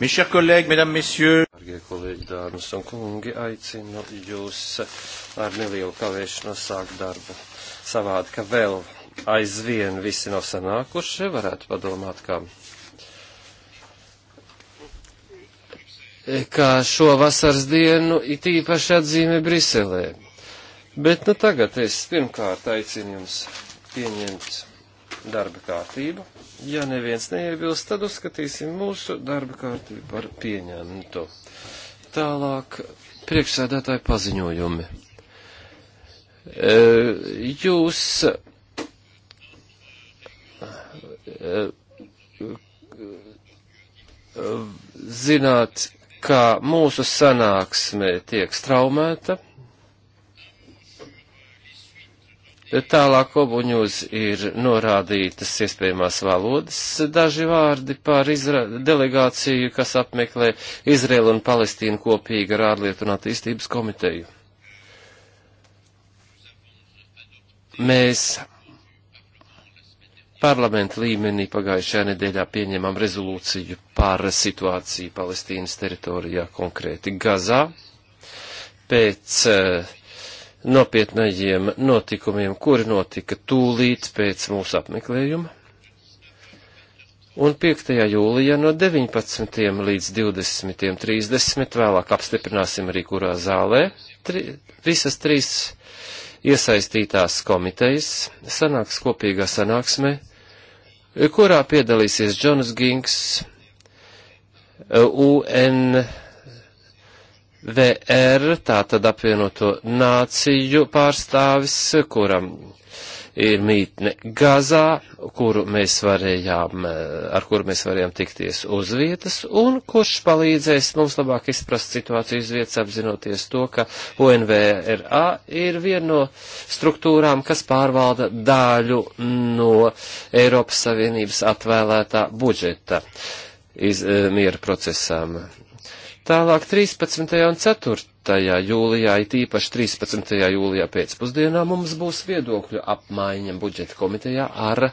Mes chers collègues, mesdames, messieurs, Dargie kolēģi, dāmas un kungi, aicinu jūs ar nelielu kavēšanos sākt darbu. Savādi, ka vēl aizvien visi nav sanākuši, varētu padomāt, kā, kā šo vasaras dienu it īpaši atzīmē Briselē. Bet nu tagad es pirmkārt aicinu jums pieņemt darba kārtību. Ja neviens neiebilst, tad uzskatīsim mūsu darba kārtību par pieņemtu. Tālāk priekšsēdētāji paziņojumi. E, jūs e, zināt, kā mūsu sanāksme tiek straumēta Tālāk obuņos ir norādītas iespējamās valodas daži vārdi par izra delegāciju, kas apmeklē Izraelu un Palestīnu kopīgi ar ārlietu un attīstības komiteju. Mēs parlamenta līmenī pagājušajā nedēļā pieņemam rezolūciju par situāciju Palestīnas teritorijā, konkrēti Gazā. Pēc uh, nopietnajiem notikumiem, kuri notika tūlīt pēc mūsu apmeklējuma. Un 5. jūlijā no 19. līdz 20.30 vēlāk apstiprināsim arī kurā zālē tri, visas trīs iesaistītās komitejas sanāks kopīgā sanāksmē, kurā piedalīsies Džons Gings, UN VR, tātad apvienoto nāciju pārstāvis, kuram ir mītne Gazā, kuru mēs varējām, eh, ar kuru mēs varējām tikties uz vietas, un kurš palīdzēs mums labāk izprast situāciju uz vietas, apzinoties to, ka UNVRA ir viena no struktūrām, kas pārvalda daļu no Eiropas Savienības atvēlētā budžeta iz, eh, miera procesām. Tālāk 13. un 4. jūlijā, it īpaši 13. jūlijā pēcpusdienā, mums būs viedokļu apmaiņa budžeta komitejā ar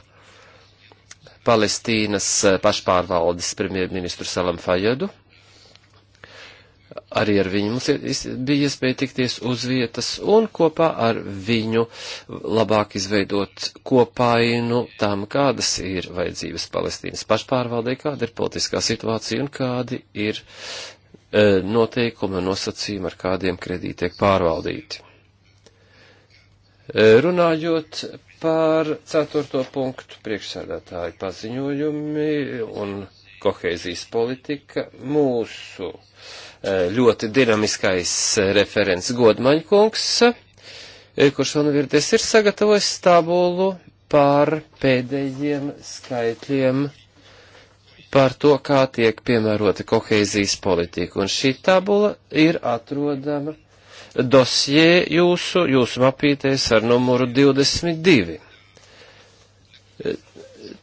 Palestīnas pašpārvaldes premjerministru Salam Fajedu. Arī ar viņu mums bija iespēja tikties uz vietas un kopā ar viņu labāk izveidot kopainu tam, kādas ir vajadzības Palestīnas pašpārvaldē, kāda ir politiskā situācija un kādi ir uh, E, noteikumi un nosacījumi, ar kādiem kredīti tiek pārvaldīti. E, runājot par ceturto punktu priekšsēdētāju paziņojumi un kohēzijas politika, mūsu e, ļoti dinamiskais referents Godmaņkungs, kurš man virdies ir sagatavojis stabulu par pēdējiem skaitļiem par to, kā tiek piemērota koheizijas politika. Un šī tabula ir atrodama dosjē jūsu, jūsu mapītēs ar numuru 22.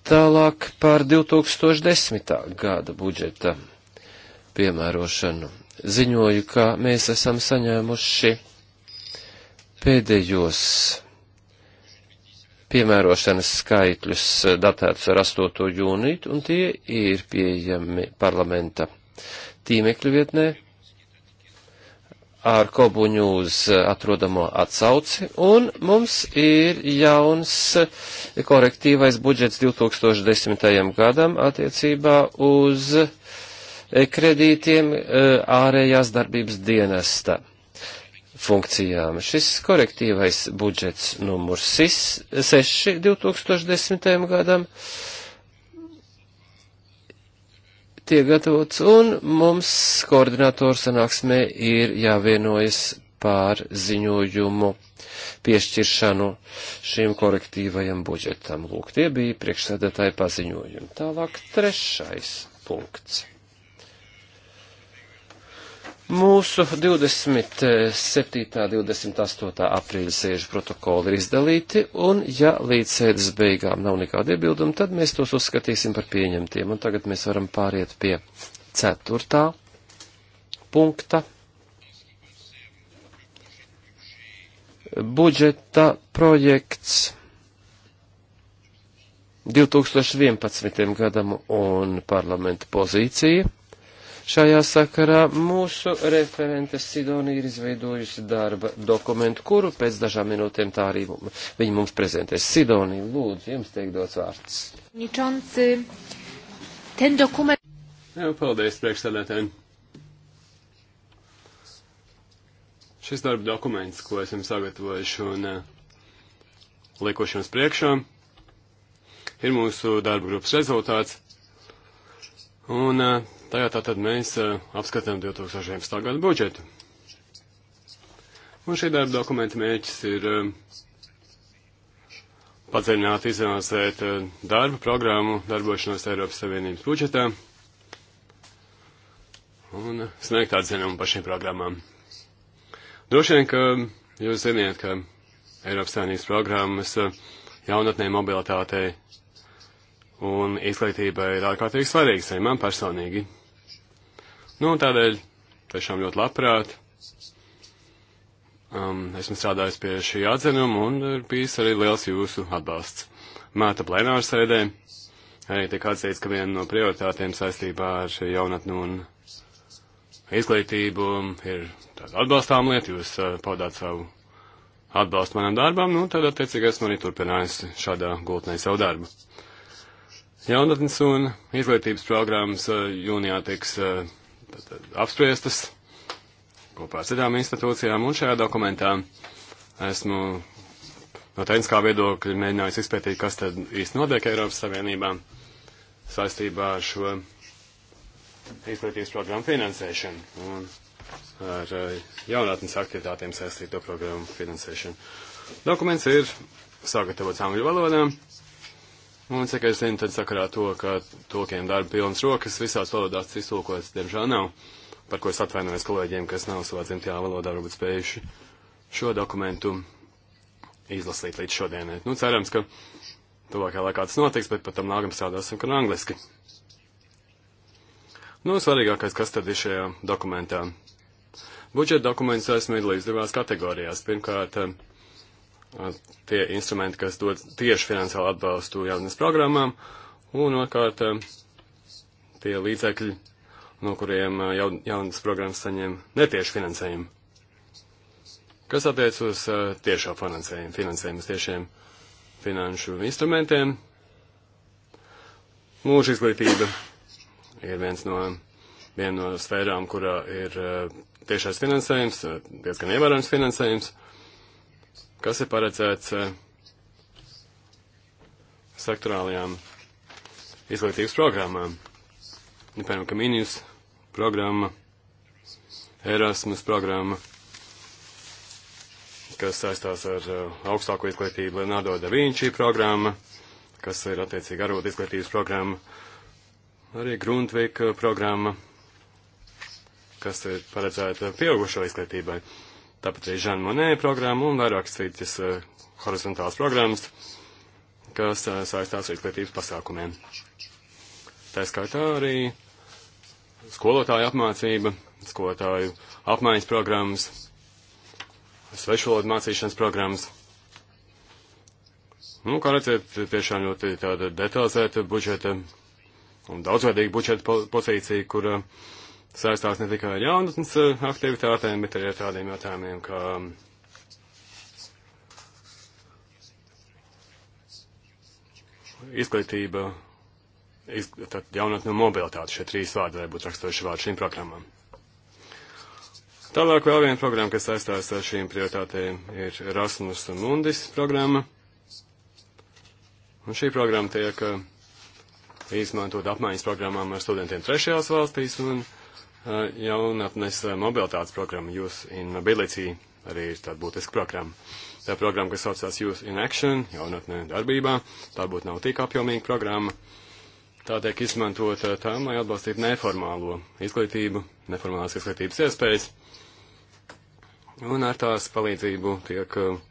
Tālāk par 2010. gada budžeta piemērošanu. Ziņoju, ka mēs esam saņēmuši pēdējos piemērošanas skaitļus datētus ar 8. jūniju, un tie ir pieejami parlamenta tīmekļu vietnē ar kobuņu uz atrodamo atsauci, un mums ir jauns korektīvais budžets 2010. gadam attiecībā uz kredītiem eh, ārējās darbības dienesta funkcijām. Šis korektīvais budžets numurs 6 2010. gadam tiek gatavots, un mums koordinātoru sanāksmē ir jāvienojas pār ziņojumu piešķiršanu šim korektīvajam budžetam. Lūk, tie bija priekšsēdētāji paziņojumi. Tālāk trešais punkts. Mūsu 27. un 28. aprīļa sēžu protokoli ir izdalīti, un ja līdz sēdes beigām nav nekāda iebilduma, tad mēs tos uzskatīsim par pieņemtiem. Un tagad mēs varam pāriet pie 4. punkta. budžeta projekts 2011. gadam un parlamenta pozīcija. Šajā sakarā mūsu referente Sidonija ir izveidojusi darba dokumentu, kuru pēc dažām minūtēm tā arī viņa mums prezentēs. Sidonija, lūdzu, jums tiek dots vārds. Jā, paldies, priekšsēdētājiem. Šis darba dokuments, ko esam sagatavojuši un uh, eh, liekuši jums priekšā, ir mūsu darba grupas rezultāts. Un uh, Tajā tātad mēs eh, apskatām 2011. gada budžetu. Un šī darba dokumenta mēģis ir eh, padziļināt, izanalizēt eh, darba programmu, darbošanos Eiropas Savienības budžetā un sniegt atzinumu par šīm programmām. Droši vien, ka jūs ziniet, ka Eiropas Savienības programmas jaunatnē mobilitātei un izglītībai ir ārkārtīgi svarīgas arī man personīgi. Nu, tādēļ tiešām ļoti labprāt. Um, esmu strādājis pie šī atzinuma un ir bijis arī liels jūsu atbalsts. Māta plenāra sēdē arī tiek atzīts, ka viena no prioritātēm saistībā ar jaunatnu un izglītību ir tāda atbalstām lieta. Jūs uh, paudāt savu atbalstu manam darbam, nu, tad attiecīgi esmu arī turpinājis šādā gultnē savu darbu. Jaunatnes un izglītības programmas uh, jūnijā tiks uh, apspriestas kopā ar citām institūcijām, un šajā dokumentā esmu no tehniskā viedokļa mēģinājis izpētīt, kas tad īsti notiek Eiropas Savienībā saistībā ar šo izglītības programmu finansēšanu un ar eh, jaunatnes aktivitātēm saistīto programmu finansēšanu. Dokuments ir sagatavots angļu valodām. Un, cik es zinu, tad sakarā to, ka tokiem darba pilnas rokas visās valodās iztulkots, diemžēl nav, par ko es atvainojos kolēģiem, kas nav savā dzimtajā valodā varbūt spējuši šo dokumentu izlasīt līdz šodienai. Nu, cerams, ka tuvākajā laikā tas notiks, bet pat tam nākam strādāsim, ka nu, angliski. Nu, svarīgākais, kas tad ir šajā dokumentā. Budžeta dokuments esmu iedalījis divās kategorijās. Pirmkārt, tie instrumenti, kas dod tieši finansiālu atbalstu jaunatnes programmām, un otrkārt tie līdzekļi, no kuriem jaunatnes programmas saņem netieši finansējumu. Kas attiec uz tiešo finansējumu, finansējumu uz tiešiem finanšu instrumentiem, mūža izglītība ir viens no, viena no sfērām, kurā ir tiešais finansējums, diezgan ievērojams finansējums kas ir paredzēts eh, sektorālajām izglītības programmām. Nu, piemēram, Kaminijas programma, Erasmus programma, kas saistās ar eh, augstāko izglītību, Leonardo da Vinci programma, kas ir attiecīgi arot izglītības programma, arī Grundvika programma, kas ir paredzēta pieaugušo izglītībai tāpat arī Žana Monē programma un vairākas citas uh, horizontālas programmas, kas uh, saistās ar izglītības pasākumiem. Tā skaitā arī skolotāju apmācība, skolotāju apmaiņas programmas, svešvalodu mācīšanas programmas. Nu, kā redzat, tiešām ļoti tāda detalizēta budžeta un daudzveidīga budžeta pozīcija, kura uh, eh, saistās ne tikai ar jaunatnes eh, aktivitātēm, bet arī ar tādiem jautājumiem, kā mm, izglītība, iz, tad jaunatne un mobilitāte, šie trīs vārdi, lai būtu raksturoši vārdi šīm programmām. Tālāk vēl viena programma, kas saistās ar šīm prioritātēm, ir Rasmus un Mundis programma. Un šī programma tiek eh, izmantot apmaiņas programmām ar studentiem trešajās valstīs un valstīs jaunatnes mobilitātes programma Youth in Mobility arī ir tāda būtiska programma. Tā programma, kas saucās Youth in Action, jaunatne darbībā, tā būtu nav tik apjomīga programma. Tā tiek izmantot eh, tam, lai atbalstītu neformālo izglītību, neformālās izglītības iespējas. Un ar tās palīdzību tiek eh,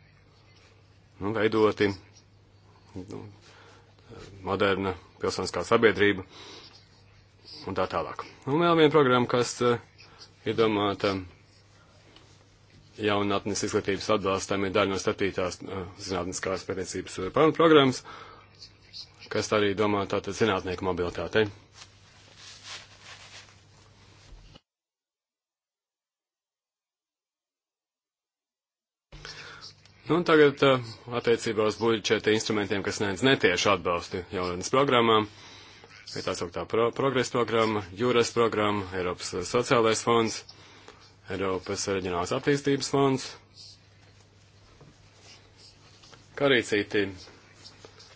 nu, veidoti nu, eh, moderna pilsoniskā sabiedrība. Uh, un tā tālāk. Un vēl viena programma, kas eh, ir domāta jaunatnes izglītības atbalstam, ir daļa no startītās eh, zinātniskās pētniecības eh, pamatprogrammas, kas arī domāta tātad zinātnieku mobilitātei. Nu, un tagad attiecībā uz budžeta instrumentiem, kas sniedz netiešu atbalstu jaunatnes programmām. Uh, ir tā sauktā pro progresa programma, jūras programma, Eiropas sociālais fonds, Eiropas reģionālās attīstības fonds, kā arī citi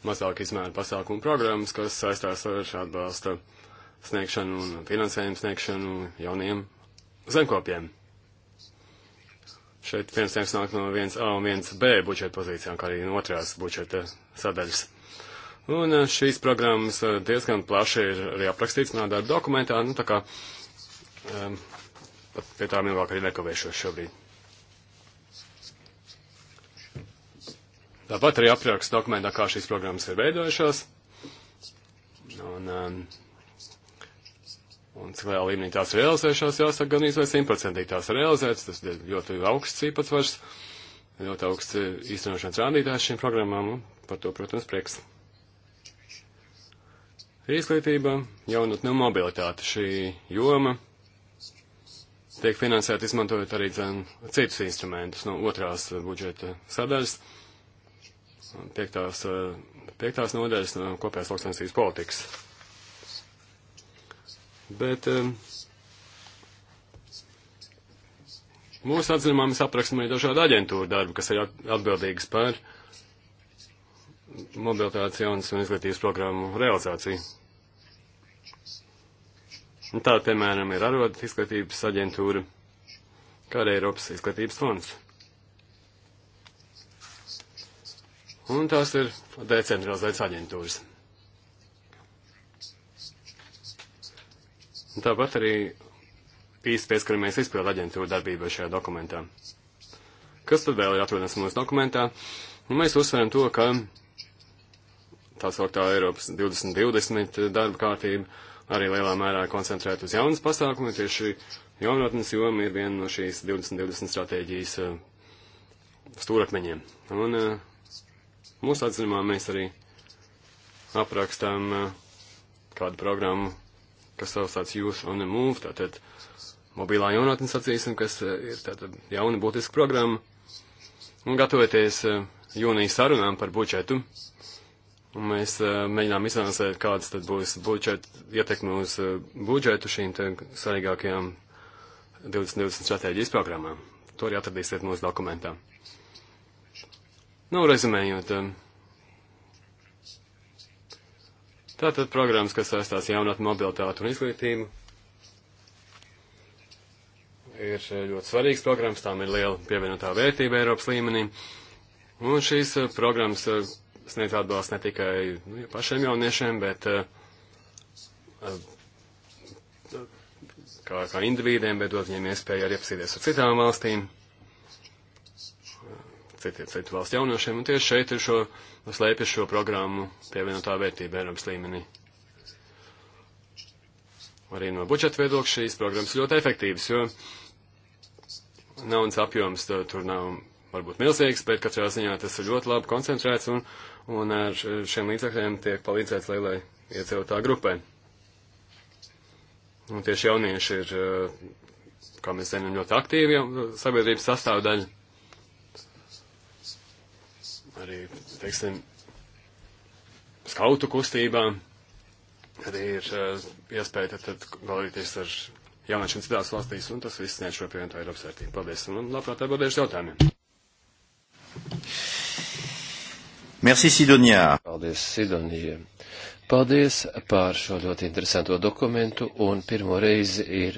mazāk izmēra pasākumu programmas, kas saistās ar atbalsta sniegšanu un finansējumu sniegšanu jauniem zemkopiem. Šeit finansējums nāk no 1A un 1B budžeta pozīcijām, kā arī no otrās budžeta sadaļas. Un eh, šīs programmas eh, diezgan plaši ir arī aprakstīts manā darba dokumentā, nu tā kā um, pie tām ilgāk arī nekavēšos šobrīd. Tāpat arī apraksta dokumentā, kā šīs programmas ir veidojušās. Un, um, un cik lielā līmenī tās realizējušās, jāsaka, gan izvēl simtprocentīgi tās realizētas. Tas ir ļoti augsts īpatsvars, ļoti augsts īstenošanas rādītājs šīm programmām. Un par to, protams, prieks. Izglītība, jaunatne un mobilitāte šī joma tiek finansēta izmantojot arī dzen, citus instrumentus no otrās budžeta sadaļas, piektās, eh, piektās nodaļas no kopējās lauksainsības politikas. Bet eh, mūsu atzinumā mēs aprakstam arī dažādu aģentūru darbu, kas ir atbildīgas par uh, mobilitātes jaunas un izglītības programmu realizāciju. Un tā, piemēram, ir Arod izglītības aģentūra, kā arī Eiropas izglītības fonds. Un tās ir decentralizētas aģentūras. Un tāpat arī īsti pieskaramies izpildu aģentūru darbībai šajā dokumentā. Kas tad vēl ir atrodams mūsu dokumentā? Un nu, mēs uzsveram to, ka tā sauktā Eiropas 2020 darba kārtība arī lielā mērā koncentrēt uz jaunas pasākumu, tieši jaunatnes joma ir viena no šīs 2020 stratēģijas eh, stūrakmeņiem. Un eh, mūsu atzinumā mēs arī aprakstām eh, kādu programmu, kas saucās Youth on the Move, tātad mobilā jaunatnes sacīsim, kas ir tātad jauna būtiska programma. Un gatavoties jūnijas sarunām par budžetu, Un mēs uh, mēģinām izanalizēt, kādas tad būs budžet, ietekme uz uh, budžetu šīm te svarīgākajām 2020 stratēģijas programmām. To arī atradīsiet mūsu dokumentā. Nu, rezumējot, eh, tātad programmas, kas saistās jaunatni mobilitāti un izglītību, ir ļoti svarīgas programmas, tām ir liela pievienotā vērtība Eiropas līmenī. Un šīs programmas sniedz atbalstu ne tikai nu, pašiem jauniešiem, bet uh, kā, kā individiem, bet dot viņiem iespēju arī apsīties ar citām valstīm, eh, citu, citu valstu jauniešiem. Un tieši šeit ir šo, slēpjas šo programmu pievienotā vērtība Eiropas līmenī. Arī no budžeta viedokļa šīs programmas ļoti efektīvas, jo naudas apjoms tur nav varbūt milzīgs, bet katrā ziņā tas ir ļoti labi koncentrēts un un ar šiem līdzekļiem tiek palīdzēts lielai iedzīvotā grupai. Un tieši jaunieši ir, kā mēs zinām, ļoti aktīvi sabiedrības sastāvdaļa. Arī, teiksim, skautu kustībā arī ir iespēja tad, tad dalīties ar jauniešiem citās valstīs, un tas viss sniedz šo pievienoto Eiropas vērtību. Paldies, un labprāt atbildēšu jautājumiem. Merci, Sidonijā. Paldies, Sidonijā. Paldies par šo ļoti interesanto dokumentu un pirmo reizi ir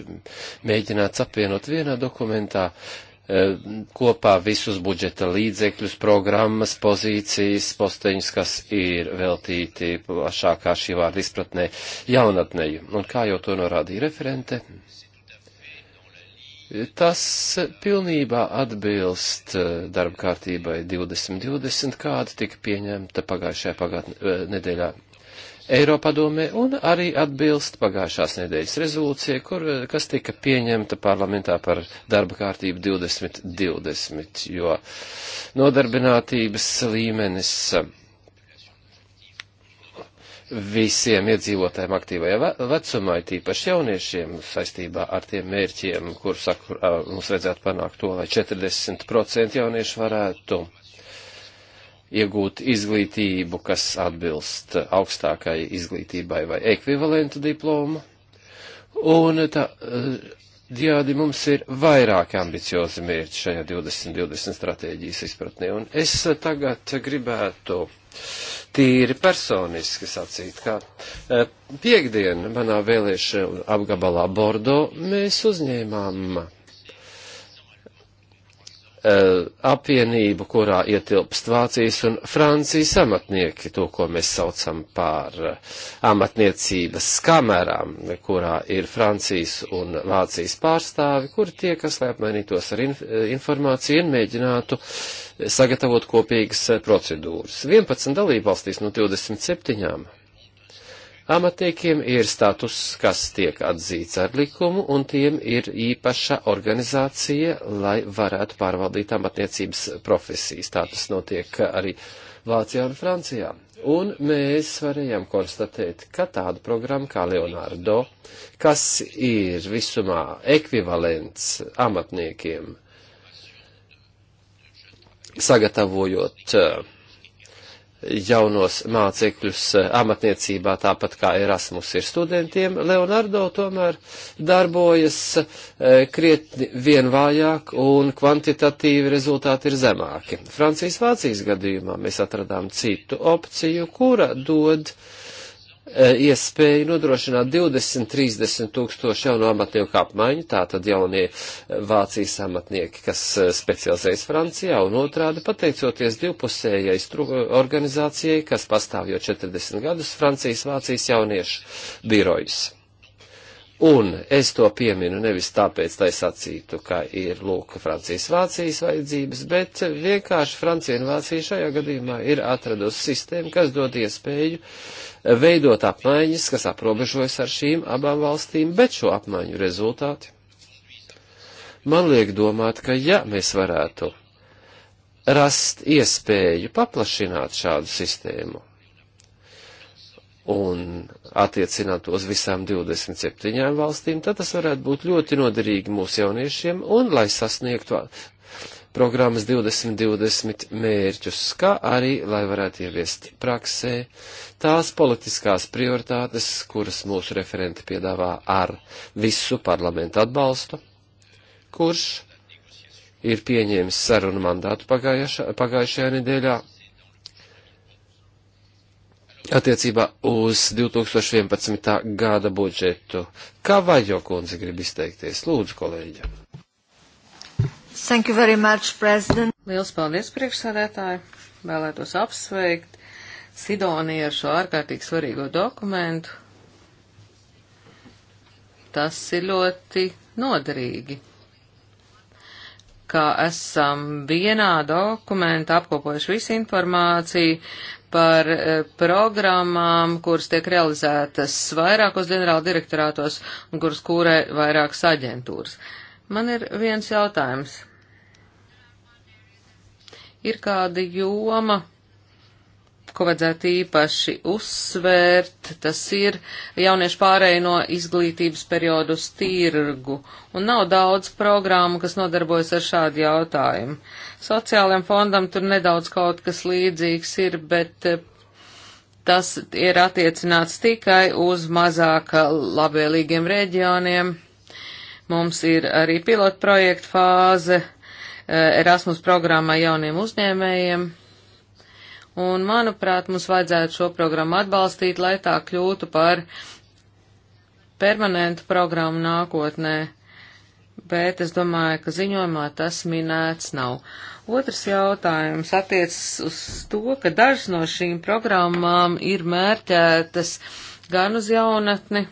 mēģināts apvienot vienā dokumentā eh, kopā visus budžeta līdzekļus, programmas, pozīcijas, posteņus, kas ir veltīti plašākā šī vārda izpratnē jaunatnēju. Un kā jau to norādīja referente, Tas pilnībā atbilst eh, darba kārtībai 2020, kāda tika pieņemta pagājušajā pagātnē eh, nedēļā Eiropadomē, un arī atbilst pagājušās nedēļas rezolūcija, kur, eh, kas tika pieņemta parlamentā par darba kārtību 2020, jo nodarbinātības līmenis visiem iedzīvotājiem aktīvajā vecumā, tīpaši jauniešiem, saistībā ar tiem mērķiem, kurus mums vajadzētu panākt to, lai 40% jauniešu varētu iegūt izglītību, kas atbilst augstākai izglītībai vai ekvivalentu diplomu. Un tā, e, Diādi mums ir vairāk ambiciozi mērķi šajā 2020 stratēģijas izpratnē, un es tagad gribētu uh, tīri personiski sacīt, ka eh, piekdien manā vēlēšana apgabalā Bordo mēs uzņēmām eh, apvienību, kurā ietilpst Vācijas un Francijas amatnieki, to, ko mēs saucam par eh, amatniecības kamerām, kurā ir Francijas un Vācijas pārstāvi, kuri tie, kas lai apmainītos ar inf informāciju un mēģinātu uh, sagatavot kopīgas eh, procedūras. 11 dalībvalstīs no 27 amatniekiem ir status, kas tiek atzīts ar likumu, un tiem ir īpaša organizācija, lai varētu pārvaldīt amatniecības profesijas. Tā tas notiek arī Vācijā un Francijā. Un mēs varējām konstatēt, ka tāda programma kā Leonardo, kas ir visumā ekvivalents amatniekiem, sagatavojot eh, jaunos mācekļus eh, amatniecībā, tāpat kā Erasmus ir studentiem, Leonardo tomēr darbojas eh, krietni vienvājāk un kvantitatīvi rezultāti ir zemāki. Francijas-Vācijas gadījumā mēs atradām citu opciju, kura dod uh, E, iespēju nodrošināt 20-30 tūkstošu jaunu amatnieku apmaiņu, tātad jaunie e, Vācijas amatnieki, kas e, specializējas Francijā, un otrādi pateicoties divpusējai organizācijai, kas pastāv jau 40 gadus Francijas Vācijas jauniešu birojas. Un es to pieminu nevis tāpēc, lai sacītu, ka ir lūk Francijas Vācijas vajadzības, bet vienkārši Francija un Vācija šajā gadījumā ir atradusi sistēmu, kas dod iespēju uh, veidot apmaiņas, kas aprobežojas ar šīm abām valstīm, bet šo apmaiņu rezultāti man liek domāt, ka ja mēs varētu rast iespēju paplašināt šādu sistēmu un attiecināt to uz visām 27 valstīm, tad tas varētu būt ļoti noderīgi mūsu jauniešiem un lai sasniegtu programmas 2020 mērķus, kā arī, lai varētu ieviest praksē tās politiskās prioritātes, kuras mūsu referenti piedāvā ar visu parlamentu atbalstu, kurš ir pieņēmis sarunu mandātu pagājušā, pagājušajā nedēļā attiecībā uz 2011. gada budžetu. Kā Vaļo kundze grib izteikties? Lūdzu, kolēģi. Thank you very much, President. Liels paldies, priekšsādētāji. Vēlētos apsveikt Sidoniju ar šo ārkārtīgi svarīgo dokumentu. Tas ir ļoti noderīgi, ka esam vienā dokumentā apkopojuši visu informāciju par eh, programmām, kuras tiek realizētas vairākos ģenerāla direktorātos un kuras kūrē vairākas aģentūras. Uh, Man ir viens jautājums. Ir kāda joma, ko vajadzētu īpaši uzsvērt, tas ir jauniešu pārēju no izglītības periodu uz tirgu. Un nav daudz programmu, kas nodarbojas ar šādu jautājumu. Sociālajam fondam tur nedaudz kaut kas līdzīgs ir, bet eh, tas ir attiecināts tikai uz mazāk labvēlīgiem reģioniem. Mums ir arī pilotprojekta fāze eh, Erasmus programmai jauniem uzņēmējiem. Un, manuprāt, mums vajadzētu šo programmu atbalstīt, lai tā kļūtu par permanentu programmu nākotnē. Bet es domāju, ka ziņojumā tas minēts nav. Otrs jautājums attiecas uz to, ka dažas no šīm programmām ir mērķētas gan uz jaunatni,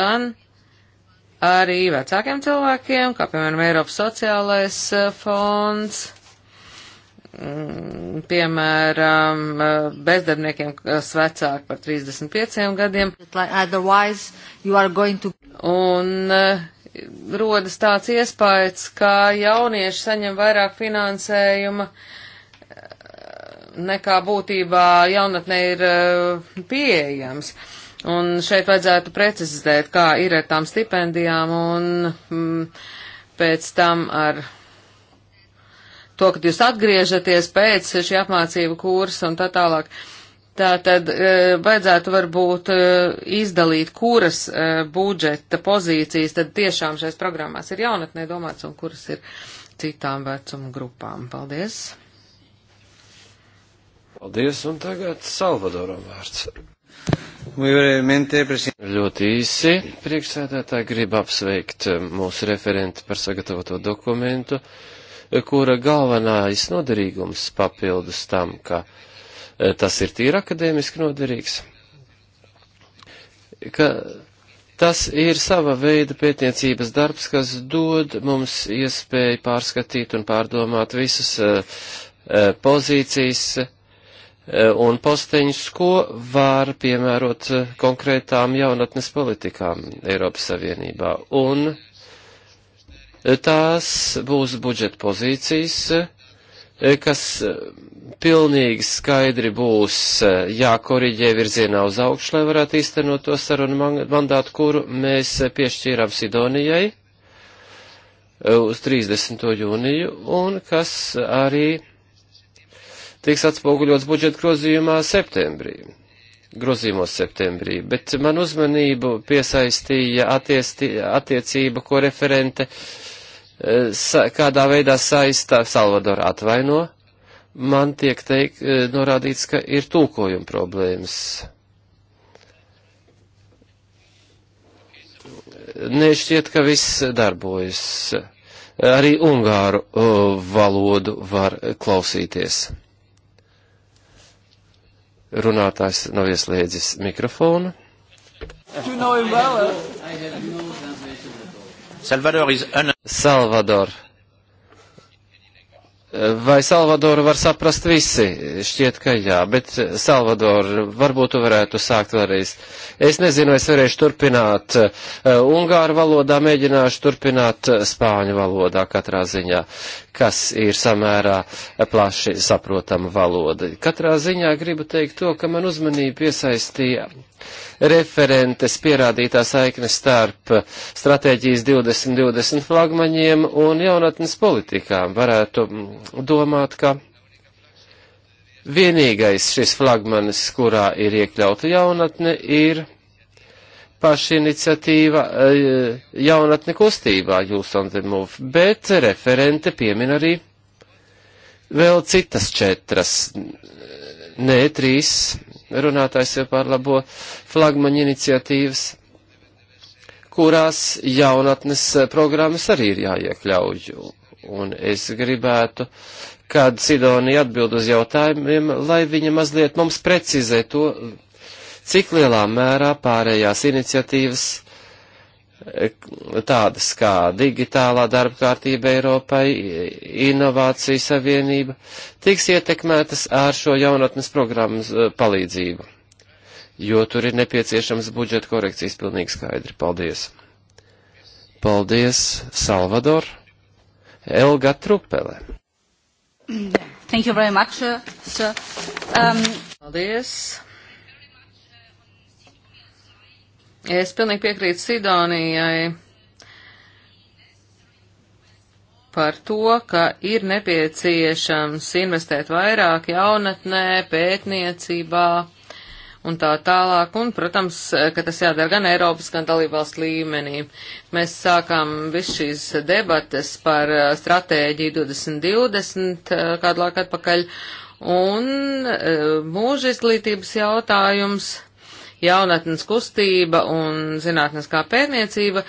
gan arī vecākiem cilvēkiem, kā piemēram Eiropas sociālais e, fonds, mm, piemēram, e, bezdarbniekiem, kas vecāki par 35 gadiem. To... Un e, rodas tāds iespējas, ka jaunieši saņem vairāk finansējuma nekā būtībā jaunatnē ir pieejams. Uh, Un šeit vajadzētu precizēt, kā ir ar tām stipendijām un mm, pēc tam ar to, kad jūs atgriežaties pēc šī apmācību kursa un tā tālāk. Tā tad e, vajadzētu varbūt e, izdalīt, kuras e, budžeta pozīcijas tad tiešām šais programmās ir jaunatnē domāts un kuras ir citām vecuma grupām. Paldies! Paldies, un tagad Salvadoram vārds. Ļoti īsi priekšsēdētāji grib apsveikt eh, mūsu referenti par sagatavoto dokumentu, eh, kura galvenais noderīgums papildus tam, ka eh, tas ir tīri akadēmiski noderīgs, ka tas ir sava veida pētniecības darbs, kas dod mums iespēju pārskatīt un pārdomāt visas pozīcijas, Eh, un posteņus, ko var piemērot eh, konkrētām jaunatnes politikām Eiropas Savienībā. Un eh, tās būs budžeta pozīcijas, kas pilnīgi skaidri būs jākoriģē virzienā uz augšu, lai varētu īstenot to sarunu mandātu, kuru mēs piešķīrām Sidonijai uz 30. jūniju, un kas arī tiks atspoguļots budžeta grozījumā septembrī. Grozījumos septembrī, bet man uzmanību piesaistīja attiesti, attiecība, ko referente eh, sa, kādā veidā saistā Salvadora atvaino. Man tiek teikt, eh, norādīts, ka ir tūkojuma problēmas. Nešķiet, ka viss darbojas. Arī ungāru eh, valodu var klausīties runātājs nav ieslēdzis mikrofonu. Eh? Salvador, un... Salvador Vai Salvadoru var saprast visi? Šķiet, ka jā, bet eh, Salvadoru varbūt tu varētu sākt vēlreiz. Es nezinu, es varēšu turpināt uh, ungāru valodā, mēģināšu turpināt eh, spāņu valodā katrā ziņā, kas ir samērā plaši saprotama valoda. Katrā ziņā gribu teikt to, ka man uzmanību piesaistīja referentes pierādītā saikne starp stratēģijas 2020 flagmaņiem un jaunatnes politikām. Varētu mm, domāt, ka vienīgais šis flagmanis, kurā ir iekļauta jaunatne, ir paša iniciatīva eh, jaunatne kustībā, Youth on the Move, bet referente piemin arī vēl citas četras, nē, trīs runātājs jau pārlabo flagmaņa iniciatīvas, kurās jaunatnes programmas arī ir jāiekļauj. Un es gribētu, kad Sidonija atbild uz jautājumiem, lai viņa mazliet mums precizē to, cik lielā mērā pārējās iniciatīvas tādas kā digitālā darba kārtība Eiropai, inovācija savienība, tiks ietekmētas ar šo jaunatnes programmas eh, palīdzību, jo tur ir nepieciešams budžeta korekcijas pilnīgi skaidri. Paldies! Paldies, Salvador! Elga Trupele! Thank you very much, sir. Um, Paldies! Es pilnīgi piekrītu Sidonijai par to, ka ir nepieciešams investēt vairāk jaunatnē, pētniecībā un tā tālāk, un, protams, ka tas jādara gan Eiropas, gan dalībvalstu līmenī. Mēs sākām visu šīs debates par uh, stratēģiju 2020 uh, kādu laiku atpakaļ, un uh, mūža izglītības jautājums jaunatnes kustība un zinātniskā pētniecība,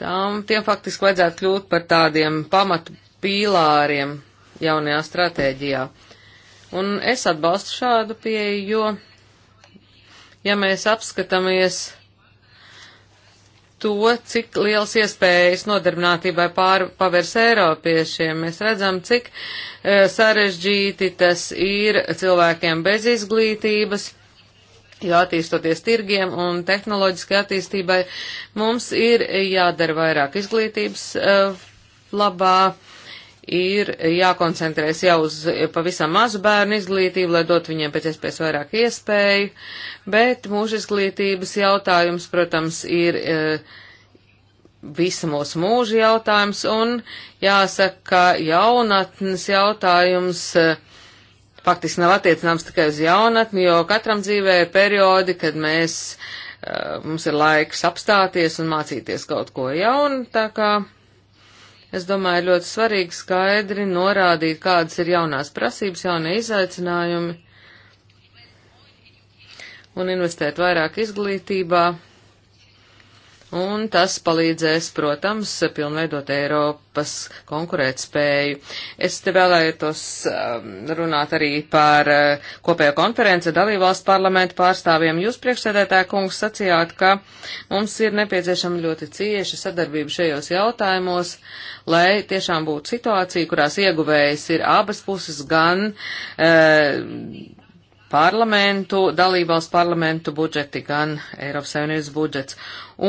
tām tiem faktiski vajadzētu kļūt par tādiem pamatu pīlāriem jaunajā stratēģijā. Un es atbalstu šādu pieeju, jo, ja mēs apskatāmies to, cik liels iespējas nodarbinātībai pār, pavērs Eiropiešiem. Mēs redzam, cik e, sarežģīti tas ir cilvēkiem bez izglītības, Jo attīstoties tirgiem un tehnoloģiskai attīstībai, mums ir jādara vairāk izglītības eh, labā, ir jākoncentrēs jau uz pavisam mazu bērnu izglītību, lai dot viņiem pēc iespējas vairāk iespēju, bet mūža izglītības jautājums, protams, ir eh, visa mūsu mūža jautājums un jāsaka, ka jaunatnes jautājums eh, faktiski nav attiecināms tikai uz jaunatni, jo katram dzīvē ir periodi, kad mēs, eh, mums ir laiks apstāties un mācīties kaut ko jaunu, tā kā es domāju, ļoti svarīgi skaidri norādīt, kādas ir jaunās prasības, jaunie izaicinājumi un investēt vairāk izglītībā un tas palīdzēs, protams, pilnveidot Eiropas konkurētspēju. Es te vēlētos um, runāt arī par uh, kopējo konferenci dalībvalstu parlamentu pārstāvjiem. Jūs priekšsēdētāja kungs sacījāt, ka mums ir nepieciešama ļoti cieša sadarbība šajos jautājumos, lai tiešām būtu situācija, kurās ieguvējis ir abas puses gan. E, parlamentu, dalībvalstu parlamentu budžeti, gan Eiropas Savienības budžets.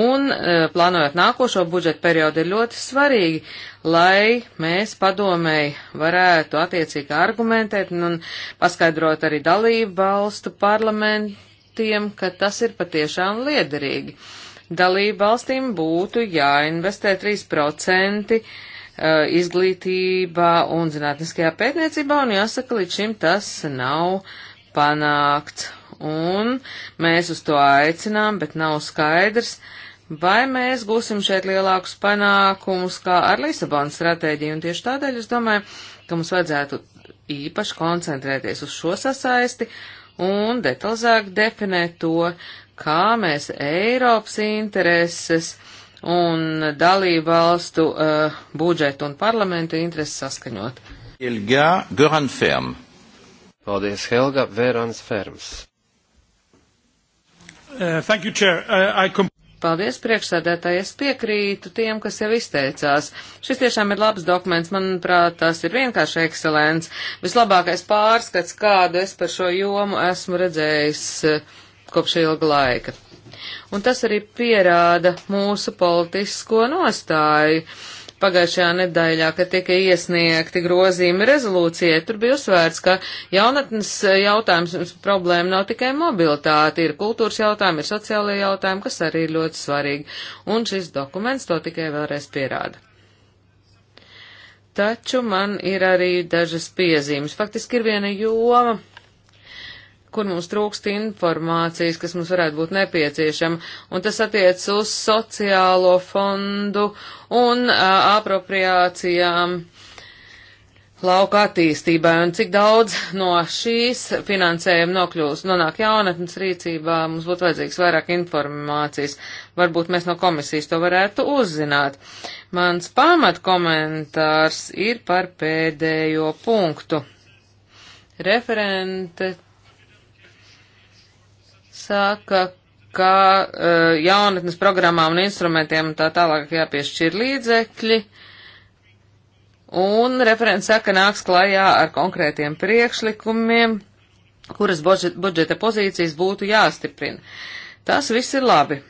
Un e, plānojot nākošo budžetu periodu ir ļoti svarīgi, lai mēs padomēji varētu attiecīgi argumentēt un paskaidrot arī dalībvalstu parlamentiem, ka tas ir patiešām liederīgi. Dalībvalstīm būtu jāinvestē 3% e, izglītībā un zinātniskajā pētniecībā, un jāsaka, līdz šim tas nav uh, panākt, un mēs uz to aicinām, bet nav skaidrs, vai mēs būsim šeit lielākus panākumus kā ar Lisabonas stratēģiju, un tieši tādēļ es domāju, ka mums vajadzētu īpaši koncentrēties uz šo sasaisti un detalizāk definēt to, kā mēs Eiropas intereses un dalību valstu uh, budžetu un parlamentu intereses saskaņot. Ilgā Göran Ferm. Paldies, Helga. Vērans Ferms. Uh, thank you, Chair. Uh, I com Paldies, priekšsēdētāji, es piekrītu tiem, kas jau izteicās. Šis tiešām ir labs dokuments, manuprāt, tas ir vienkārši ekscelents. Vislabākais pārskats, kādu es par šo jomu esmu redzējis uh, kopš ilga laika. Un tas arī pierāda mūsu politisko nostāju. Uh, pagājušajā nedēļā, kad tika iesniegti grozījumi rezolūcijai, tur bija uzsvērts, ka jaunatnes jautājums problēma nav tikai mobilitāte, ir kultūras jautājumi, ir sociālie jautājumi, kas arī ir ļoti svarīgi. Un šis dokuments to tikai vēlreiz pierāda. Taču man ir arī dažas piezīmes. Faktiski ir viena joma kur mums trūkst informācijas, kas mums varētu būt nepieciešama, un tas attiec uz sociālo fondu un uh, apropriācijām lauka attīstībai, un cik daudz no šīs finansējuma nokļūst, nonāk jaunatnes rīcībā, mums būtu vajadzīgs vairāk informācijas. Varbūt mēs no komisijas to varētu uzzināt. Mans pamatkomentārs ir par pēdējo punktu. Referente saka, ka uh, jaunatnes programmām un instrumentiem un tā tālāk jāpiešķir līdzekļi, un referents saka, nāks klajā ar konkrētiem priekšlikumiem, kuras budžeta pozīcijas būtu jāstiprina. Tas viss ir labi.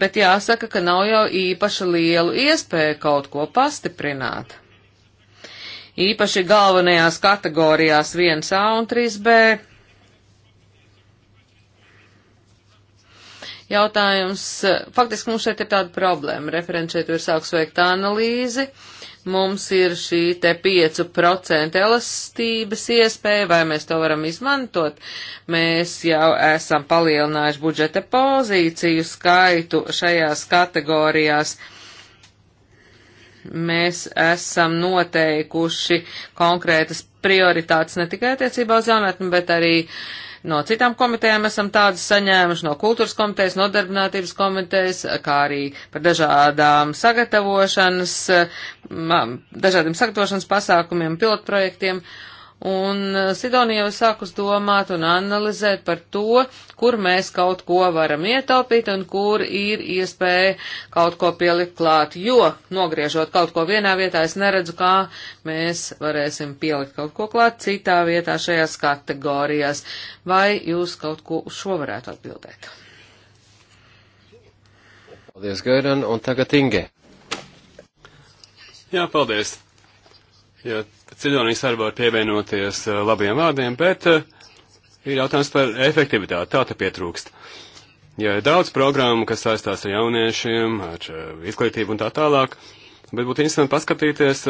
Bet jāsaka, ka nav jau īpaši lielu iespēju kaut ko pastiprināt. Īpaši galvenajās kategorijās 1A un 3B Jautājums, faktiski mums šeit ir tāda problēma, referents šeit ir sāks veikt analīzi, mums ir šī te 5% elastības iespēja, vai mēs to varam izmantot. Mēs jau esam palielinājuši budžeta pozīciju skaitu šajās kategorijās mēs esam noteikuši konkrētas prioritātes ne tikai attiecībā uz jaunatni, bet arī No citām komitejām esam tādas saņēmuši, no kultūras komitejas, nodarbinātības komitejas, kā arī par dažādām sagatavošanas, dažādiem sagatavošanas pasākumiem, pilotprojektiem. projektiem Un eh, Sidonija jau sākus domāt un analizēt par to, kur mēs kaut ko varam ietaupīt un kur ir iespēja kaut ko pielikt klāt, jo nogriežot kaut ko vienā vietā, es neredzu, kā mēs varēsim pielikt kaut ko klāt citā vietā šajās kategorijās. Vai jūs kaut ko uz šo varētu atbildēt? Paldies, Gairan, un tagad Inge. Jā, paldies. Ja Sidonijas arī var pievienoties eh, labiem vārdiem, bet eh, ir jautājums par efektivitāti. Tā te pietrūkst. Ja ir daudz programmu, kas saistās ar jauniešiem, ar eh, izglītību un tā tālāk, bet būtu interesanti paskatīties,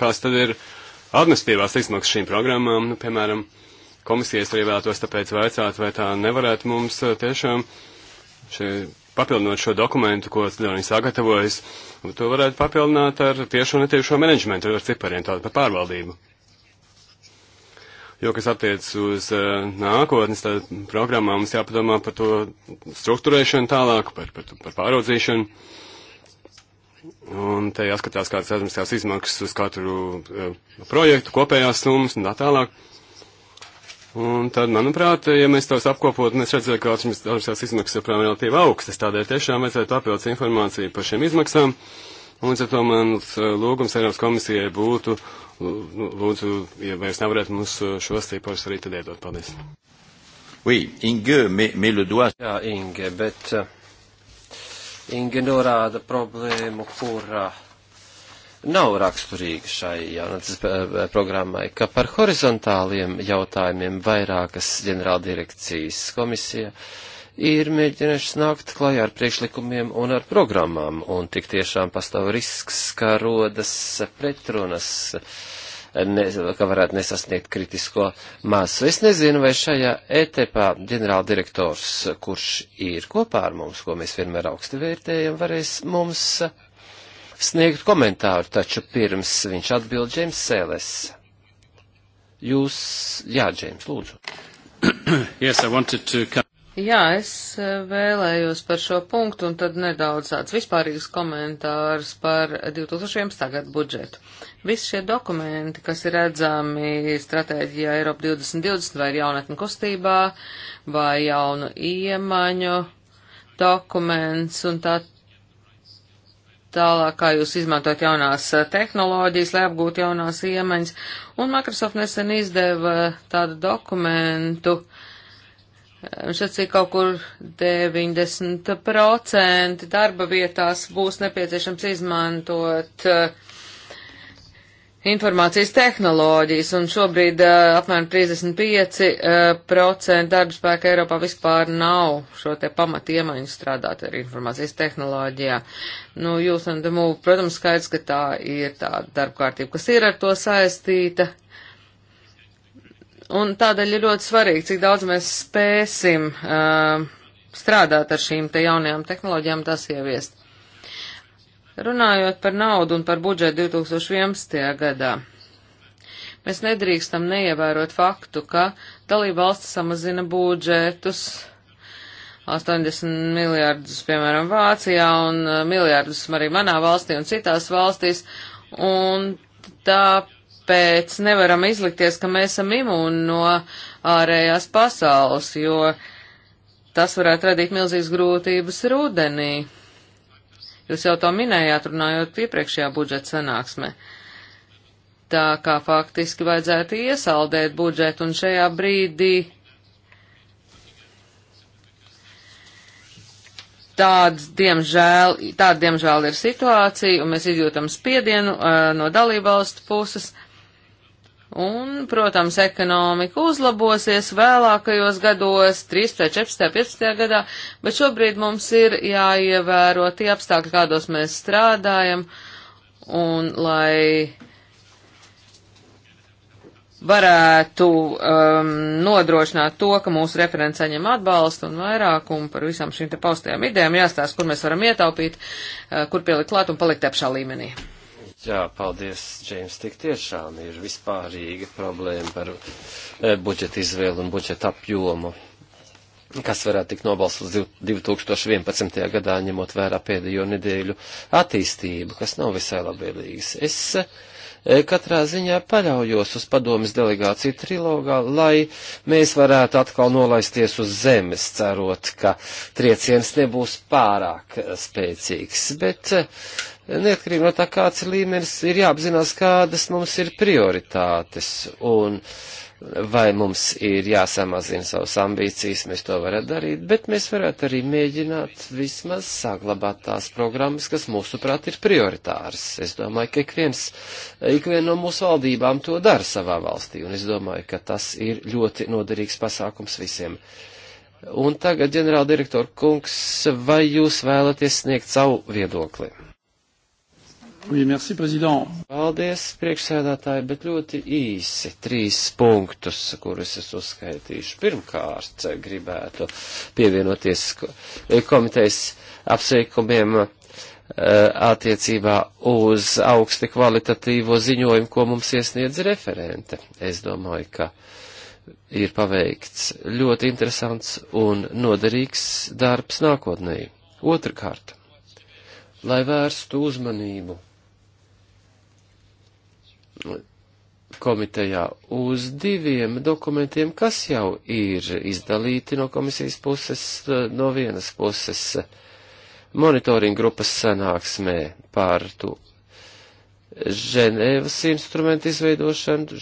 kāds tad ir administratīvās izmaksas šīm programmām, nu, piemēram, komisijas arī vēlētos tāpēc vaicāt, vai tā nevarētu mums tiešām šie papildinot šo dokumentu, ko viņi sagatavojas, to varētu papildināt ar tiešo un netiešo menedžmentu, ar cipariem, tādu par pārvaldību. Jo, kas attiec uz uh, nākotnes, tad programmā mums jāpadomā par to struktūrēšanu tālāk, par, par, par pāraudzīšanu. Un te jāskatās, kādas administrācijas izmaksas uz katru uh, projektu, kopējās summas un tā tālāk. Un tad, manuprāt, ja mēs tos apkopotu, mēs redzētu, ka šīs dažās izmaksas joprojām ir relatīvi augstas, tādēļ tiešām vajadzētu papildus informāciju par šiem izmaksām. Un līdz ar to mans uh, lūgums Eiropas komisijai būtu, nu, lūdzu, ja vairs nevarētu mums uh, šos cipars arī tad iedot. Paldies. Oui, Inge, mais, mais le doigt... Jā, Inge, bet uh, Inge norāda problēmu, kurā. Uh, nav raksturīga šai jaunatnes nu, eh, eh, programmai, ka par horizontāliem jautājumiem vairākas ģenerāldirekcijas komisija ir mēģinājušas nākt klajā ar priekšlikumiem un ar programmām, un tik tiešām pastāv risks, ka rodas pretrunas ne, ka varētu nesasniegt kritisko māsu. Es nezinu, vai šajā etapā ģenerāldirektors, kurš ir kopā ar mums, ko mēs vienmēr augsti vērtējam, varēs mums sniegt komentāru, taču pirms viņš atbild Džeims Sēles. Jūs, jā, Džeims, lūdzu. yes, to... Jā, es eh, vēlējos par šo punktu un tad nedaudz tāds vispārīgs komentārs par 2011. gadu budžetu. Visi šie dokumenti, kas ir redzami stratēģijā Eiropa 2020 vai jaunatni kustībā vai jaunu iemaņu dokuments un tā tālāk, kā jūs izmantot jaunās eh, tehnoloģijas, lai apgūtu jaunās iemaņas. Un Microsoft nesen izdeva eh, tādu dokumentu, eh, šacī kaut kur 90% darba vietās būs nepieciešams izmantot uh, informācijas tehnoloģijas, un šobrīd uh, apmēram 35% uh, darba spēka Eiropā vispār nav šo te pamat iemaņu strādāt ar informācijas tehnoloģijā. Nu, jūs, un, demū, protams, skaidrs, ka tā ir tāda darba kārtība, kas ir ar to saistīta. Un tādēļ ir ļoti svarīgi, cik daudz mēs spēsim uh, strādāt ar šīm te jaunajām tehnoloģijām, tas ieviest. Runājot par naudu un par budžetu 2011. gadā, mēs nedrīkstam neievērot faktu, ka dalība valsts samazina budžetus 80 miljārdus, piemēram, Vācijā un uh, miljārdus arī manā valstī un citās valstīs, un tāpēc nevaram izlikties, ka mēs esam imūni no ārējās pasaules, jo tas varētu radīt milzīgas grūtības rudenī Jūs jau to minējāt, runājot iepriekšējā budžeta sanāksmē. Tā kā faktiski vajadzētu iesaldēt budžetu un šajā brīdī tāds, diemžēl, tāda diemžēl ir situācija un mēs izjūtam spiedienu uh, no dalībvalstu puses Un, protams, ekonomika uzlabosies vēlākajos gados, 13, 14, 15 gadā, bet šobrīd mums ir jāievēro tie apstākļi, kādos mēs strādājam, un lai varētu um, nodrošināt to, ka mūsu referents saņem atbalstu un vairākumu par visām šīm te paustajām idejām, jāstāsta, kur mēs varam ietaupīt, uh, kur pielikt klāt un palikt apšā līmenī. Jā, paldies, Džeims, tik tiešām ir vispārīga problēma par e, budžeta izvēlu un budžeta apjomu, kas varētu tikt nobalsts 2011. gadā, ņemot vērā pēdējo nedēļu attīstību, kas nav visai labvēlīgas. Es e, katrā ziņā paļaujos uz padomjas delegāciju trilogā, lai mēs varētu atkal nolaisties uz zemes, cerot, ka trieciens nebūs pārāk spēcīgs. Bet e, neatkarīgi no tā, kāds līmenis ir jāapzinās, kādas mums ir prioritātes un vai mums ir jāsamazina savas ambīcijas, mēs to varētu darīt, bet mēs varētu arī mēģināt vismaz saglabāt tās programmas, kas mūsuprāt ir prioritāras. Es domāju, ka ik viens, ik viena no mūsu valdībām to dara savā valstī, un es domāju, ka tas ir ļoti noderīgs pasākums visiem. Un tagad, ģenerāldirektor Kungs, vai jūs vēlaties sniegt savu viedokli? Oui, merci, prezident. Paldies, priekšsēdētāji, bet ļoti īsi trīs punktus, kurus es uzskaitīšu. Pirmkārt, gribētu pievienoties komitejas apsveikumiem eh, attiecībā uz augsti kvalitatīvo ziņojumu, ko mums iesniedz referente. Es domāju, ka ir paveikts ļoti interesants un noderīgs darbs nākotnē. Otrakārt, lai vērstu uzmanību komitejā uz diviem dokumentiem, kas jau ir izdalīti no komisijas puses, no vienas puses monitoringa grupas sanāksmē par to Ženēvas instrumentu izveidošanu,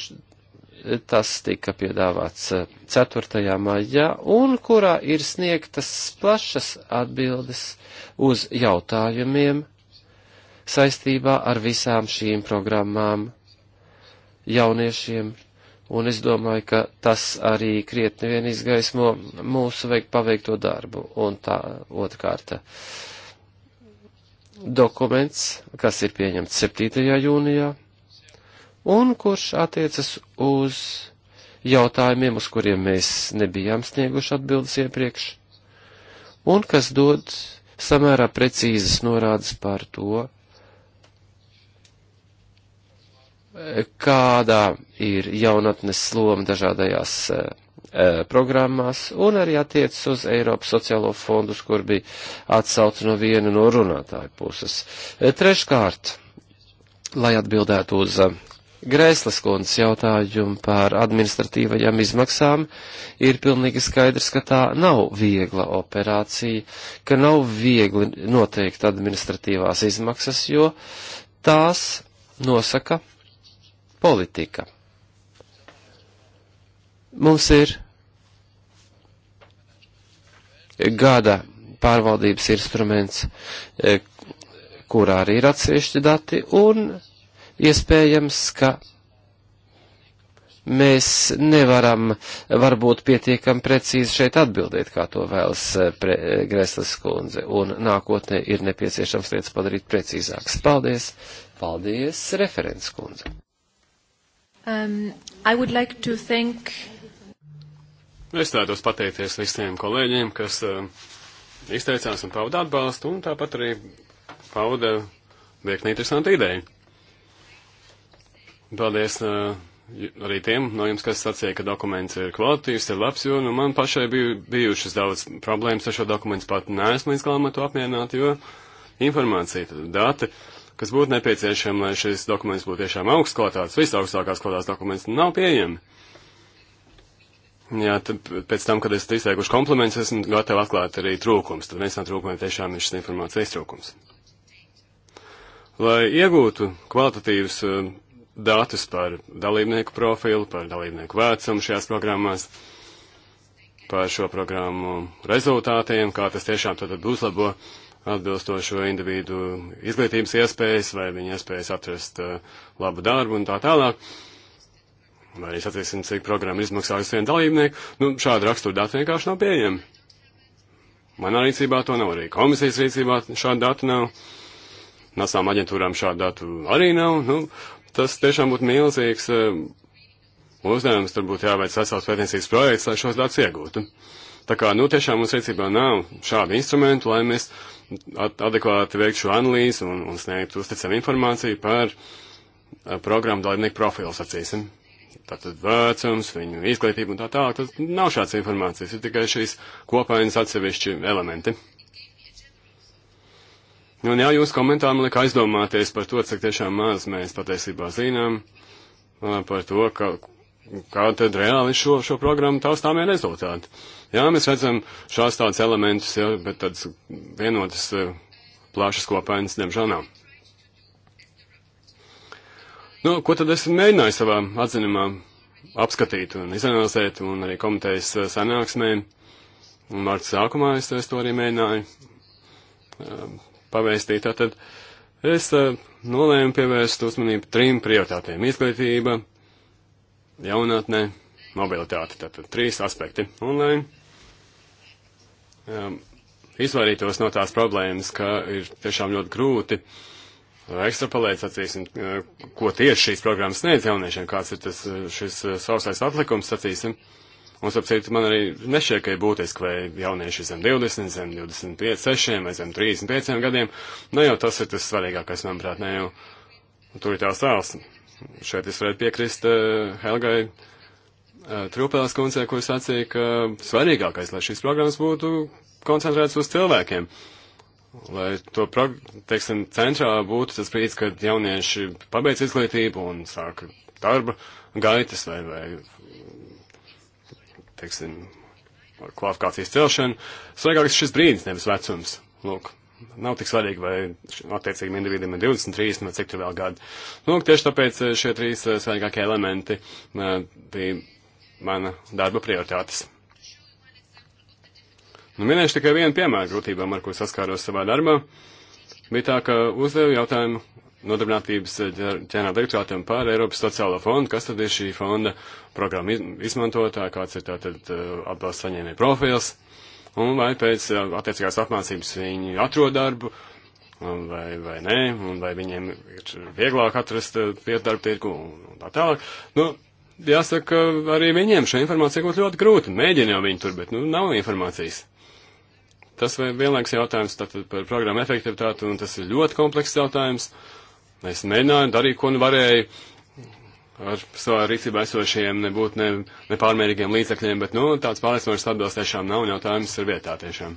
tas tika piedāvāts 4. maijā, un kurā ir sniegtas plašas atbildes uz jautājumiem saistībā ar visām šīm programmām jauniešiem, un es domāju, ka tas arī krietni vien izgaismo mūsu veik paveikto darbu. Un tā otrkārt, dokuments, kas ir pieņemts 7. jūnijā, un kurš attiecas uz jautājumiem, uz kuriem mēs nebijām snieguši atbildes iepriekš, un kas dod samērā precīzas norādes par to, kādā ir jaunatnes loma dažādajās eh, eh, programmās un arī attiecas uz Eiropas sociālo fondu, kur bija atsauce no viena no runātāju puses. Eh, treškārt, lai atbildētu uz Grēslas kundzes jautājumu par administratīvajām izmaksām, ir pilnīgi skaidrs, ka tā nav viegla operācija, ka nav viegli noteikt administratīvās izmaksas, jo tās nosaka politika. Mums ir gada pārvaldības instruments, e, kurā arī ir atsevišķi dati, un iespējams, ka mēs nevaram varbūt pietiekam precīzi šeit atbildēt, kā to vēlas e, pre, Greslas kundze, un nākotnē ir nepieciešams lietas padarīt precīzākas. Paldies! Paldies, referents kundze! Um, I would like to thank. Es vēlētos pateikties visiem kolēģiem, kas uh, izteicās un pauda atbalstu, un tāpat arī pauda virkni interesanti ideju. Paldies uh, arī tiem no jums, kas sacīja, ka dokuments ir kvalitīvs, ir labs, jo nu, man pašai bija bijušas daudz problēmas ar šo dokumentu, pat neesmu līdz galam ar to apmierināti, jo informācija, dati kas būtu nepieciešama, lai šis dokuments būtu tiešām augsts kvalitātes, visaugstākās kvalitātes dokuments, nav pieejami. Jā, tad pēc tam, kad esat izteikuši komplements, esmu gatavi atklāt arī trūkums. Tad viens no trūkumiem tiešām ir šis informācijas trūkums. Lai iegūtu kvalitatīvus eh, datus par dalībnieku profilu, par dalībnieku vecumu šajās programmās, par šo programmu rezultātiem, kā tas tiešām tad uzlabo atbilstošo individu izglītības iespējas vai viņa iespējas atrast uh, labu darbu un tā tālāk. Vai arī sacīsim, cik programma izmaksājusi vienu dalībnieku. Nu, šāda rakstura dati vienkārši nav pieejama. Manā rīcībā to nav, arī komisijas rīcībā šādu datu nav. Nacionālām aģentūrām šādu datu arī nav. Nu, tas tiešām būtu milzīgs uh, uzdevums, tur būtu jāveic vesels pētniecības projekts, lai šos datus iegūtu. Tā kā, nu, tiešām mums rīcībā nav šādu instrumentu, lai mēs adekvāti veikt šo analīzi un, un sniegt uzticamu informāciju par eh, programmu dalībnieku profilu, sacīsim. Tātad vecums, viņu izglītība un tā tālāk. Tad nav šāds informācijas, ir tikai šīs kopainas atsevišķi elementi. Nu, un jā, jūs komentāri man liek aizdomāties par to, cik tiešām maz mēs patiesībā zinām eh, par to, ka, kā tad reāli šo, šo programmu taustāmie rezultāti. Jā, mēs redzam šās tādas elementus, jā, bet tādas vienotas eh, plašas kopainas, diemžēl nav. Nu, ko tad es mēģināju savā atzinumā apskatīt un izanalizēt, un arī komitejas eh, sanāksmē, un marta sākumā es, es to arī mēģināju eh, pavēstīt. Tātad es nolēmu pievērst uzmanību trim prioritātēm - izglītība, jaunatnē, mobilitāte, tātad trīs aspekti. Un lai um, izvairītos no tās problēmas, ka ir tiešām ļoti grūti ekstrapolēt, sacīsim, uh, ko tieši šīs programmas sniedz jauniešiem, kāds ir tas uh, šis uh, sausais atlikums, sacīsim. Un, ap citu, man arī nešķiet, ka ir būtiski, vai jaunieši zem 20, zem 25, 6 vai zem 35 gadiem. Nu, jau tas ir tas svarīgākais, manuprāt, ne jau tur ir tās tāls šeit es varētu piekrist uh, Helgai uh, Trupēlas kundzei, kur sacīja, ka svarīgākais, lai šīs programmas būtu koncentrētas uz cilvēkiem. Lai to, teiksim, centrā būtu tas brīdis, kad jaunieši pabeidz izglītību un sāk darba gaitas vai, vai teiksim, kvalifikācijas celšanu. Svarīgākais šis brīdis, nevis vecums. Lūk, nav tik svarīgi, vai attiecīgam individuam ir 20, 30 vai cik tur vēl gadi. Nu, tieši tāpēc eh, šie trīs eh, svarīgākie elementi bija eh, mana darba prioritātes. Nu, minēšu tikai vienu piemēru grūtībām, ar ko saskāros savā darbā. Bija tā, ka uzdevu jautājumu nodarbinātības ķēnā direktorātam par Eiropas sociālo fondu, kas tad ir šī fonda programma izmantotāja, kāds ir tātad atbalsts saņēmē profils. Uh, un vai pēc attiecīgās apmācības viņi atrod darbu, vai, vai nē, un vai viņiem ir vieglāk atrast pietarpu eh, tirku un tā tālāk. Nu, jāsaka, arī viņiem šī informācija būtu ļoti grūta. Mēģina jau viņi tur, bet nu, nav informācijas. Tas vienlaiks jautājums tātad par programmu efektivitāti, un tas ir ļoti komplekss jautājums. Es mēģināju darīt, ko nu varēju ar savā rīcībā esošajiem nebūtu ne, ne pārmērīgiem līdzekļiem, bet, nu, tāds pārliecinošs atbildes tiešām nav un jautājums ir vietā tiešām.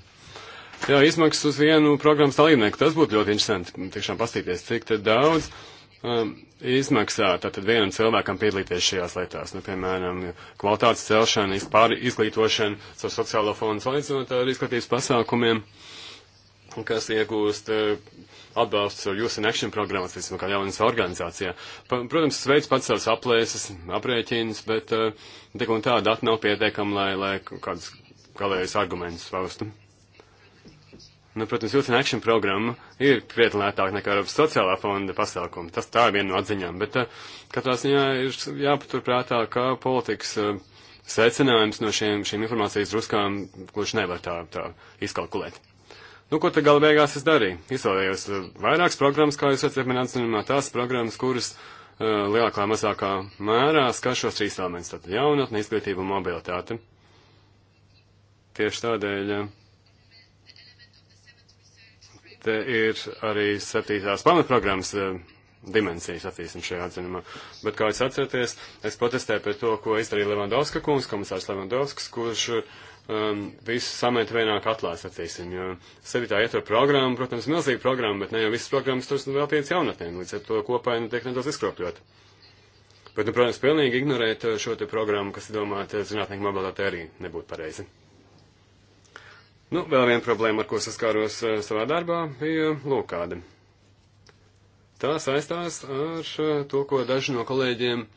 Jā, izmaksas uz vienu programmas dalībnieku, tas būtu ļoti interesanti, tiešām pastīties, cik tad daudz um, izmaksā tātad vienam cilvēkam piedalīties šajās lietās, nu, piemēram, kvalitātes celšana, izpār, izglītošana, savu sociālo fondu salīdzinot ar izglītības pasākumiem, kas iegūst uh, atbalsts Youth in Action programmas, visam kā jaunas organizācijā. Protams, veids pats savas aplēses, aprēķins, bet uh, tik un tā dati nav pietiekami, lai, lai kādus galējus argumentus paustu. Nu, protams, Youth in Action programma ir krietni lētāk nekā Eiropas sociālā fonda pasākuma. Tas tā ir viena no atziņām, bet uh, katrā ziņā ir jāpaturprātā, ka politikas uh, secinājums no šiem, šīm informācijas druskām, kurš nevar tā, tā izkalkulēt. Nu, ko te gala beigās es darīju? Izvēlējos eh, vairākas programmas, kā jūs atcerināties, un tās programmas, kuras uh, lielākā mazākā mērā skar šos trīs elementus - tātad jaunatne, izglītība un mobilitāte. Tieši tādēļ eh, te ir arī septītās pamatprogrammas uh, dimensijas, attīstam šajā atzinumā. Bet, kā jūs atceraties, es protestēju pret to, ko izdarīja Levandovska kungs, komisārs Levandovskis, kurš uh, um, visu samēt vienā katlā, sacīsim, jo sevi tā ietver programmu, protams, milzīga programma, bet ne jau visas programmas tur vēl tiec jaunatnēm, līdz ar to kopā nu, tiek nedaudz izkropļot. Bet, nu, protams, pilnīgi ignorēt uh, šo te programmu, kas, domāt, uh, zinātnieku mobilitāte arī nebūtu pareizi. Nu, vēl viena problēma, ar ko saskāros uh, savā darbā, bija lūk kāda. Tā saistās ar uh, to, ko daži no kolēģiem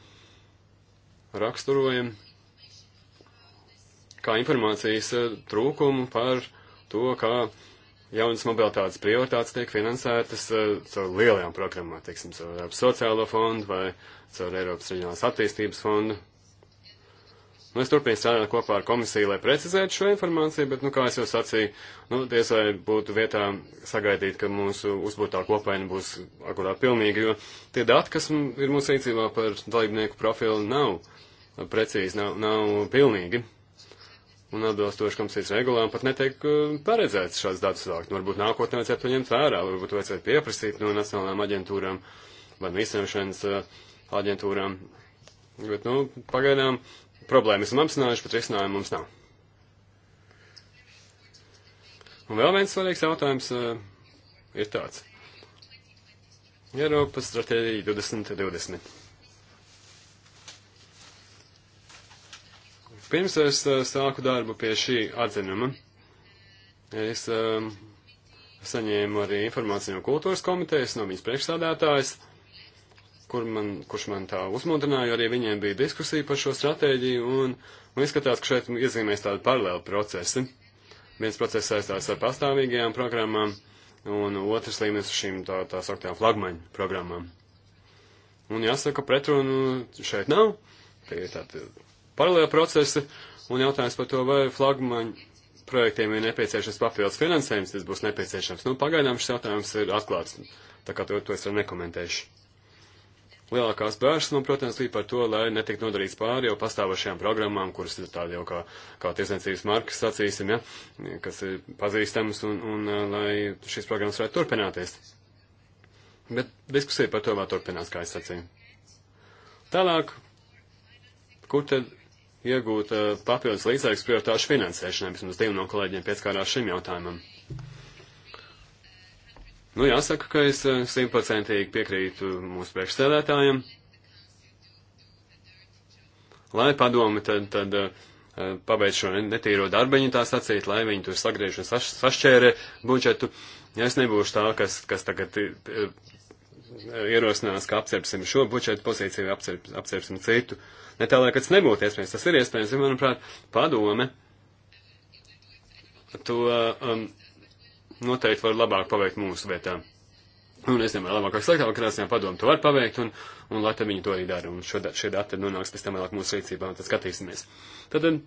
raksturojam kā informācijas eh, trūkumu par to, kā jaunas mobilitātes prioritātes tiek finansētas eh, caur lielajām programmām, teiksim, caur Eiropas sociālo fondu vai caur Eiropas reģionālās attīstības fondu. Nu, es turpinu strādāt kopā ar komisiju, lai precizētu šo informāciju, bet, nu, kā es jau sacīju, nu, diez vai būtu vietā sagaidīt, ka mūsu uzbūtā kopaina būs akurāt pilnīgi, jo tie dati, kas ir mūsu rīcībā par dalībnieku profilu, nav precīzi, nav, nav pilnīgi. Un atbilstoši komisijas regulām pat netiek uh, paredzēts šāds datus vākt. Nu, varbūt nākotnē vajadzētu to ņemt vērā, varbūt vajadzētu pieprasīt no nacionālām aģentūrām vai no izsniegšanas uh, aģentūrām. Bet, nu, pagaidām problēmu esam apzinājuši, bet risinājumu mums nav. Un vēl viens svarīgs jautājums uh, ir tāds. Eiropas stratēģija 2020. Pirms es eh, sāku darbu pie šī atzinuma, es um, saņēmu arī informāciju no kultūras komitejas, no viņas priekšstādātājas, kur man, kurš man tā uzmundrināja, arī viņiem bija diskusija par šo stratēģiju, un, un izskatās, ka šeit iezīmēs tādi paralēli procesi. Viens process saistās ar pastāvīgajām programmām, un otrs līmenis ar šīm tā, tā sauktām flagmaņu programmām. Un jāsaka, pretrunu šeit nav. Tie ir tātad paralēli procesi, un jautājums par to, vai flagmaņu projektiem ir nepieciešams papildus finansējums, tas būs nepieciešams. Nu, pagaidām šis jautājums ir atklāts, tā kā to, to es vēl nekomentēšu. Lielākās bērns, nu, protams, bija par to, lai netiek nodarīts pāri jau pastāvošajām programmām, kuras ir tādi jau kā, kā tiesniecības markas, sacīsim, ja, kas ir pazīstamas un, un, un uh, lai šīs programmas varētu turpināties. Bet diskusija par to vēl turpinās, kā es sacīju. Tālāk, kur tad iegūt uh, papildus līdzekļus prioritāšu finansēšanai. Vismaz divi no kolēģiem pieskārās šim jautājumam. Nu, jāsaka, ka es eh, simtprocentīgi uh, piekrītu mūsu priekšsēdētājiem. Lai padomi tad, tad uh, pabeidz šo netīro darbiņu tā sacīt, lai viņi tur sagriež un saš, sašķērē budžetu. Ja es nebūšu tā, kas, kas tagad ierosinās, ka apcerpsim šo budžetu pozīciju, apcerp, apcerpsim citu. Ne tā, lai kāds nebūtu iespējams, tas ir iespējams, ja, manuprāt, padome to um, noteikti var labāk paveikt mūsu vietā. Un es nezinu, labāk vai sliktāk, ka tās padomu to var paveikt, un, un lai tad viņi to arī dara. Un šo, šie dati nonāks pēc tam vēlāk mūsu rīcībā, un tad skatīsimies. Tad um,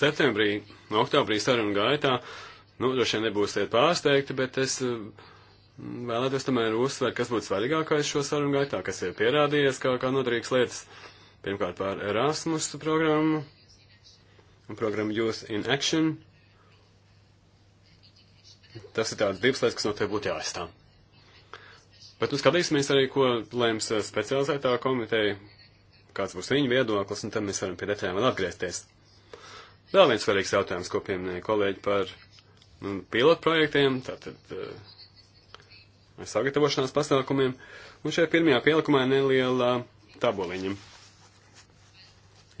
septembrī, oktobrī sarunu gaitā, nu, droši vien nebūsiet pārsteigti, bet es. Uh, Vēlētos tomēr uzsvērt, kas būtu svarīgākais šo sarunu gaitā, kas ir pierādījies kā, kā noderīgs lietas. Pirmkārt par Erasmus programmu un programmu Youth in Action. Tas ir tāds divas lietas, kas no te būtu jāaizstāv. Bet nu skatīsimies arī, ko lēms eh, specializētā komiteja, kāds būs viņa viedoklis, un tad mēs varam pie detaļām vēl atgriezties. Vēl viens svarīgs jautājums, ko pieminēja kolēģi par nu, pilotprojektiem, tātad uh, sagatavošanās pasākumiem, un šajā pirmajā pielikumā neliela tabuliņa.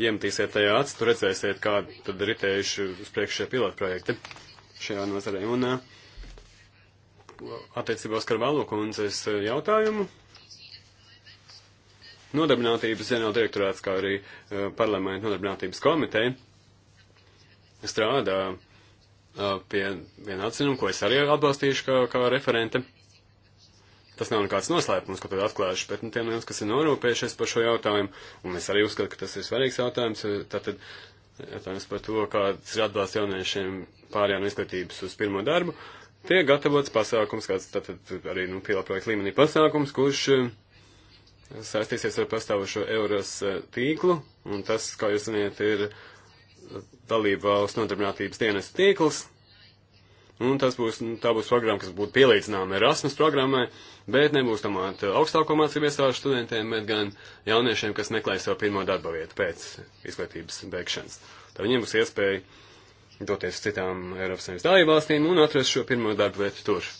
Iemetīsiet tajā acis, tur redzēsiet, kādi tad ritējuši uz priekšu šie pilotprojekti šajā nozarē. Un eh, attiecībā uz Karvalo kundzes jautājumu. Nodarbinātības ģenerāla direktorāts, kā arī eh, parlamenta nodarbinātības komiteja strādā eh, pie viena atzinuma, ko es arī atbalstīšu kā, kā referente. Tas nav nekāds noslēpums, ko tad atklāšu, bet nu, tiem, kas ir norūpējušies par šo jautājumu, un es arī uzskatu, ka tas ir svarīgs jautājums, tātad jautājums par to, kāds ir atbalsts jauniešiem pārējā no izglītības uz pirmo darbu, tiek gatavots pasākums, kāds tātad arī, nu, pilotprojekts līmenī pasākums, kurš eh, saistīsies ar pastāvošo Euros eh, tīklu, un tas, kā jūs zināt, ir eh, dalība valsts nodarbinātības dienas tīkls, Un tas būs, tā būs programma, kas būtu pielīdzināma Erasmus programmai, bet nebūs domāta augstāko mācību iestāžu studentiem, bet gan jauniešiem, kas meklē savu pirmo darba vietu pēc izglītības beigšanas. Tā viņiem būs iespēja doties uz citām Eiropas Savienības dalībvalstīm un atrast šo pirmo darba vietu tur.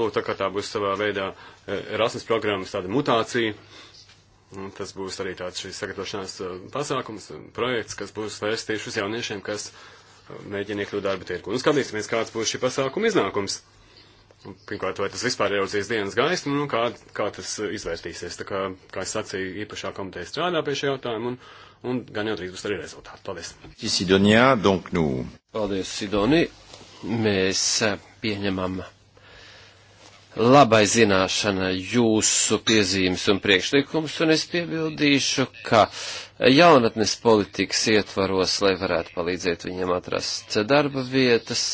Lūk, tā kā tā būs savā veidā e, Erasmus programmas tāda mutācija. Un tas būs arī tāds šīs sagatavošanās e, pasākums, projekts, kas būs vērsts tieši uz jauniešiem, kas mēģina iekļūt darba tirgu. Un skatīsimies, kāds būs šī pasākuma iznākums. Pirmkārt, vai tas vispār ieraudzīs dienas gaistu, nu, kā, kā tas izvērtīsies. Tā kā, kā es sacīju, īpašā komiteja strādā pie šī jautājuma, un, un gan jau drīz būs arī rezultāti. Paldies. Sidonijā, donc, nu. Paldies, Sidoni. Mēs eh, pieņemam labai zināšana jūsu piezīmes un priekšlikums, un es piebildīšu, ka jaunatnes politikas ietvaros, lai varētu palīdzēt viņiem atrast darba vietas,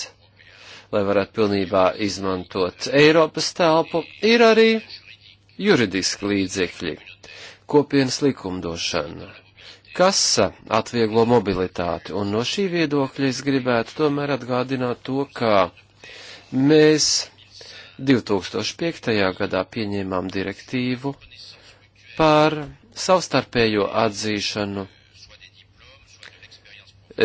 lai varētu pilnībā izmantot Eiropas telpu, ir arī juridiski līdzekļi, kopienas likumdošana, kas atvieglo mobilitāti, un no šī viedokļa es gribētu tomēr atgādināt to, kā mēs 2005. gadā pieņēmām direktīvu par savstarpējo atzīšanu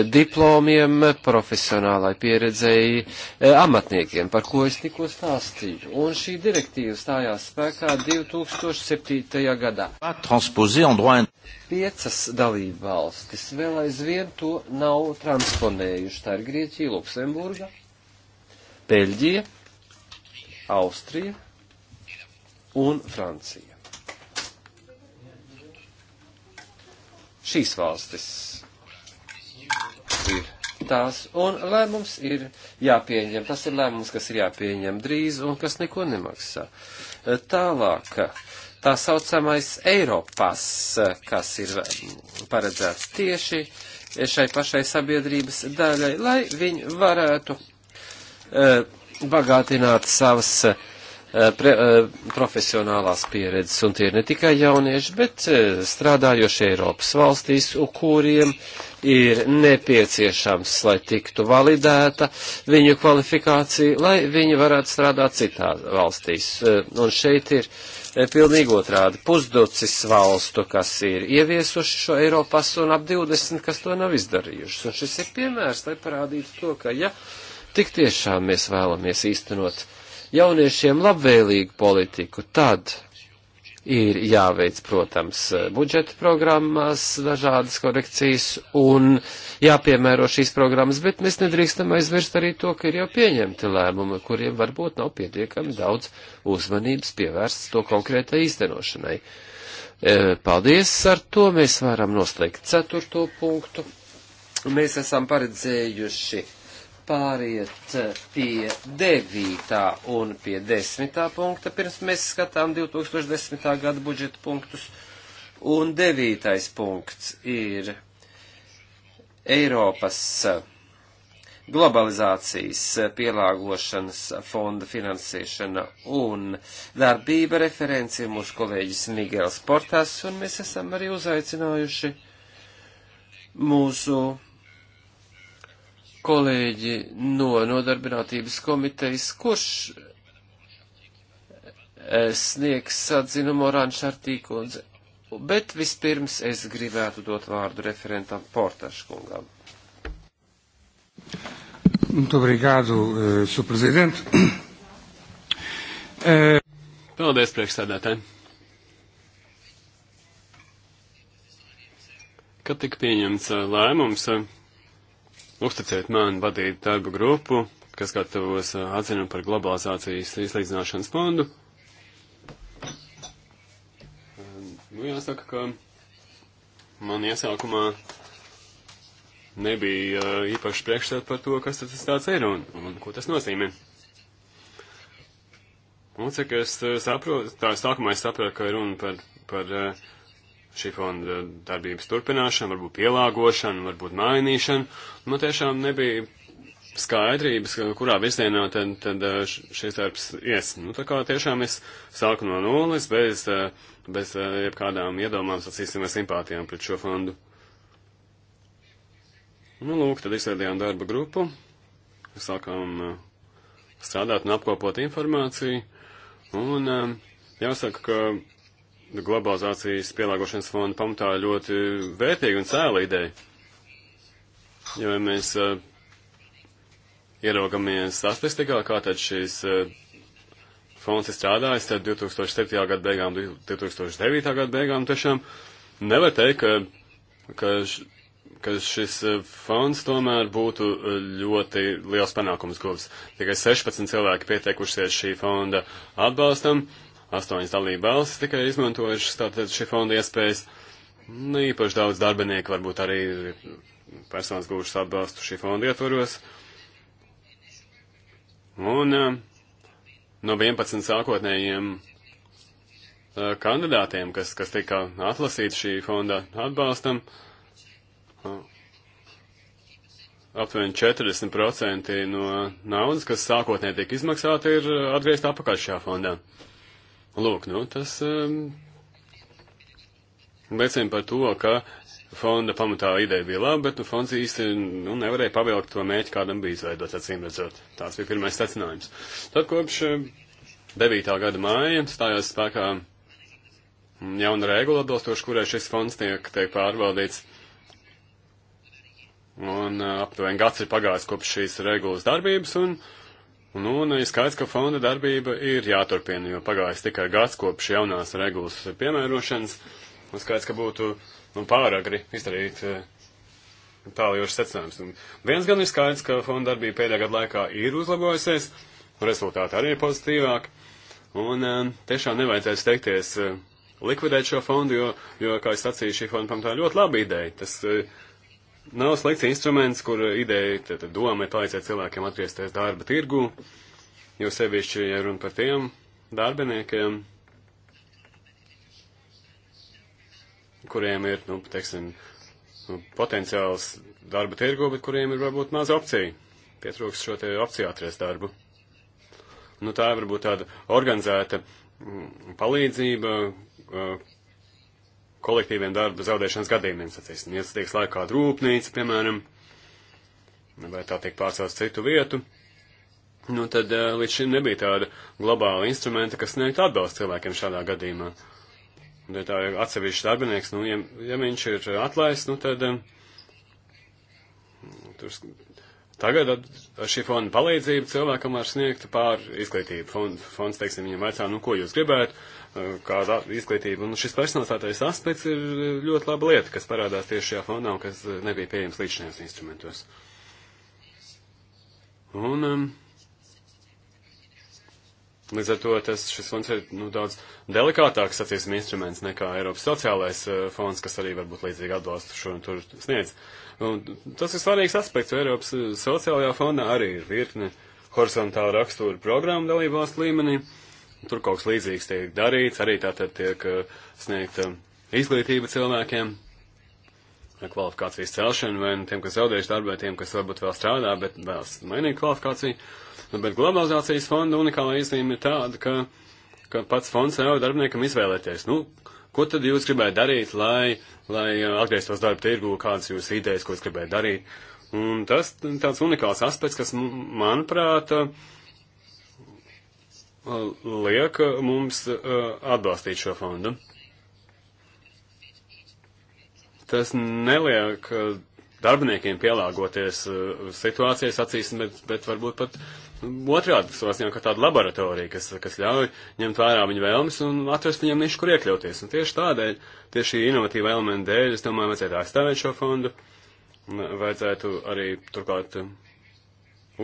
diplomiem, profesionālai pieredzēji, e, amatniekiem, par ko es tikko stāstīju. Un šī direktīva stājās spēkā 2007. gadā. Piecas dalība valstis vēl aizvien to nav transponējuši. Tā ir Grieķija, Luksemburga, Beļģija, Austrija un Francija. Šīs valstis ir tās, un lēmums ir jāpieņem. Tas ir lēmums, kas ir jāpieņem drīz un kas neko nemaksā. Tālāk, tā saucamais Eiropas, kas ir paredzēts tieši šai pašai sabiedrības daļai, lai viņi varētu uh, bagātināt savas eh, pre, eh, profesionālās pieredzes, un tie ir ne tikai jaunieši, bet eh, strādājoši Eiropas valstīs, kuriem ir nepieciešams, lai tiktu validēta viņu kvalifikācija, lai viņi varētu strādāt citās valstīs. Un šeit ir pilnīgi otrādi pusducis valstu, kas ir ieviesuši šo Eiropas un ap 20, kas to nav izdarījušas. Un šis ir piemērs, lai parādītu to, ka ja tik tiešām mēs vēlamies īstenot jauniešiem labvēlīgu politiku, tad ir jāveic, protams, budžeta programmās dažādas korekcijas un jāpiemēro šīs programmas, bet mēs nedrīkstam aizvirst arī to, ka ir jau pieņemti lēmumi, kuriem varbūt nav pietiekami daudz uzmanības pievērsts to konkrētai īstenošanai. E, paldies, ar to mēs varam noslēgt ceturto punktu. Mēs esam paredzējuši pāriet eh, pie 9. un pie 10. punkta, pirms mēs skatām 2010. gada budžeta punktus. Un 9. punkts ir Eiropas eh, globalizācijas eh, pielāgošanas fonda finansēšana un darbība referenci ir mūsu kolēģis Migels Portās, un mēs esam arī uzaicinājuši mūsu kolēģi no nodarbinātības komitejas, kurš eh, sniegs atzinumu Oranža Artīkundze. Bet vispirms es gribētu dot vārdu referentam Portaškungam. Muito obrigado, eh, Sr. Presidente. Eh, Paldies, priekšsēdētāji. Kad tika pieņemts lēmums uzticēt man vadīt darbu grupu, kas gatavos atzinumu par globalizācijas izlīdzināšanas fondu. Nu, jāsaka, ka man iesākumā nebija īpaši priekšstat par to, kas tas tāds ir un, un ko tas nozīmē. Un cik es saprotu, tā sākumā es saprotu, ka runa par, par uh, šī fonda darbības turpināšanu, varbūt pielāgošanu, varbūt mainīšanu. Man nu, tiešām nebija skaidrības, kurā virzienā tad, tad eh, šis darbs ies. Nu, tā kā tiešām es sāku no nulles bez, eh, bez eh, jebkādām iedomām, sacīsim, simpātijām pret šo fondu. Nu, lūk, tad izveidījām darba grupu, sākām strādāt un apkopot informāciju, un jāsaka, ka globalizācijas pielāgošanas fonda pamatā ļoti vērtīga un cēla ideja. Jo, ja mēs uh, ieraugamies statistikā, kā tad šīs uh, eh, fonds ir strādājis, tad 2007. gada beigām, 2009. gada beigām tiešām nevar teikt, ka, ka, š, ka šis eh, fonds tomēr būtu ļoti liels panākums guvis. Tikai 16 cilvēki pieteikušies šī fonda atbalstam. Uh, astoņas dalība valstis tikai izmantojušas tātad šī fonda iespējas. Nu, īpaši daudz darbinieku varbūt arī personas gūšas atbalstu šī fonda ietvaros. Un eh, no 11 sākotnējiem eh, kandidātiem, kas, kas tika atlasīti šī fonda atbalstam, eh, aptuveni 40% no naudas, kas sākotnēji tika izmaksāta, ir atgriezta apakaļ šajā fondā. Uh, Lūk, nu, tas um, liecina par to, ka fonda pamatā ideja bija laba, bet nu, fonds īsti nu, nevarēja pavilkt to mērķi, kādam bija izveidots, acīm redzot. Tās bija pirmais secinājums. Tad kopš 9. Um, gada māja stājās spēkā um, jauna regula, atbilstoši kurai šis fonds tiek, tiek pārvaldīts. Un uh, aptuveni gads ir pagājis kopš šīs regulas darbības, un uh, Nu, nu, ir skaidrs, ka fonda darbība ir jāturpina, jo pagājis tikai gads kopš jaunās regulas piemērošanas. Un skaidrs, ka būtu nu, pāragri izdarīt eh, tālajošas secinājumus. Un viens gan ir skaidrs, ka fonda darbība pēdējā gada laikā ir uzlabojusies, un rezultāti arī ir pozitīvāki. Un eh, tiešām nevajadzēs teikties eh, likvidēt šo fondu, jo, jo kā es sacīju, šī fonda pamatā ļoti laba ideja. Tas, uh, nav slikts instruments, kur ideja, tad doma ir palīdzēt cilvēkiem atgriezties darba tirgu, jo sevišķi, ja runa par tiem darbiniekiem, kuriem ir, nu, teiksim, nu, potenciāls darba tirgu, bet kuriem ir varbūt maz opciju. Pietrūks šo te opciju atrast darbu. Nu, tā ir varbūt tāda organizēta mm, palīdzība, kolektīviem darba zaudēšanas gadījumiem, sacīsim, ja tiek slēgta kāda rūpnīca, piemēram, vai tā tiek pārcelts citu vietu, nu tad eh, līdz šim nebija tāda globāla instrumenta, kas sniegtu atbalstu cilvēkiem šādā gadījumā. Ja tā ir atsevišķi darbinieks, nu, ja, ja viņš ir atlaists, nu tad eh, tur, tagad ar šī fonda palīdzību cilvēkam var sniegt pār izglītību. Fond, fonds, teiksim, viņam vajadzētu, nu, ko jūs gribētu, kāda izglītība. Un šis personalizētais aspekts ir ļoti laba lieta, kas parādās tieši šajā fondā un kas eh, nebija pieejams līdz šajos instrumentos. Un um, līdz ar to tas, šis fonds ir nu, daudz delikātāks, sacīsim, instruments nekā Eiropas sociālais uh, fonds, kas arī varbūt līdzīgi atbalstu šo un tur sniedz. Un tas ir svarīgs aspekts, jo Eiropas eh, sociālajā fondā arī ir virkne horizontāla rakstura programma dalībvalstu līmenī. Uh, Tur kaut kas līdzīgs tiek darīts, arī tātad tiek eh, sniegta eh, izglītība cilvēkiem, kvalifikācijas celšana, vai nu tiem, kas zaudējuši darbu, vai tiem, kas varbūt vēl strādā, bet vēlas mainīt kvalifikāciju. Nu, bet globalizācijas fonda unikālā izņēma ir tāda, ka, ka pats fonds ļauj darbiniekam izvēlēties. Nu, ko tad jūs gribētu darīt, lai, lai eh, atgrieztos darba tirgu, kādas jūs idejas, ko es gribētu darīt? Un tas tāds unikāls aspekts, kas, manuprāt, uh, liek mums atbalstīt šo fondu. Tas neliek darbiniekiem pielāgoties situācijas acīs, bet, bet varbūt pat otrādi sasniegt kā tādu laboratoriju, kas, kas ļauj ņemt vērā viņu vēlmes un atrast viņam nišu, kur iekļauties. Un tieši tādēļ, tieši šī inovatīva elementa dēļ, es domāju, vajadzētu aizstāvēt šo fondu. Vajadzētu arī turklāt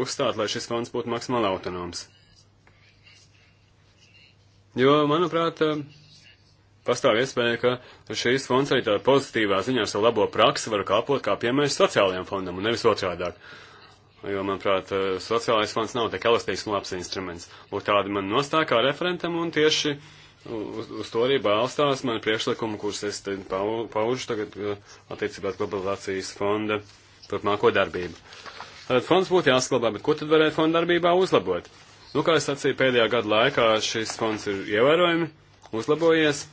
uzstāt, lai šis fonds būtu maksimāli autonoms. Jo, manuprāt, pastāv iespēja, ka šīs fonds arī tādā pozitīvā ziņā ar savu labo praksi var kalpot kā piemērs sociālajiem fondam un nevis otrādāk. Jo, manuprāt, sociālais fonds nav tik elastīgs un labs instruments. Lūk, tāda man nostākā referentam un tieši uz, uz to arī balstās mani priekšlikumi, kurus es pau, paužu tagad uh, attiecībā globalizācijas fonda turpmāko darbību. Tātad fonds būtu jāsklabā, bet ko tad varētu fonda darbībā uzlabot? Nu, kā es sacīju, pēdējā gada laikā šis fonds ir ievērojami uzlabojies.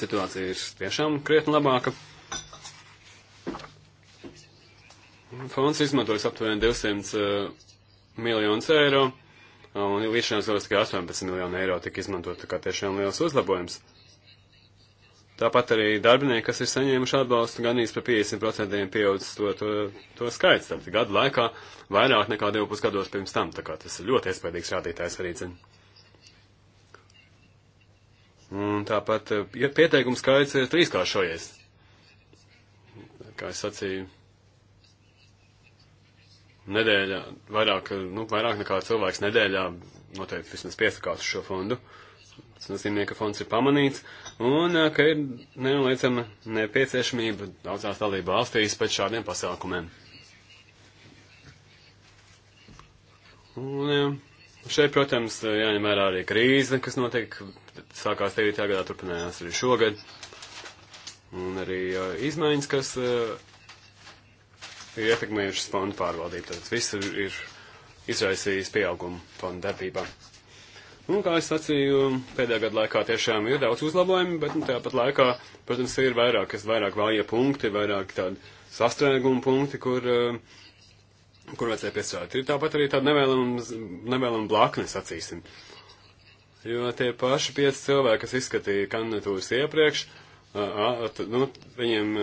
Situācija ir tiešām krietni labāka. Fonds izmantojas aptuveni 200 uh, eh, miljonus eiro, un līdz šim gados tikai 18 miljonu eiro tika izmantot, tā kā tiešām liels uzlabojums. Tāpat arī darbinieki, kas ir saņēmuši atbalstu, gan īsti par 50% pieaudzis to, to, to skaits. Tad gadu laikā vairāk nekā 2,5 gados pirms tam. Tā kā tas ir ļoti iespaidīgs rādītājs arī cen. Un tāpat ja pieteikumu skaits ir trīskāršojies. Kā es sacīju, nedēļā vairāk, nu, vairāk nekā cilvēks nedēļā noteikti vismaz piesakās uz šo fondu. Uh, Tas nozīmē, ka fonds ir pamanīts un ka ir nenoliecama nepieciešamība daudzās dalību valstīs pēc šādiem pasākumiem. Un, jā, šeit, protams, jāņem vērā arī krīze, kas notiek, sākās 9. gadā, turpinājās arī šogad. Un arī uh, izmaiņas, kas uh, ir ietekmējušas fondu pārvaldību. Tātad viss ir, ir izraisījis pieaugumu fondu darbībā. Un, kā es sacīju, pēdējā gada laikā tiešām ir daudz uzlabojumu, bet nu, tāpat laikā, protams, ir vairāk, vairāk vājie punkti, vairāk tādi sastrēguma punkti, kur, eh, kur vajadzēja piestrādāt. Ir tāpat arī tāda nevēlama, nevēlama blakne, sacīsim. Jo tie paši pieci cilvēki, kas izskatīja kandidatūras iepriekš, a, a, t, nu, viņiem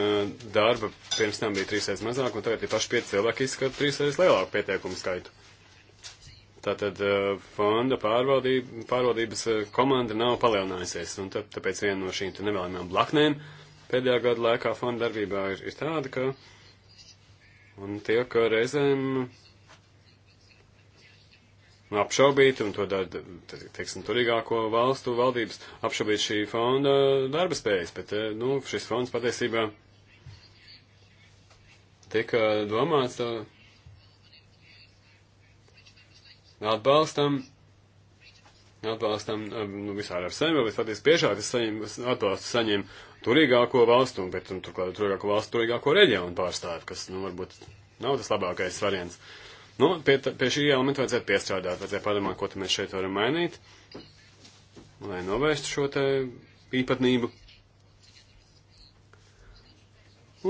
darba pirms tam bija trīsreiz mazāk, un tagad tie paši pieci cilvēki izskata trīsreiz lielāku pieteikumu skaitu. Tātad eh, fonda pārvaldība, pārvaldības eh, komanda nav palielinājusies, un tā, tāpēc viena no šīm nevēlamajām blaknēm pēdējā gada laikā fonda darbībā ir, ir tāda, ka un tiek reizēm apšaubīt, un to dara, teiksim, turīgāko valstu valdības, apšaubīt šī fonda darba spējas, bet, eh, nu, šis fonds patiesībā tika domāts. Tā, atbalstam, atbalstam eh, nu, visādi ar sevi, bet patiesi biežāk es saņem, atbalstu saņem turīgāko valstu, bet un, nu, turklāt turīgāko valstu, turīgāko reģionu pārstāvi, kas, nu, varbūt nav tas labākais variants. Nu, pie, pie šī elementa vajadzētu piestrādāt, vajadzētu padomāt, ko mēs šeit varam mainīt, lai novērstu šo te īpatnību.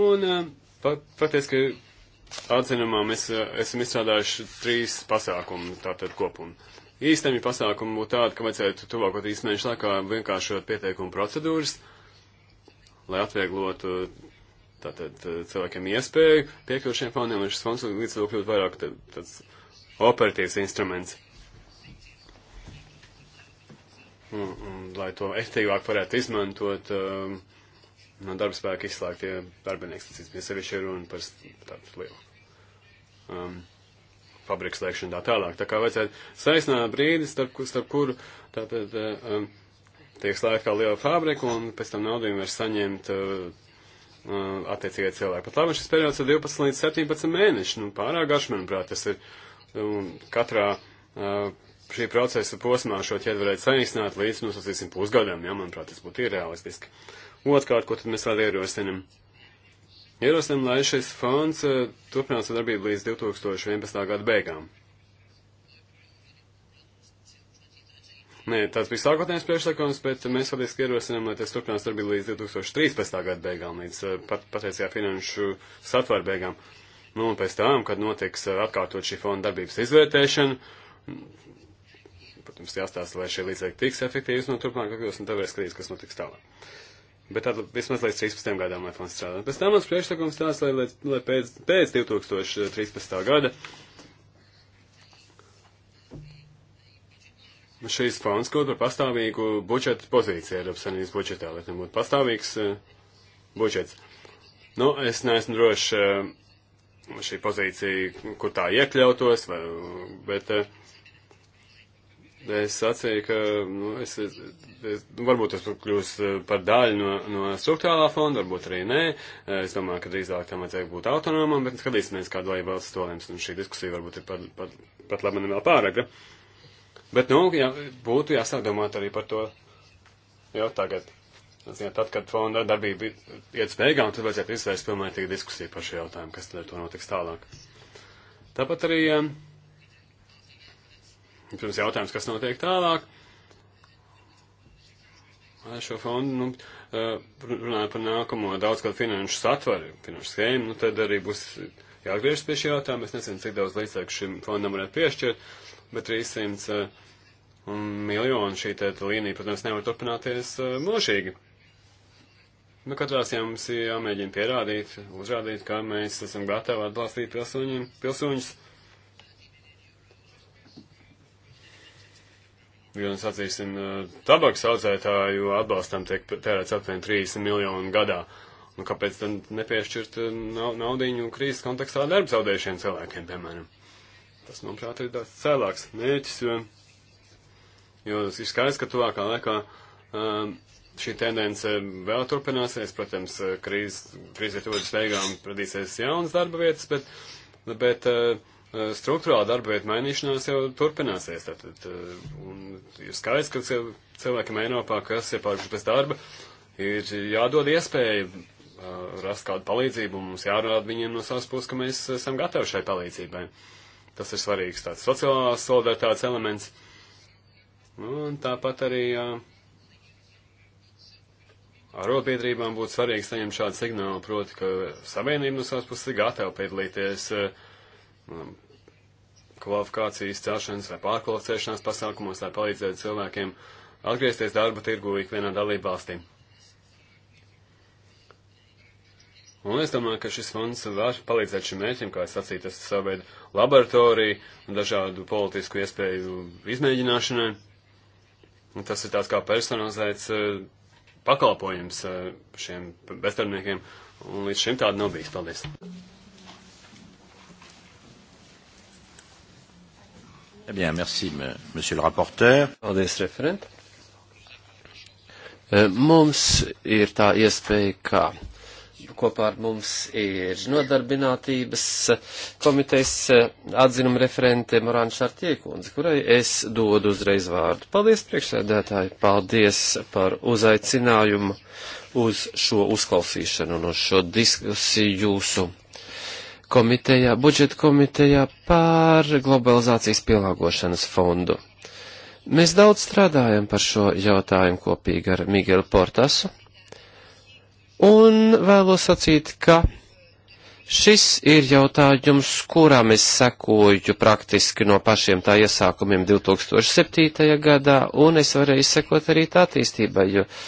Un eh, patiesi, ka atzinumā mēs eh, esam izstrādājuši trīs pasākumu, tātad kopumu. Īstenīgi pasākumu būtu tāda, ka vajadzētu tuvākot trīs mēnešu laikā vienkāršot pieteikumu procedūras, lai atvieglotu eh, tātad eh, cilvēkiem iespēju piekļūt šiem fondiem, un šis fonds līdz to kļūt vairāk tāds operatīvs instruments. Un, un, lai to efektīvāk varētu izmantot. Um, no darba spēka izslēgtie darbinieki, tas ir sevišķi runa par tādu lielu um, fabriku slēgšanu tā tālāk. Tā kā vajadzētu saistināt brīdi, starp, starp kuru tātad uh, um, tiek slēgta kā liela fabrika un pēc tam naudu var saņemt uh, uh, attiecīgie cilvēki. Pat labi, šis periods ir 12 līdz 17 mēneši, nu pārāk garš, manuprāt, tas ir. Un katrā uh, šī procesa posmā šo ķēdi varētu saīsināt līdz, nu, sasīsim, pusgadam, ja, manuprāt, tas būtu ir realistiski. Uh, Otkārt, ko tad mēs vēl ierosinam? Ierosinam, lai šis fonds eh, turpinātu sadarbību līdz 2011. gada beigām. Nē, tāds bija sākotnējais priekšlikums, bet mēs faktiski ierosinām, lai tas turpinās darbību līdz 2013. gada beigām, līdz eh, pat, pateicajā finanšu satvaru beigām. Nu, un pēc tam, kad notiks eh, atkārtot šī fonda darbības izvērtēšana, protams, jāstāsta, vai šie līdzekļi tiks efektīvi, no turpmāk atbilst, un tad var skatīt, kas notiks tālāk. Bet tad vismaz līdz 13. gadam, lai fonds strādā. Pēc tam mums priekšlikums tāds, lai, lai, lai pēc, pēc 2013. gada šīs fonds kļūtu par pastāvīgu budžetu pozīciju Eiropas Savienības budžetā, lai tam būtu pastāvīgs uh, budžets. Nu, es neesmu drošs uh, šī pozīcija, kur tā iekļautos, vai, bet uh, Es sacīju, ka nu, es, es, nu, varbūt tas kļūs eh, par daļu no, no struktūrālā fonda, varbūt arī nē. Eh, es domāju, ka drīzāk tam vajadzēja būt autonomam, bet skatīsimies, kādu lai valsts to lems. Un šī diskusija varbūt ir pat, pat, pat labi vēl pāragra. Bet, nu, jā, būtu jāsāk domāt arī par to jau tagad. Ziniet, tad, kad fonda darbība iet spēgām, tad vajadzētu izvērst pilnīgi diskusiju par šo jautājumu, kas tad ar to notiks tālāk. Tāpat arī. Um, Protams, jautājums, kas notiek tālāk. Ar šo fondu, nu, eh, runājot par nākamo daudzgadu finanšu satvaru, finanšu schēmu, nu, tad arī būs jāatgriežas pie šī jautājuma. Es nezinu, cik daudz līdzekļu šim fondam varētu piešķirt, bet 300 eh, miljonu šī te līnija, protams, nevar turpināties eh, mūžīgi. Nu, katrā ziņā mums ir jāmēģina pierādīt, uzrādīt, kā mēs esam gatavi atbalstīt pilsoņiem, pilsoņus. pilsoņus jo, sacīsim, tabaks audzētāju atbalstam tiek tērēts aptuveni 30 miljonu gadā. Nu, kāpēc tad nepiešķirt naudiņu krīzes kontekstā darba zaudējušiem cilvēkiem, piemēram? Tas, manuprāt, ir tāds cēlāks mērķis, jo, jo ir skaidrs, ka tuvākā laikā um, šī tendence vēl turpināsies. Protams, krīzes, krīzes tuvojas beigām radīsies jaunas darba vietas, bet, bet uh, Eh, struktūrāla darba vieta mainīšanās jau turpināsies. Tātad, eh, un ir skaidrs, ka cilvēkiem Eiropā, kas ir pārguši bez darba, ir jādod iespēja eh, rast kādu palīdzību, un mums jārāda viņiem no savas puses, ka mēs esam gatavi šai palīdzībai. Tas ir svarīgs tāds sociālās solidaritātes elements. Un tāpat arī arotbiedrībām būtu svarīgi saņemt šādu signālu, proti, ka savienība no savas puses ir gatava piedalīties uh, Um, kvalifikācijas celšanas vai pārkvalificēšanās pasākumos, lai palīdzētu cilvēkiem atgriezties darba tirgu ikvienā dalība valstī. Un es domāju, ka šis fonds var palīdzēt šim mērķim, kā es sacīju, tas savveida laboratoriju un dažādu politisku iespēju izmēģināšanai. Un tas ir tāds kā personalizēts uh, pakalpojums uh, šiem bezdarbniekiem, un līdz šim tāda nav bijis. Paldies! Eh bien, merci, monsieur le rapporteur. Paldies, referent. Eh, mums ir tā iespēja, ka kopā ar mums ir nodarbinātības komitejas eh, atzinuma referente Morāna Šartiekundze, kurai es dodu uzreiz vārdu. Paldies, priekšsēdētāji, paldies par uzaicinājumu uz šo uzklausīšanu un uz šo diskusiju jūsu komitejā, budžeta komitejā pār globalizācijas pielāgošanas fondu. Mēs daudz strādājam par šo jautājumu kopīgi ar Miguelu Portasu, un vēlos sacīt, ka šis ir jautājums, kurām es sekoju praktiski no pašiem tā iesākumiem 2007. gadā, un es varēju sekot arī tā attīstībai, jo uh,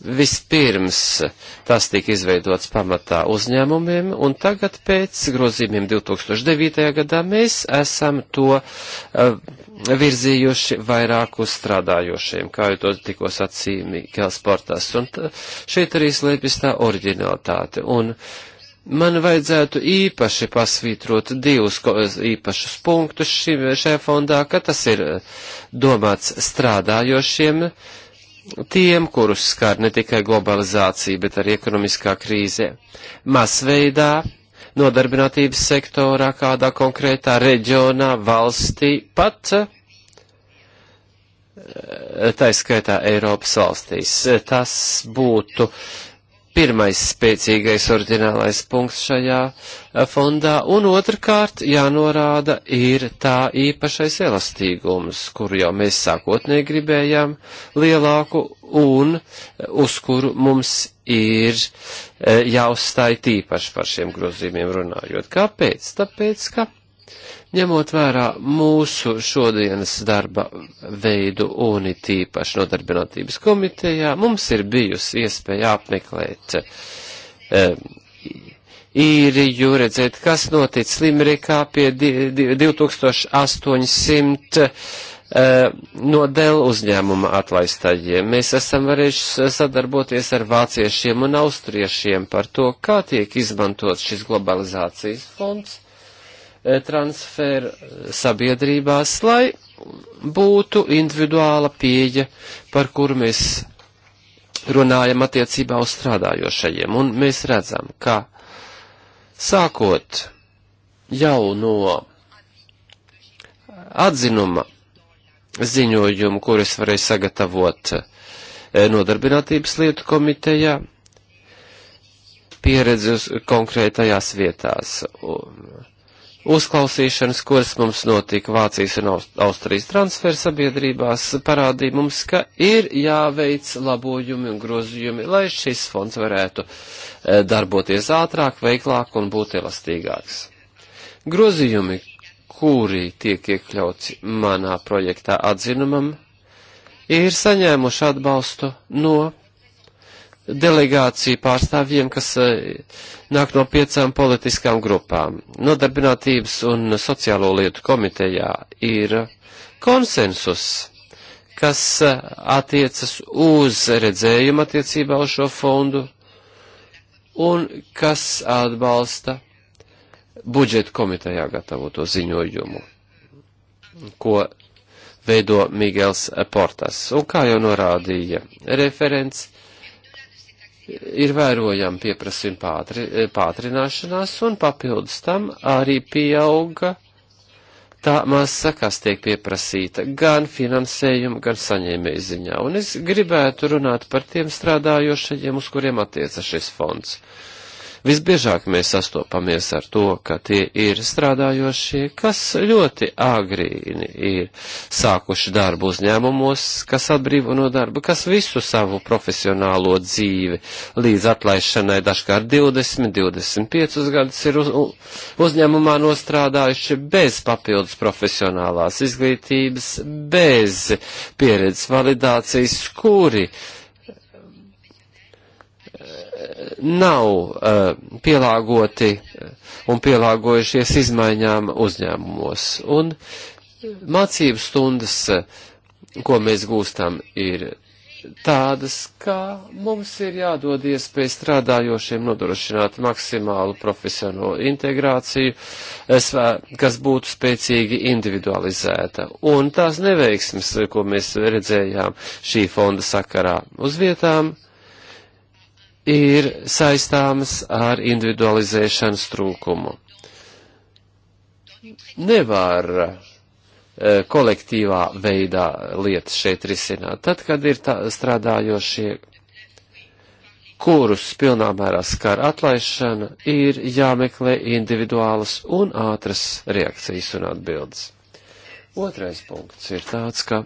Vispirms tas tika izveidots pamatā uzņēmumiem, un tagad pēc grozījumiem 2009. gadā mēs esam to uh, virzījuši vairāk uz strādājošiem, kā jau to tikko sacīja Mikēls Portas, un šeit arī slēpjas tā oriģinalitāte. Un man vajadzētu īpaši pasvītrot divus īpašus punktus šim, šajā fondā, ka tas ir eh, domāts strādājošiem, uh, tiem, kurus skar ne tikai globalizācija, bet arī ekonomiskā krīze. Masveidā, nodarbinātības sektorā, kādā konkrētā reģionā, valstī, pat eh, taiskaitā Eiropas valstīs. Tas būtu uh, pirmais spēcīgais ordinālais punkts šajā eh, fondā, un otrkārt jānorāda ir tā īpašais elastīgums, kuru jau mēs sākotnēji gribējām lielāku un eh, uz kuru mums ir eh, jāuzstāj tīpaši par šiem grozījumiem runājot. Kāpēc? Tāpēc, ka Ņemot vērā mūsu šodienas darba veidu un it īpaši nodarbinātības komitejā, mums ir bijusi iespēja apmeklēt um, īriju, redzēt, kas notic Limrikā pie 2800 eh, no Dell uzņēmuma atlaistajiem. Mēs esam varējuši sadarboties ar vāciešiem un austriešiem par to, kā tiek izmantots šis globalizācijas fonds E, transfer sabiedrībās, lai būtu individuāla pieeja, par kuru mēs runājam attiecībā uz strādājošajiem. Un mēs redzam, ka sākot jau no atzinuma ziņojumu, kurus varēja sagatavot e, nodarbinātības lietu komitejā, pieredzi konkrētajās vietās. Un, uzklausīšanas, kuras mums notika Vācijas un Austrijas transfer sabiedrībās, parādīja mums, ka ir jāveic labojumi un grozījumi, lai šis fonds varētu e, darboties ātrāk, veiklāk un būt elastīgāks. Grozījumi, kuri tiek iekļauts manā projektā atzinumam, ir saņēmuši atbalstu no delegāciju pārstāvjiem, kas eh, nāk no piecām politiskām grupām. Nodarbinātības un sociālo lietu komitejā ir konsensus, kas eh, attiecas uz redzējumu attiecībā uz šo fondu un kas atbalsta budžeta komitejā gatavoto ziņojumu, ko veido Migels Portas. Un kā jau norādīja referents, ir vērojama pieprasījuma pātri, e, pātrināšanās, un papildus tam arī pieauga tā masa, kas tiek pieprasīta gan finansējuma, gan saņēmēju ziņā. Un es gribētu runāt par tiem strādājošajiem, uz kuriem attiecas šis fonds. Uh, Visbiežāk mēs sastopamies ar to, ka tie ir strādājošie, kas ļoti agrīni ir sākuši darbu uzņēmumos, kas atbrīvo no darba, kas visu savu profesionālo dzīvi līdz atlaišanai dažkārt 20, 25 gadus ir uz, uzņēmumā nostrādājuši bez papildus profesionālās izglītības, bez pieredzes validācijas, kuri uh, nav uh, pielāgoti eh, un pielāgojušies izmaiņām uzņēmumos. Un mācību stundas, eh, ko mēs gūstam, ir tādas, kā mums ir jādod iespēja strādājošiem nodrošināt maksimālu profesionālu integrāciju, kas būtu spēcīgi individualizēta. Un tās neveiksmes, ko mēs redzējām šī fonda sakarā uz vietām, ir saistāmas ar individualizēšanas trūkumu. Nevar e, kolektīvā veidā lietas šeit risināt. Tad, kad ir tā, strādājošie, kurus pilnā mērā skar atlaišana, ir jāmeklē individuālas un ātras reakcijas un atbildes. Otrais punkts ir tāds, ka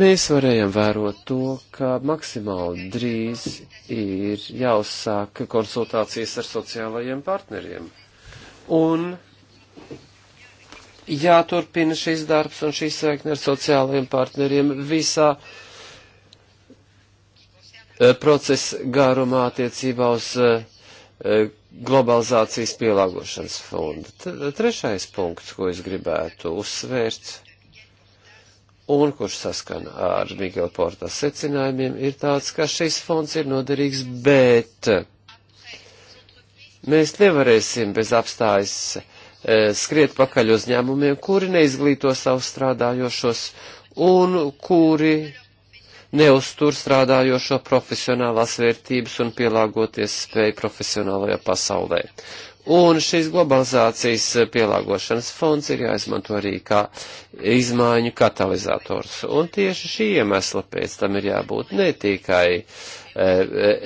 Mēs varējām vērot to, ka maksimāli drīz ir jāuzsāk konsultācijas ar sociālajiem partneriem. Un jāturpina šis darbs un šī saikne ar sociālajiem partneriem visā eh, procesa garumā attiecībā uz eh, globalizācijas pielāgošanas fondu. Trešais punkts, ko es gribētu uzsvērt un kurš saskana ar Miguel Portas secinājumiem, ir tāds, ka šis fonds ir noderīgs, bet mēs nevarēsim bez apstājas e, skriet pakaļ uzņēmumiem, kuri neizglīto savus strādājošos un kuri neuztur strādājošo profesionālās vērtības un pielāgoties spēju profesionālajā pasaulē. Un šis globalizācijas eh, pielāgošanas fonds ir jāizmanto arī kā izmaiņu katalizators. Un tieši šī iemesla pēc tam ir jābūt ne tikai e,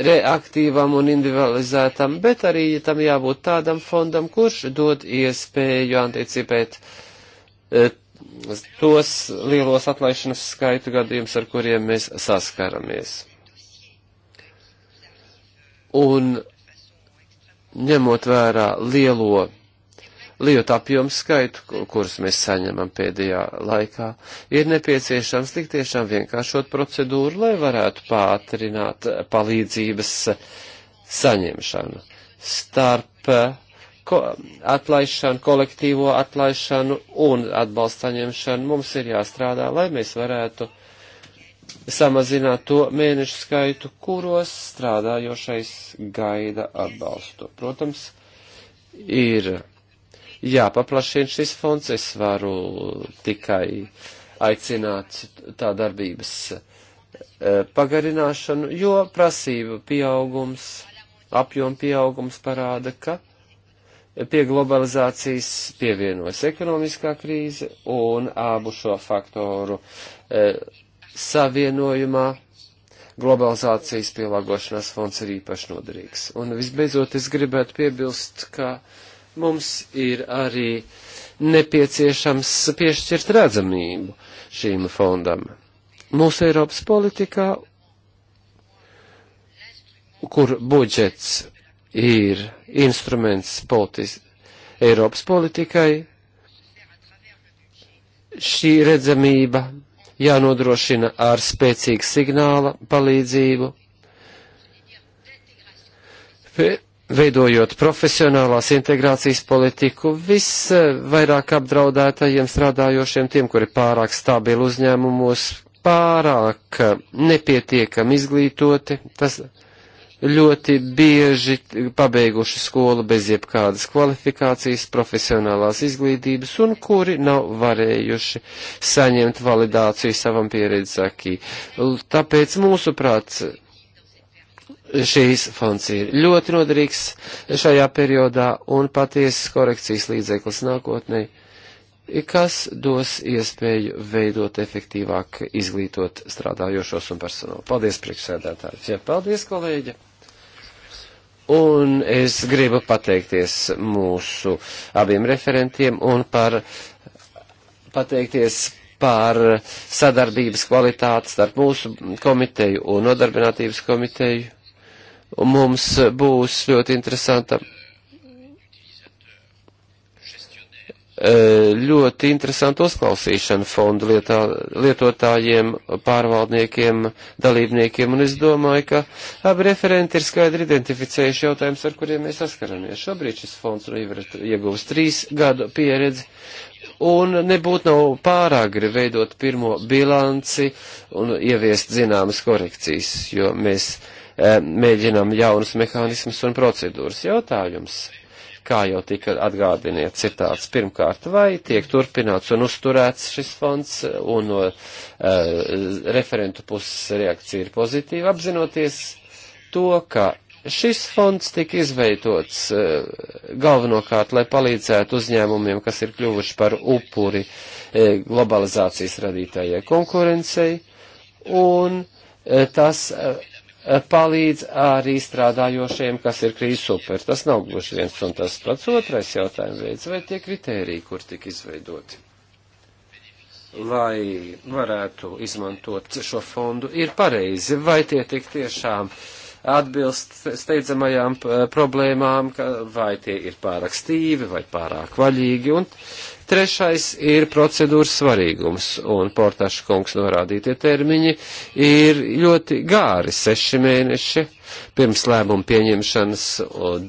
reaktīvam un individualizētam, bet arī tam jābūt tādam fondam, kurš dod iespēju anticipēt e, tos lielos atlaišanas skaitu gadījumus, ar kuriem mēs saskaramies. Un ņemot vērā lielo lietu apjomu skaitu, kurus mēs saņemam pēdējā laikā, ir nepieciešams tik tiešām vienkāršot procedūru, lai varētu pātrināt palīdzības saņemšanu starp eh, ko, atlaišanu, kolektīvo atlaišanu un atbalsta saņemšanu. Mums ir jāstrādā, lai mēs varētu samazināt to mēnešu skaitu, kuros strādājošais gaida atbalstu. Protams, ir jāpaplašina šis fonds, es varu tikai aicināt tā darbības e, pagarināšanu, jo prasība pieaugums, apjoma pieaugums parāda, ka pie globalizācijas pievienojas ekonomiskā krīze un abu šo faktoru e, savienojumā globalizācijas pielāgošanās fonds ir īpaši noderīgs. Un visbeidzot, es gribētu piebilst, ka mums ir arī nepieciešams piešķirt redzamību šīm fondam. Mūsu Eiropas politikā, kur budžets ir instruments politis, Eiropas politikai, šī redzamība jānodrošina ar spēcīgu signāla palīdzību, veidojot profesionālās integrācijas politiku visvairāk apdraudētajiem strādājošiem, tiem, kuri pārāk stabili uzņēmumos, pārāk nepietiekami izglītoti. Tas, uh, ļoti bieži pabeiguši skolu bez jebkādas kvalifikācijas, profesionālās izglītības un kuri nav varējuši saņemt validāciju savam pieredzes akī. Tāpēc mūsuprāt, šīs fonds ir ļoti noderīgs šajā periodā un patiesas korekcijas līdzeklis nākotnē, kas dos iespēju veidot efektīvāk izglītot strādājošos un personālu. Paldies, priekšsēdētāji! Ja, paldies, kolēģi! Un es gribu pateikties mūsu abiem referentiem un par pateikties par sadarbības kvalitāti starp mūsu komiteju un nodarbinātības komiteju. Un mums būs ļoti interesanta E, ļoti interesantu uzklausīšanu fondu lietā, lietotājiem, pārvaldniekiem, dalībniekiem, un es domāju, ka abi referenti ir skaidri identificējuši jautājumus, ar kuriem mēs saskaramies. Šobrīd šis fonds nu, ir iegūst trīs gadu pieredzi, un nebūtu nav pāragri veidot pirmo bilanci un ieviest zināmas korekcijas, jo mēs e, mēģinām jaunus mehānismus un procedūras jautājumus kā jau tika atgādiniet citāts, pirmkārt, vai tiek turpināts un uzturēts šis fonds, un no uh, referentu puses reakcija ir pozitīva, apzinoties to, ka šis fonds tika izveidots uh, galvenokārt, lai palīdzētu uzņēmumiem, kas ir kļuvuši par upuri uh, globalizācijas radītājai konkurencei, un uh, tas. Uh, palīdz arī strādājošiem, kas ir krīzes upuri. Tas nav gluži viens un tas pats otrais jautājums veids, vai tie kritēriji, kur tika izveidoti, lai varētu izmantot šo fondu, ir pareizi, vai tie tik tiešām atbilst steidzamajām eh, problēmām, vai tie ir pārāk stīvi vai pārāk vaļīgi, un Trešais ir procedūras svarīgums, un Portaša kungs norādītie termiņi ir ļoti gāri - seši mēneši pirms lēmuma pieņemšanas,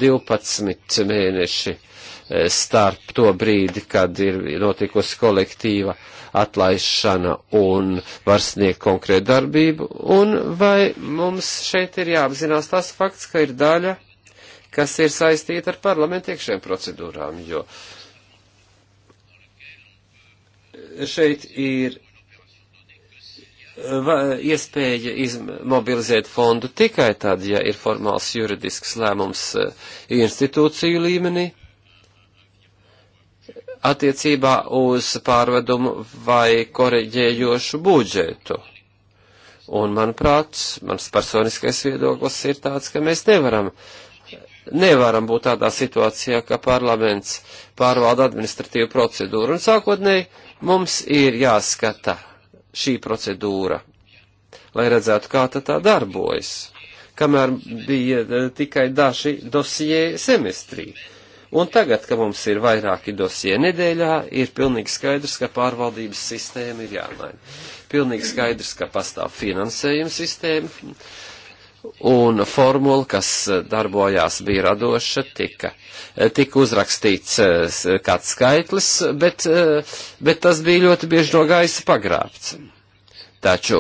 12 mēneši e, starp to brīdi, kad ir notikusi kolektīva atlaišana un var sniegt konkrētu darbību, un vai mums šeit ir jāapzinās tas fakts, ka ir daļa, kas ir saistīta ar parlamentu iekšējām procedūrām, jo uh, šeit ir iespēja izmobilizēt fondu tikai tad, ja ir formāls juridisks lēmums eh, institūciju līmenī attiecībā uz pārvedumu vai koreģējošu budžetu. Un, manuprāt, mans personiskais viedoklis ir tāds, ka mēs nevaram, nevaram būt tādā situācijā, ka parlaments pārvalda administratīvu procedūru un sākotnēji Mums ir jāskata šī procedūra, lai redzētu, kā tā darbojas, kamēr bija e, tikai daži dosie semestrī. Un tagad, kad mums ir vairāki dosie nedēļā, ir pilnīgi skaidrs, ka pārvaldības sistēma ir jāmaina. Pilnīgi skaidrs, ka pastāv finansējuma sistēma, un formula, kas eh, darbojās, bija radoša, tika, eh, tika uzrakstīts eh, kāds skaitlis, bet, bet tas bija ļoti bieži no gaisa pagrābts. Taču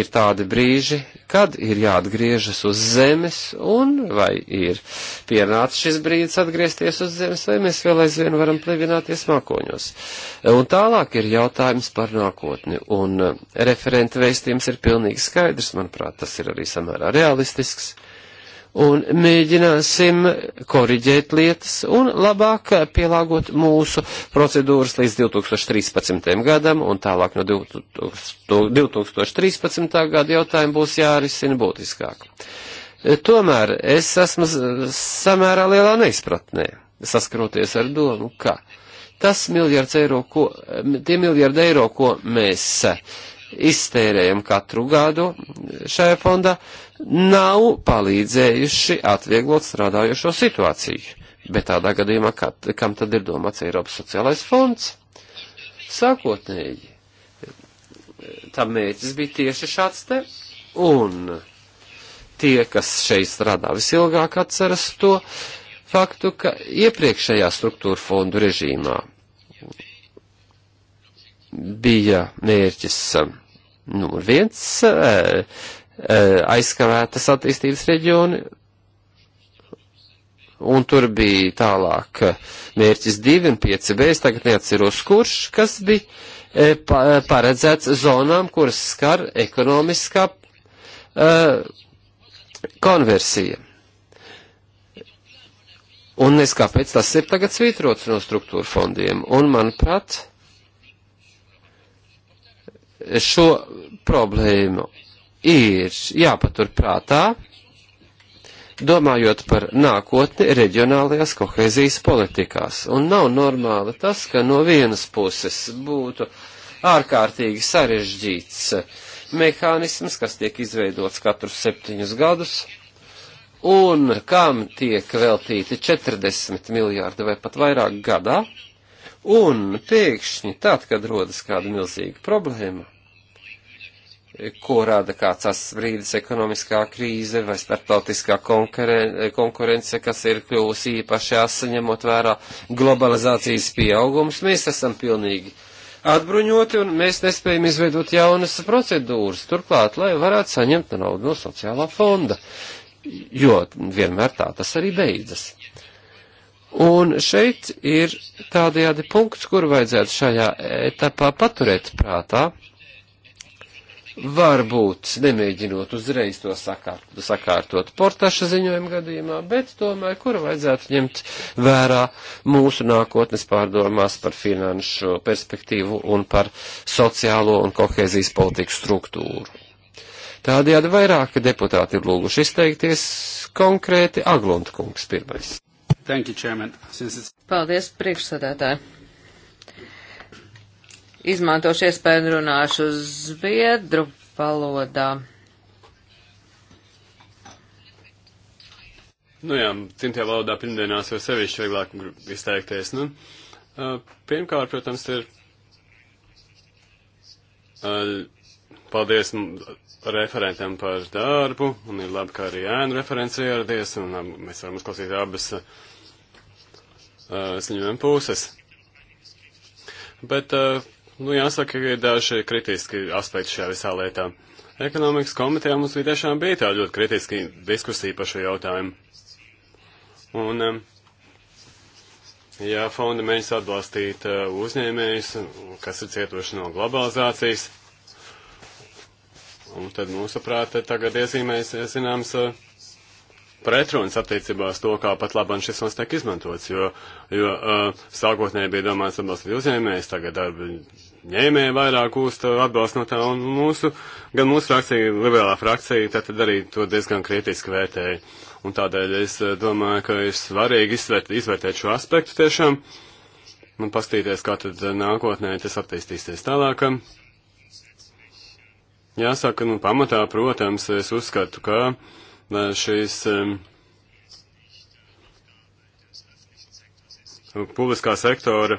ir tādi brīži, kad ir jāatgriežas uz zemes, un vai ir pienācis šis brīdis atgriezties uz zemes, vai mēs vēl aizvien varam plevināties mākoņos. Un tālāk ir jautājums par nākotni, un referenta veistījums ir pilnīgi skaidrs, manuprāt, tas ir arī samērā realistisks. Uh, un mēģināsim koriģēt lietas un labāk pielāgot mūsu procedūras līdz 2013. gadam, un tālāk no 2013. gada jautājumu būs jārisina būtiskāk. Tomēr es esmu samērā lielā neizpratnē, saskaroties ar domu, ka tas miljards eiro, ko, tie miljardi eiro, ko mēs iztērējam katru gadu šajā fondā, nav palīdzējuši atvieglot strādājošo situāciju. Bet tādā gadījumā, kad, kam tad ir domāts Eiropas sociālais fonds? Sākotnēji, tam mērķis bija tieši šāds te, un tie, kas šeit strādā visilgāk, atceras to faktu, ka iepriekšējā struktūra fondu režīmā bija mērķis numur viens eh, eh, aizskavētas attīstības reģioni, un tur bija tālāk eh, mērķis 2 un 5b, es tagad neatceros kurš, kas bija paredzēts zonām, kuras skar ekonomiskā uh, konversija. Un es kāpēc tas ir tagad svītrots no struktūra fondiem, un manuprāt, šo problēmu ir jāpatur prātā, domājot par nākotni reģionālajās kohēzijas politikās. Un nav normāli tas, ka no vienas puses būtu ārkārtīgi sarežģīts mehānisms, kas tiek izveidots katrus septiņus gadus, un kam tiek veltīti 40 miljārdi vai pat vairāk gadā, un pēkšņi tad, kad rodas kāda milzīga problēma, ko rada kāds tas brīdis ekonomiskā krīze vai starptautiskā konkurence, kas ir kļuvusi īpaši asa, ņemot vērā globalizācijas pieaugums. Mēs esam pilnīgi atbruņoti un mēs nespējam izveidot jaunas procedūras, turklāt, lai varētu saņemt naudu no sociālā fonda, jo vienmēr tā tas arī beidzas. Un šeit ir tādajādi punkts, kur vajadzētu šajā etapā paturēt prātā, varbūt nemēģinot uzreiz to sakārt, sakārtot portaša ziņojuma gadījumā, bet tomēr, kuru vajadzētu ņemt vērā mūsu nākotnes pārdomās par finanšu perspektīvu un par sociālo un kohēzijas politiku struktūru. Tādējādi vairāki deputāti ir lūguši izteikties konkrēti Aglundkungs pirmais. Thank you, Paldies, priekšsēdētāji izmantošu iespēju un runāšu zviedru valodā. Nu jā, cimtajā valodā pirmdienās jau sevišķi vieglāk izteikties. Nu, pirmkārt, protams, ir paldies referentam par darbu, un ir labi, ka arī ēnu referents ieradies, un mēs varam uzklausīt abas ziņojuma puses. Bet uh, Nu, jāsaka, ir daži kritiski aspekti šajā visā lietā. Ekonomikas komitejā mums bija tiešām bija tā ļoti kritiski diskusija par šo jautājumu. Un, um, ja fonda mēģina atbalstīt uh, uzņēmējus, kas ir cietuši no globalizācijas, un tad mūsuprāt tagad iezīmēs, zināms, uh, pretrunas attiecībās to, kā pat labam šis fonds tiek izmantots, jo, jo uh, sākotnēji bija domāts atbalstīt uzņēmējs, tagad darba uh, ņēmēji vairāk gūst uh, atbalstu no tā, un mūsu, gan mūsu frakcija, liberālā frakcija, tad arī to diezgan kritiski vērtēja. Un tādēļ es uh, domāju, ka ir svarīgi izvērt, izvērtēt šo aspektu tiešām un pastīties, kā tad uh, nākotnē tas attīstīsies tālāk. Jāsaka, nu, pamatā, protams, es uzskatu, ka šīs um, publiskā sektora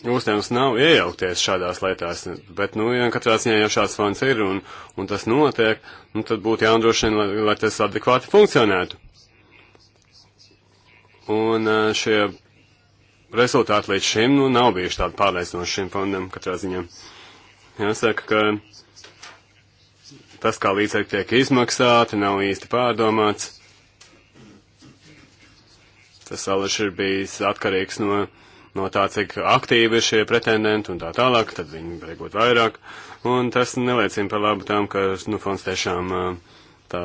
Uzņēmums nav iejaukties šādās lietās, bet, nu, ja katrā ziņā jau šāds fonds ir un, un tas notiek, nu, tad būtu jānodrošina, lai, lai tas adekvāti funkcionētu. Un eh, šie rezultāti līdz šim, nu, nav bijuši tādi pārliecinoši šim fondam katrā ziņā. Jāsaka, ka tas, kā līdzekļi tiek izmaksāti, nav īsti pārdomāts. Tas salaši ir bijis atkarīgs no no tā, cik aktīvi ir šie pretendenti un tā tālāk, tad viņi beigot vairāk. Un tas neliecina par labu tam, ka nu, fonds tiešām tā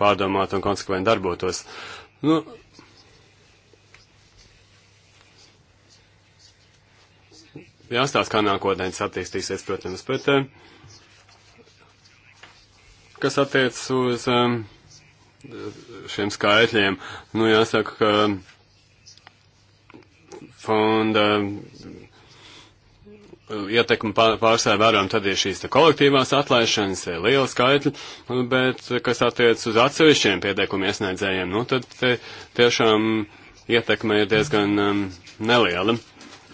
pārdomāt un konsekventi darbotos. Nu, jāstāsta, kā nākotnē tas attīstīsies, protams, bet kas attiec uz šiem skaitļiem, nu jāsaka, ka fonda ietekmi pārstāja vērojam tad ir šīs te, kolektīvās atlaišanas, eh, liela skaitļa, nu, bet eh, kas attiec uz atsevišķiem pieteikumu iesniedzējiem, nu tad te, tiešām ietekme ir diezgan um, neliela.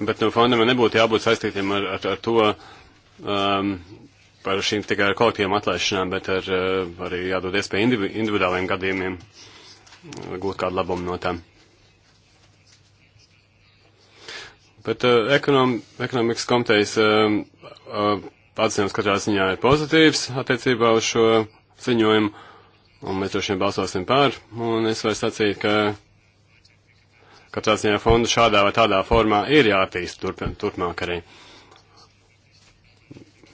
Bet nu, fondam nebūtu jābūt saistītiem ar, ar, ar to, um, par šīm tikai ar kolektīvām atlaišanām, bet ar, uh, arī jādod iespēju indivi, individuāliem gadījumiem uh, gūt kādu labumu no tām. Bet uh, ekonom, ekonomikas komitejas uh, uh, atzinums katrā ziņā ir pozitīvs attiecībā uz šo ziņojumu, un mēs droši vien balsosim pār, un es varu sacīt, ka katrā ziņā fondu šādā vai tādā formā ir jātīst turp, turpmāk arī.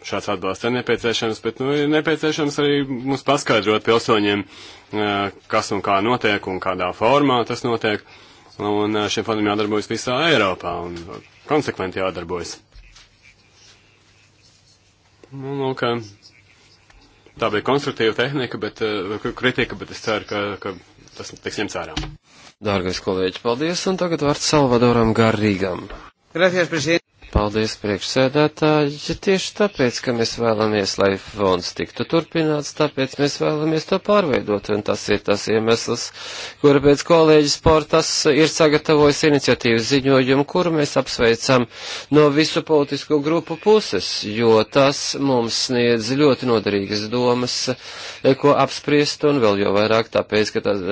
Šāds atbalsts ir nepieciešams, bet nu, ir nepieciešams arī mums paskaidrot pilsoņiem, uh, kas un kā notiek un kādā formā tas notiek. Uh, un eh, šiem fondiem jādarbojas visā Eiropā, un konsekventi jādarbojas. Nu, nu, ka eh, tā bija konstruktīva tehnika, bet, eh, kritika, bet es ceru, ka, ka tas tiks ņemts vērā. Dārgais kolēģi, paldies, un tagad vārds Salvadoram Garīgam. Gracias, Paldies, priekšsēdētāji. Ja tieši tāpēc, ka mēs vēlamies, lai fonds tiktu turpināts, tāpēc mēs vēlamies to pārveidot, un tas ir tas iemesls, kura pēc kolēģis Portas ir sagatavojis iniciatīvas ziņojumu, kuru mēs apsveicam no visu politisko grupu puses, jo tas mums sniedz ļoti noderīgas domas, ko apspriest, un vēl jau vairāk tāpēc, ka tas,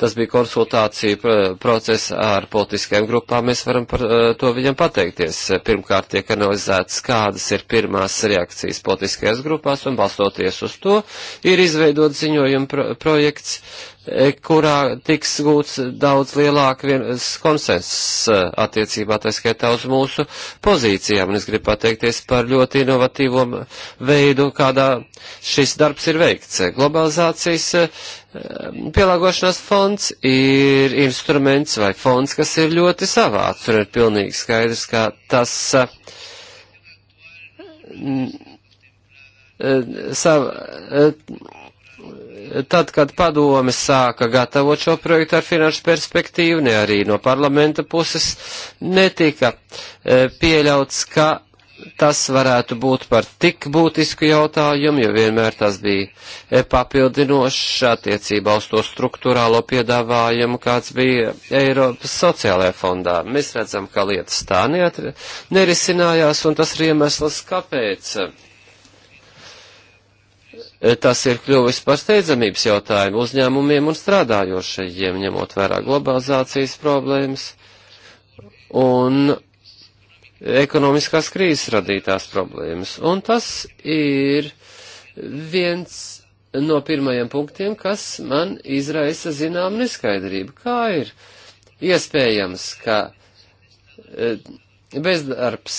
tas bija konsultācija process ar politiskajām grupām, mēs varam par eh, to viņam pateikties pirmkārt tiek analizētas, kādas ir pirmās reakcijas politiskajās grupās, un balstoties uz to ir izveidot ziņojuma pro projekts, e, kurā tiks gūts daudz lielāks konsensus e, attiecībā, tā skaitā uz mūsu pozīcijām. Un es gribu pateikties par ļoti inovatīvo veidu, kādā šis darbs ir veikts. Globalizācijas e, Ehm, pielāgošanās fonds ir instruments vai fonds, kas ir ļoti savāds, un ir pilnīgi skaidrs, ka tas eh, eh, sav, eh, tad, kad padome sāka gatavot šo projektu ar finanšu perspektīvu, ne arī no parlamenta puses, netika pieļauts, ka tas varētu būt par tik būtisku jautājumu, jo vienmēr tas bija e, papildinošs attiecībā uz to struktūrālo piedāvājumu, kāds bija Eiropas sociālajā fondā. Mēs redzam, ka lietas tā nerisinājās, un tas ir iemesls, kāpēc e, tas ir kļuvis par steidzamības jautājumu uzņēmumiem un strādājošajiem, ņemot vērā globalizācijas problēmas. Un ekonomiskās krīzes radītās problēmas. Un tas ir viens no pirmajiem punktiem, kas man izraisa zinām neskaidrību. Kā ir iespējams, ka e, bezdarbs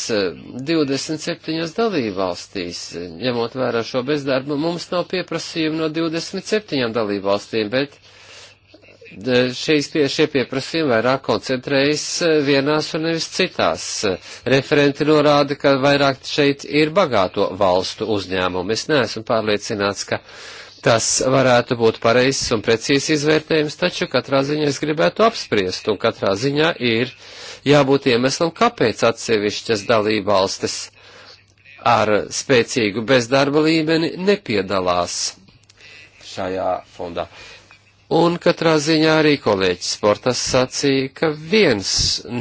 27 e, dalībvalstīs, e, ņemot vērā šo bezdarbu, mums nav pieprasījumu no 27 dalībvalstīm, bet šīs pie, šie pieprasījumi vairāk koncentrējas eh, vienās un nevis citās. Referenti norāda, ka vairāk šeit ir bagāto valstu uzņēmumi. Es neesmu pārliecināts, ka tas varētu būt pareizs un precīzs izvērtējums, taču katrā ziņā es gribētu apspriest, un katrā ziņā ir jābūt iemeslam, kāpēc atsevišķas dalībvalstis ar spēcīgu bezdarba līmeni nepiedalās šajā fondā. Uh, Un katrā ziņā arī kolēģis Sportas sacīja, ka viens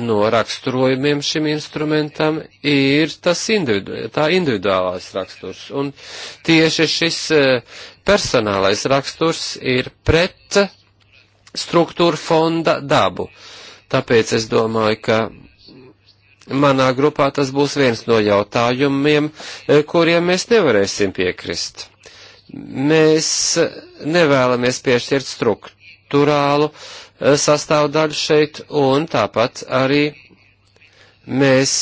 no raksturojumiem šim instrumentam ir tas individu, tā individuālais raksturs. Un tieši šis e, personālais raksturs ir pret struktūra fonda dabu. Tāpēc es domāju, ka manā grupā tas būs viens no jautājumiem, e, kuriem mēs nevarēsim piekrist. Mēs nevēlamies piešķirt struktūrālu eh, sastāvdaļu šeit, un tāpat arī mēs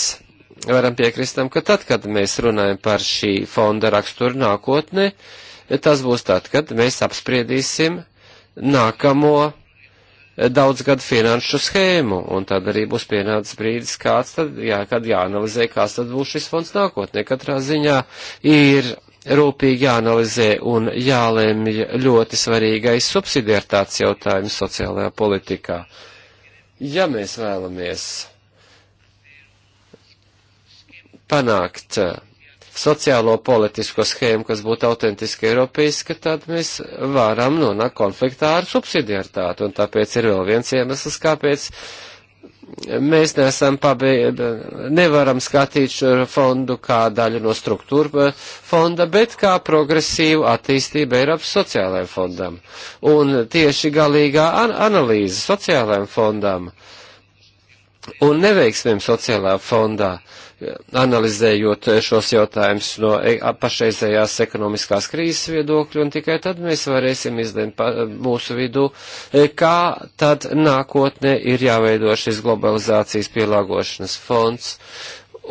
varam piekristam, ka tad, kad mēs runājam par šī fonda raksturu nākotni, tas būs tad, kad mēs apspriedīsim nākamo eh, daudzgadu finanšu schēmu, un tad arī būs pienācis brīdis, kāds tad, jā, kad jāanalizē, kāds tad būs šis fonds nākotnē. Katrā ziņā ir rūpīgi jāanalizē un jālēmj ļoti svarīgais subsidiartāts jautājums sociālajā politikā. Ja mēs vēlamies panākt sociālo politisko schēmu, kas būtu autentiski eiropeiska, tad mēs varam nonākt konfliktā ar subsidiartātu, un tāpēc ir vēl viens iemesls, kāpēc uh, mēs neesam pabeig, nevaram skatīt šo fondu kā daļu no struktūra fonda, bet kā progresīvu attīstību Eiropas sociālajiem fondam. Un tieši galīgā an analīze sociālajiem fondam un neveiksmiem sociālajā fondā uh, analizējot eh, šos jautājumus no eh, pašreizējās ekonomiskās krīzes viedokļa, un tikai tad mēs varēsim izlemt eh, mūsu vidū, kā tad nākotnē ir jāveido šis globalizācijas pielāgošanas fonds,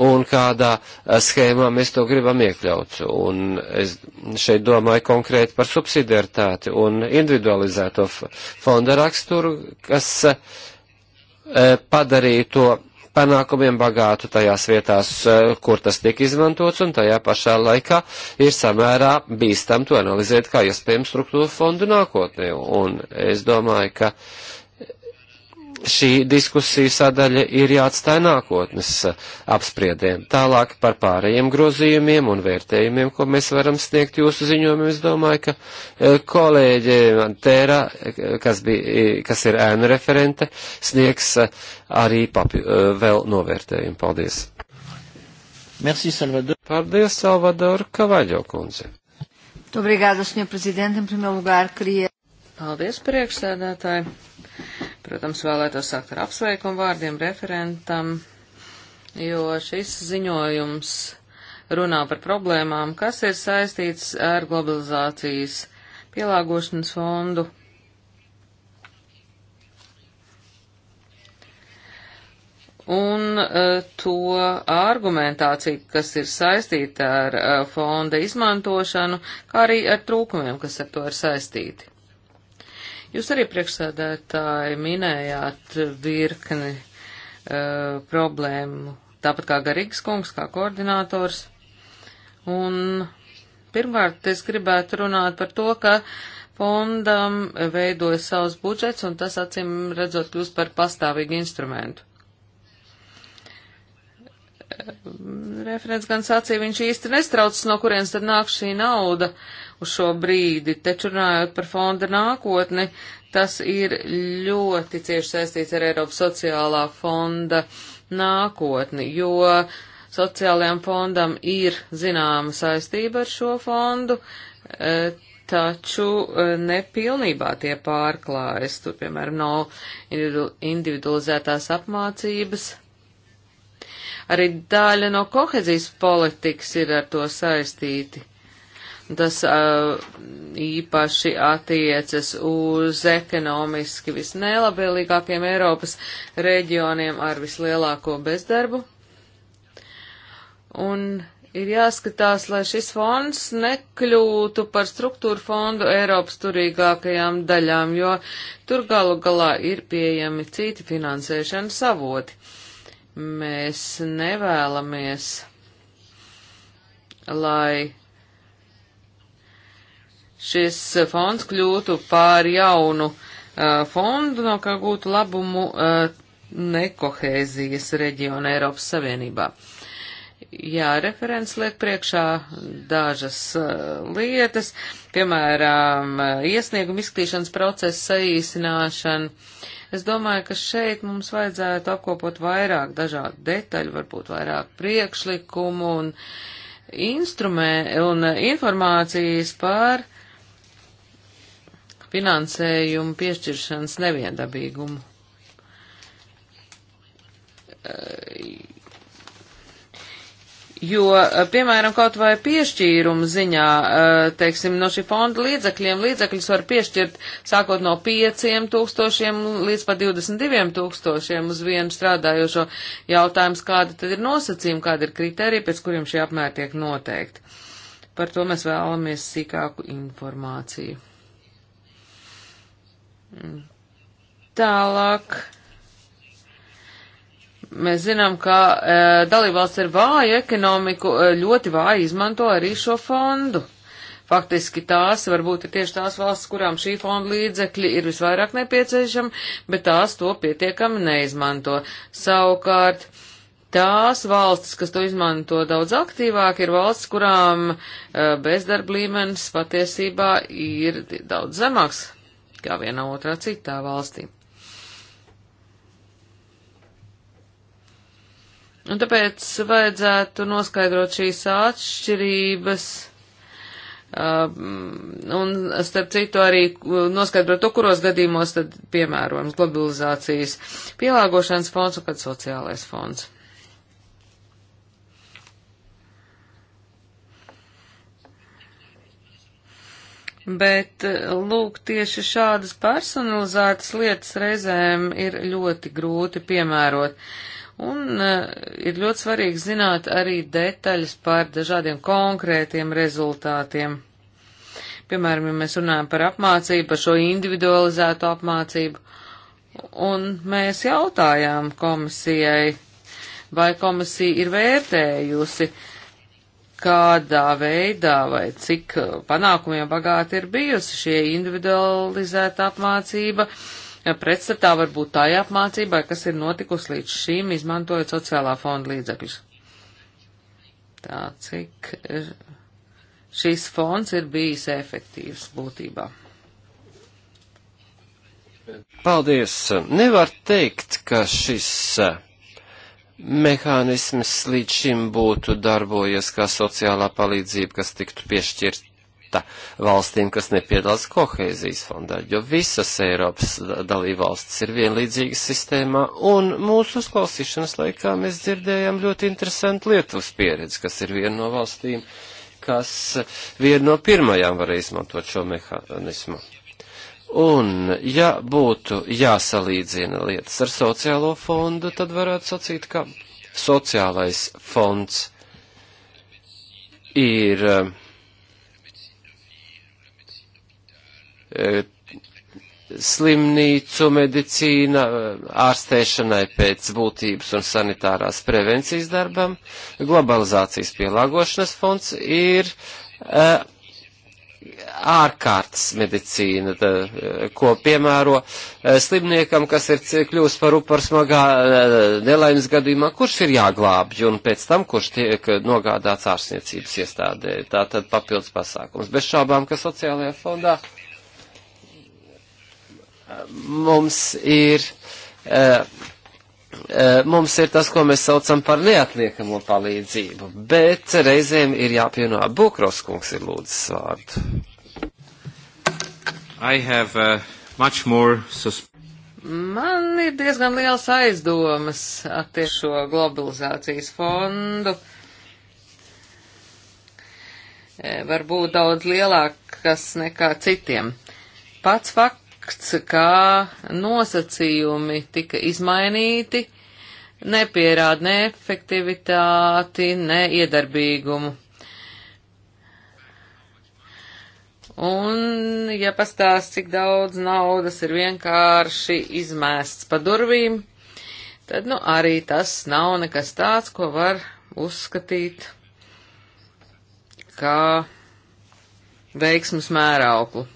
un kādā schēmā mēs to gribam iekļaut. Un es šeit domāju konkrēti par subsidiaritāti un individualizēto fonda raksturu, kas padarīja to panākumiem bagātu tajās vietās, eh, kur tas tiek izmantots, un tajā pašā laikā ir samērā bīstam to analizēt kā iespējams struktūra fondu nākotnē. Un es domāju, ka šī diskusija sadaļa ir jāatstāj nākotnes eh, apspriedēm. Tālāk par pārējiem grozījumiem un vērtējumiem, ko mēs varam sniegt jūsu ziņojumiem, es domāju, ka eh, kolēģe Tērā, eh, kas, bija, kas ir ēnu referente, sniegs arī papi, vēl novērtējumu. Paldies! Merci, Salvador. Paldies, Salvador Kavaļo kundze. Obrigada, senhor presidente. Em primeiro lugar, queria. Paldies, priekšsēdētāji. Protams, vēlētos sākt ar apsveikumu vārdiem referentam, jo šis ziņojums runā par problēmām, kas ir saistīts ar globalizācijas pielāgošanas fondu. Un uh, to argumentāciju, kas ir saistīta ar uh, fonda izmantošanu, kā arī ar trūkumiem, kas ar to ir saistīti. Jūs arī priekšsēdētāji minējāt virkni uh, problēmu, tāpat kā Garīgs kungs, kā koordinators. Un pirmkārt, es gribētu runāt par to, ka fondam veidoja savus budžets, un tas acīm redzot kļūst par pastāvīgu instrumentu e, referents gan sacīja, viņš īsti nestraucas, no kurienes tad nāk šī nauda, uz šo brīdi, taču runājot par fonda nākotni, tas ir ļoti cieši saistīts ar Eiropas sociālā fonda nākotni, jo sociālajam fondam ir zināma saistība ar šo fondu, e, taču e, nepilnībā tie pārklājas, tur, piemēram, nav individualizētās apmācības. Arī daļa no kohezijas politikas ir ar to saistīti Tas uh, īpaši attiecas uz ekonomiski visnelabvēlīgākiem Eiropas reģioniem ar vislielāko bezdarbu. Un ir jāskatās, lai šis fonds nekļūtu par struktūru fondu Eiropas turīgākajām daļām, jo tur galu galā ir pieejami citi finansēšanas avoti. Mēs nevēlamies, lai šis eh, fonds kļūtu par jaunu uh, fondu, no kā gūtu labumu uh, nekohēzijas reģiona Eiropas Savienībā. Jā, referents liek priekšā dažas uh, lietas, piemēram, iesniegumu izskatīšanas procesa saīsināšana. Es domāju, ka šeit mums vajadzētu apkopot vairāk dažādu detaļu, varbūt vairāk priekšlikumu un, instrumē, un informācijas par uh, finansējumu piešķiršanas neviendabīgumu. Jo, piemēram, kaut vai piešķīrumu ziņā, teiksim, no šī fonda līdzekļiem līdzekļus var piešķirt sākot no 5000 līdz pat 22000 uz vienu strādājošo. Jautājums, kāda tad ir nosacījuma, kāda ir kriterija, pēc kuriem šie apmēri tiek noteikti. Par to mēs vēlamies sīkāku informāciju. Tālāk. Mēs zinām, ka e, dalībvalsts ar vāju ekonomiku e, ļoti vāji izmanto arī šo fondu. Faktiski tās varbūt ir tieši tās valsts, kurām šī fonda līdzekļi ir visvairāk nepieciešama, bet tās to pietiekami neizmanto. Savukārt, tās valsts, kas to izmanto daudz aktīvāk, ir valsts, kurām e, bezdarba līmenis patiesībā ir daudz zemāks kā vienā otrā citā valstī. Un tāpēc vajadzētu noskaidrot šīs atšķirības. Um, un starp citu arī noskaidrot to, kuros gadījumos tad piemērojams globalizācijas pielāgošanas fonds un kad sociālais fonds. Bet, eh, lūk, tieši šādas personalizētas lietas reizēm ir ļoti grūti piemērot. Un uh, ir ļoti svarīgi zināt arī detaļas par dažādiem konkrētiem rezultātiem. Piemēram, ja mēs runājam par apmācību, par šo individualizēto apmācību, un mēs jautājām komisijai, vai komisija ir vērtējusi uh, kādā veidā vai cik panākumiem bagāti ir bijusi šie individualizēta apmācība, pretstatā varbūt tā apmācībai, kas ir notikusi līdz šīm, izmantojot sociālā fonda līdzekļus. Tā cik šīs fonds ir bijis efektīvs būtībā. Paldies! Nevar teikt, ka šis mehānisms līdz šim būtu darbojies kā sociālā palīdzība, kas tiktu piešķirta valstīm, kas nepiedalās koheizijas fondā, jo visas Eiropas dalībvalstis ir vienlīdzīgas sistēmā, un mūsu uzklausīšanas laikā mēs dzirdējām ļoti interesantu Lietuvas pieredzi, kas ir viena no valstīm, kas viena no pirmajām varēja izmantot šo mehānismu. Un, ja būtu jāsalīdzina lietas ar sociālo fondu, tad varētu sacīt, ka sociālais fonds ir eh, slimnīcu medicīna eh, ārstēšanai pēc būtības un sanitārās prevencijas darbam, globalizācijas pielāgošanas fonds ir eh, ārkārtas medicīna, tā, ko piemēro eh, slimniekam, kas ir kļūst par upar smagā eh, nelaimes gadījumā, kurš ir jāglābj un pēc tam, kurš tiek nogādāts ārsniecības iestādē. Tā tad papildus pasākums. Bez šābām, ka sociālajā fondā eh, mums ir. Uh, Eh, mums ir tas, ko mēs saucam par neatliekamo palīdzību, bet reizēm ir jāpienā Bukros kungs ir lūdzis vārdu. Have, uh, Man ir diezgan liels aizdomas attiešo globalizācijas fondu. Eh, varbūt daudz lielākas nekā citiem. Pats fakts fakts, kā nosacījumi tika izmainīti, nepierāda ne efektivitāti, ne iedarbīgumu. Un, ja pastāst, cik daudz naudas ir vienkārši izmēsts pa durvīm, tad, nu, arī tas nav nekas tāds, ko var uzskatīt kā veiksmas mērauklu.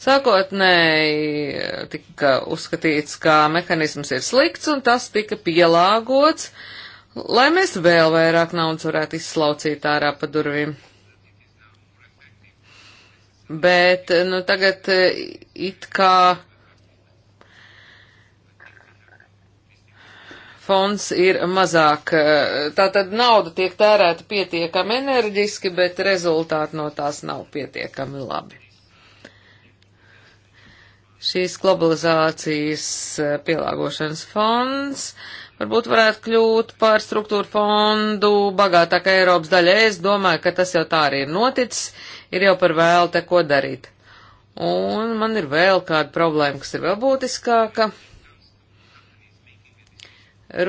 Sākotnēji eh, tika uzskatīts, ka mehānisms ir slikts, un tas tika pielāgots, lai mēs vēl vairāk naudas varētu izslaucīt ārā pa durvīm. Bet, eh, nu, tagad eh, it kā fonds ir mazāk, tātad nauda tiek tērēta pietiekami enerģiski, bet rezultāti no tās nav pietiekami labi. Šīs globalizācijas eh, pielāgošanas fonds varbūt varētu kļūt par struktūru fondu bagātākai Eiropas daļai. Es domāju, ka tas jau tā arī ir noticis, ir jau par vēl te ko darīt. Un man ir vēl kāda problēma, kas ir vēl būtiskāka.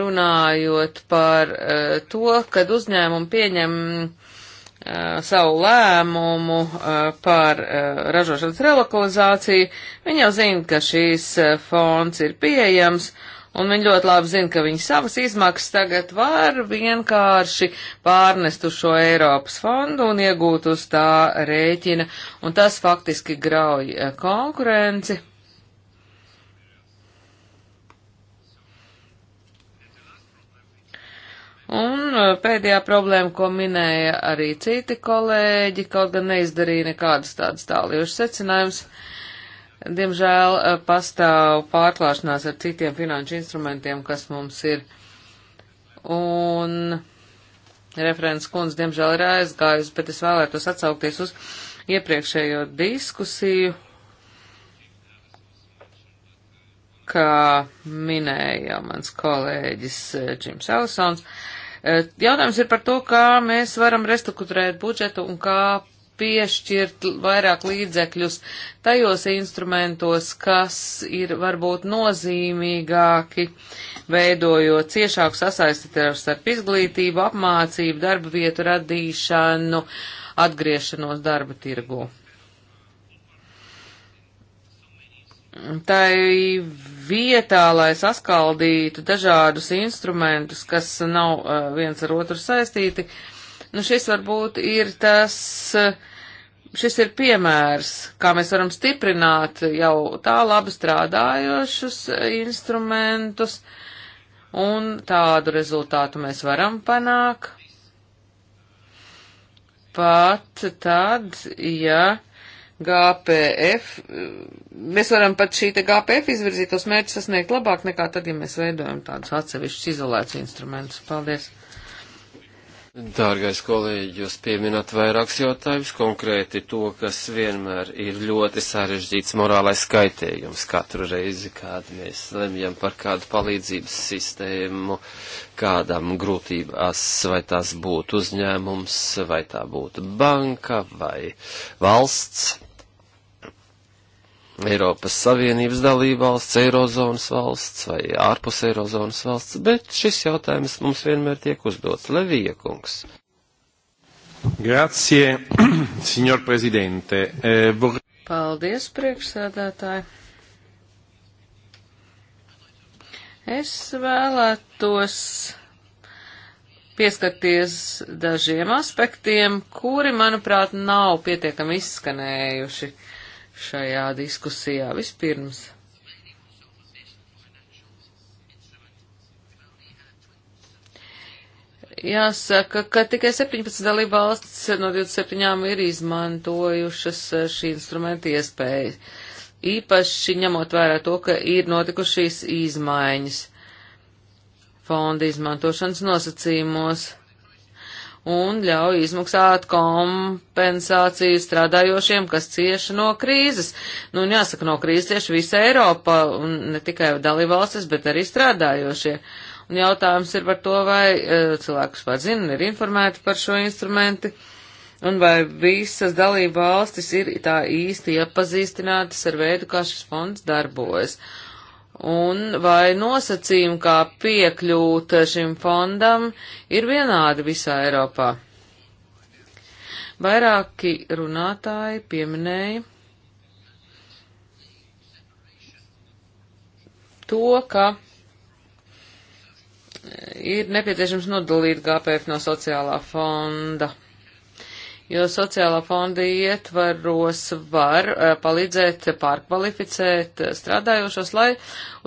Runājot par uh, to, kad uzņēmumi pieņem uh, Uh, savu lēmumu uh, par uh, ražošanas relokalizāciju, viņi jau zina, ka šīs fonds ir pieejams, un viņi ļoti labi zina, ka viņi savas izmaksas tagad var vienkārši pārnest uz šo Eiropas fondu un iegūt uz tā rēķina, un tas faktiski grauj konkurenci. Un uh, pēdējā problēma, ko minēja arī citi kolēģi, kaut gan neizdarīja nekādas tādas tālījušas secinājumus, diemžēl uh, pastāv pārklāšanās ar citiem finanšu instrumentiem, kas mums ir. Un referents kundze, diemžēl, ir aizgājusi, bet es vēlētos atsaukties uz iepriekšējo diskusiju, kā minēja mans kolēģis Džims Elsons. Uh, E, jautājums ir par to, kā mēs varam restruktūrēt budžetu un kā piešķirt vairāk līdzekļus tajos instrumentos, kas ir varbūt nozīmīgāki, veidojot ciešāku sasaisti starp izglītību, apmācību, darba vietu radīšanu, atgriešanos darba tirgu. Tai vietā, lai saskaldītu dažādus instrumentus, kas nav uh, viens ar otru saistīti. Nu, šis varbūt ir tas, uh, šis ir piemērs, kā mēs varam stiprināt jau tā labi strādājošus instrumentus, un tādu rezultātu mēs varam panākt. Pat tad, ja GPF, mēs varam pat šī te GPF izvirzītos mērķus sasniegt labāk nekā tad, ja mēs veidojam tādus atsevišķus izolētus instrumentus. Paldies! Dārgais kolēģi, jūs pieminat vairākus jautājumus, konkrēti to, kas vienmēr ir ļoti sarežģīts morālais skaitējums katru reizi, kad mēs lemjam par kādu palīdzības sistēmu, kādam grūtībās, vai tās būtu uzņēmums, vai tā būtu banka, vai valsts. Eiropas Savienības dalībvalsts, Eirozonas valsts vai ārpus Eirozonas valsts, bet šis jautājums mums vienmēr tiek uzdots. Levija kungs. Grazie, signor prezidente. Eh, Paldies, priekšsēdētāji. Es vēlētos pieskarties dažiem aspektiem, kuri, manuprāt, nav pietiekami izskanējuši. Uh, šajā diskusijā vispirms. Jāsaka, ka tikai 17 dalība valstis no 27 ir izmantojušas eh, šī instrumenta iespējas. Īpaši ņemot vērā to, ka ir notikušas izmaiņas fonda izmantošanas nosacījumos un ļauj izmaksāt kompensāciju strādājošiem, kas cieši no krīzes. Nu, un jāsaka, no krīzes cieši visa Eiropa, un ne tikai dalībvalstis, bet arī strādājošie. Un jautājums ir par to, vai uh, e, cilvēkus pat zina, ir informēti par šo instrumenti, un vai visas dalībvalstis ir tā īsti iepazīstinātas ar veidu, kā šis fonds darbojas. Uh, un vai nosacījumi, kā piekļūt šim fondam, ir vienādi visā Eiropā. Vairāki runātāji pieminēja to, ka ir nepieciešams nodalīt GPF no sociālā fonda jo sociālā fonda ietvaros var eh, palīdzēt pārkvalificēt strādājošos, lai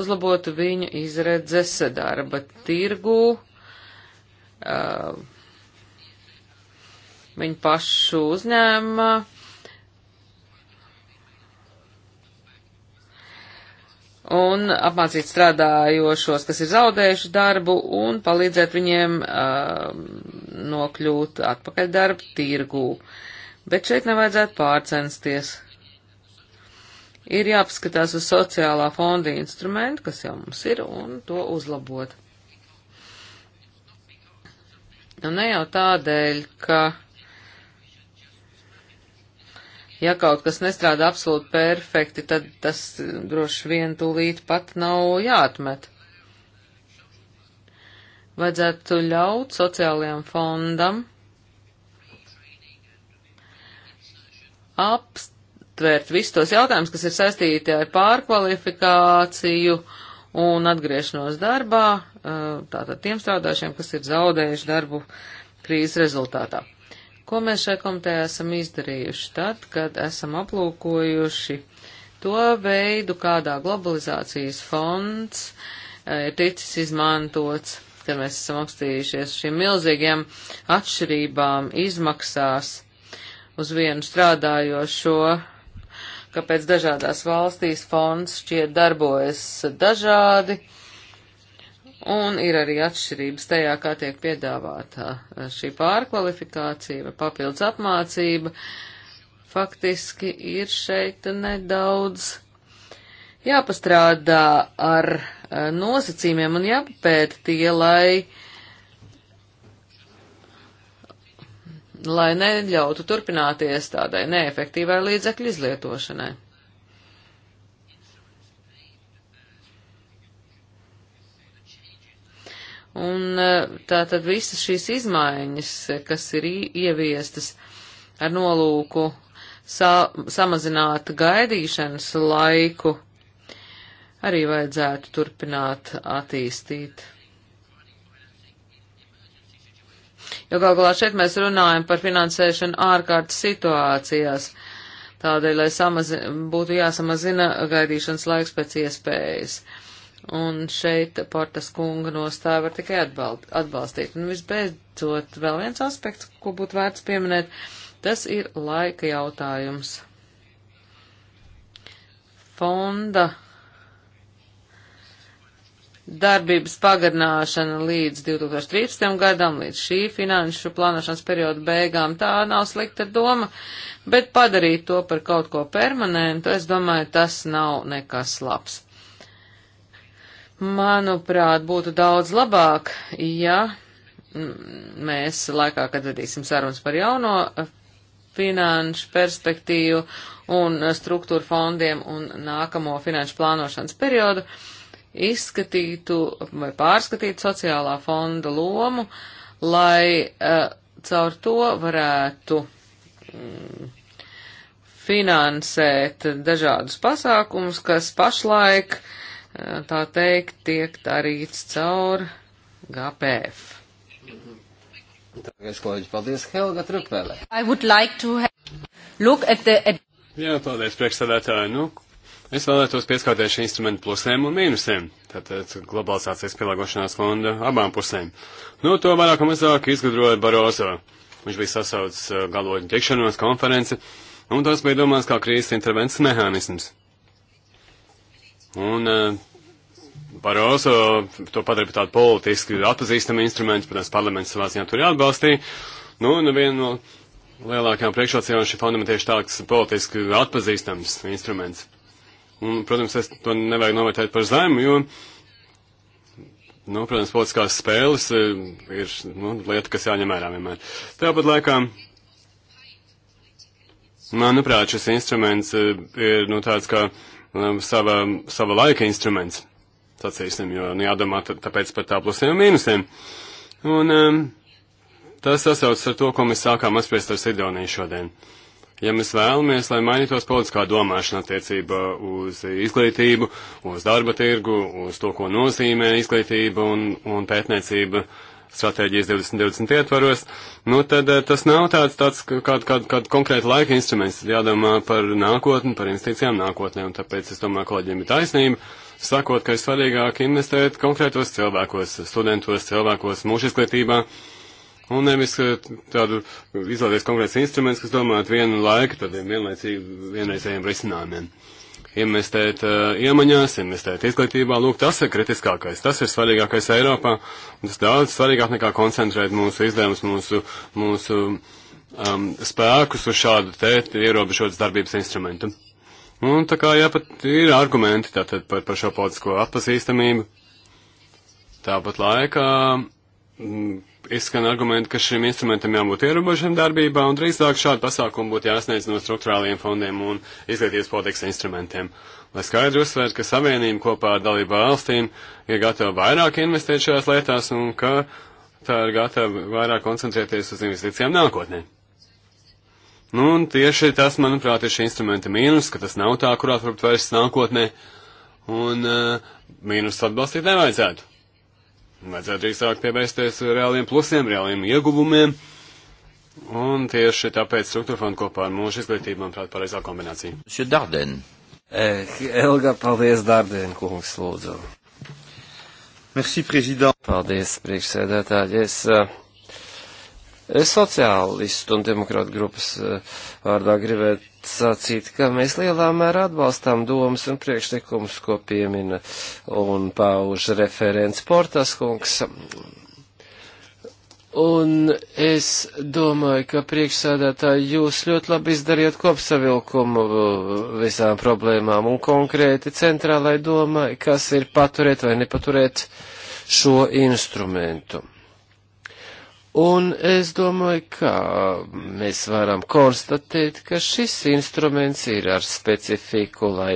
uzlabotu viņu izredzes darba tirgu, eh, viņu pašu uzņēmumā. un apmācīt strādājošos, kas ir zaudējuši darbu, un palīdzēt viņiem uh, nokļūt atpakaļ darba tirgū, bet šeit nevajadzētu pārcensties. Ir jāpaskatās uz sociālā fonda instrumentu, kas jau mums ir, un to uzlabot. Nu, ne jau tādēļ, ka ja kaut kas nestrādā absolūti perfekti, tad tas droši vien tūlīt pat nav jāatmet vajadzētu ļaut sociālajam fondam aptvērt visus tos jautājumus, kas ir saistīti ar pārkvalifikāciju un atgriešanos darbā, eh, tātad tiem strādājušiem, kas ir zaudējuši darbu krīzes rezultātā. Ko mēs šai komitejā esam izdarījuši tad, kad esam aplūkojuši to veidu, kādā globalizācijas fonds eh, ir ticis izmantots saprast, ka mēs esam apstījušies šīm milzīgiem atšķirībām izmaksās uz vienu strādājošo, kāpēc dažādās valstīs fonds šķiet darbojas dažādi, un ir arī atšķirības tajā, kā tiek piedāvāta šī pārkvalifikācija vai papildus apmācība. Faktiski ir šeit nedaudz jāpastrādā ar Eh, nosacījumiem un jāpapēta tie, lai, lai neļautu turpināties tādai neefektīvai līdzekļu izlietošanai. Un eh, tā tad visas šīs izmaiņas, eh, kas ir ieviestas ar nolūku sa samazināt gaidīšanas laiku, uh, arī vajadzētu turpināt attīstīt. Jo gal galā šeit mēs runājam par finansēšanu ārkārtas situācijās. Tādēļ, lai samazi, būtu jāsamazina gaidīšanas laiks pēc iespējas. Un šeit Portas kunga nostāja var tikai atbalt, atbalstīt. Un visbeidzot, vēl viens aspekts, ko būtu vērts pieminēt, tas ir laika jautājums. Fonda darbības pagarināšana līdz 2013. gadam, līdz šī finanšu plānošanas perioda beigām, tā nav slikta doma, bet padarīt to par kaut ko permanentu, es domāju, tas nav nekas labs. Manuprāt, būtu daudz labāk, ja mēs laikā, kad vedīsim sarunas par jauno finanšu perspektīvu un struktūru fondiem un nākamo finanšu plānošanas periodu, uh, izskatītu vai pārskatītu sociālā fonda lomu, lai uh, caur to varētu mm, finansēt dažādus pasākumus, kas pašlaik, uh, tā teikt, tiek darīts caur GPF. Tagad, kolēģi, paldies, Helga Trupele. Like have... at the... Jā, paldies, priekšstādātāji. Nu, Es vēlētos pieskārties šī instrumenta plusiem un mīnusiem, tātad globalizācijas pielāgošanās fonda abām pusēm. Nu, to vairāk un mazāk izgudroja Barozo. Viņš bija sasaucis uh, galvoņu tikšanos konferenci, un tas bija domāts kā krīzes intervences mehānisms. Un uh, Barozo to padara par tādu politiski atpazīstamu instrumentu, protams, parlaments savā ziņā tur ir atbalstīja. Nu, un viena no lielākajām priekšrocībām šī fonda ir tieši tāds politiski atpazīstams instruments. Un, protams, es to nevajag novērtēt par zemu, jo, nu, protams, politiskās spēles e, ir nu, lieta, kas jāņem vērā vienmēr. Tāpat laikā, manuprāt, šis instruments e, ir nu, tāds kā e, sava, sava laika instruments, sacīsim, jo nu, jādomā tāpēc par tā plusiem un mīnusiem. Un um, tas sasaucas ar to, ko mēs sākām apspriest ar Sidoniju šodien. Uh, ja mēs vēlamies, lai mainītos politiskā domāšana attiecībā uz izglītību, uz darba tirgu, uz to, ko nozīmē izglītība un, un pētniecība stratēģijas 2020 ietvaros, nu tad eh, tas nav tāds, tāds kāda, kāda, kāda konkrēta laika instruments. Jādomā par nākotni, par investīcijām nākotnē, un tāpēc es domāju, kolēģiem ir taisnība, sakot, ka ir svarīgāk investēt konkrētos cilvēkos, studentos, cilvēkos, mūža izglītībā, uh, Un nevis tādu izlaidies konkrēts instruments, kas domātu vienu laiku tādiem vienlaicīgi vienreizējiem risinājumiem. Investēt uh, iemaņās, investēt izglītībā, lūk, tas ir kritiskākais, tas ir svarīgākais Eiropā, un tas daudz svarīgāk nekā koncentrēt mūsu izdevumus, mūsu, mūsu um, spēkus uz šādu te ierobežotas darbības instrumentu. Un tā kā jāpat ir argumenti tātad par, par šo politisko atpazīstamību. Tāpat laikā. Mm, izskan argumenti, ka šim instrumentam jābūt ierobežam darbībā, un drīzāk šādu pasākumu būtu jāsniedz no struktūrāliem fondiem un izglītības politikas instrumentiem. Lai skaidri uzsvērtu, ka Savienība kopā ar dalību valstīm ir gatava vairāk investēt šajās lietās un ka tā ir gatava vairāk koncentrēties uz investīcijām nākotnē. Nu, un tieši tas, manuprāt, ir šī instrumenta mīnus, ka tas nav tā, kurā varbūt vairs nākotnē, un uh, mīnus atbalstīt nevajadzētu. Vajadzētu drīzāk pievērsties reāliem plusiem, reāliem ieguvumiem. Un tieši tāpēc struktūra fonda kopā ar mūsu izglītību, manuprāt, pareizā kombinācija. Šī Dārdēn. Eh, Elga, paldies, Dārdēn, kungs, lūdzu. Merci, prezident. Paldies, priekšsēdētāji. Es uh, Sociālistu un demokrātu grupas eh, vārdā gribētu sacīt, ka mēs lielā mērā atbalstām domas un priekšlikumus, ko piemina un pauž referents Portas kungs. Un es domāju, ka priekšsēdētāji jūs ļoti labi izdarījāt kopsavilkumu eh, visām problēmām un konkrēti centrālai domai, kas ir paturēt vai nepaturēt šo instrumentu. Un es domāju, ka mēs varam konstatēt, ka šis instruments ir ar specifiku, lai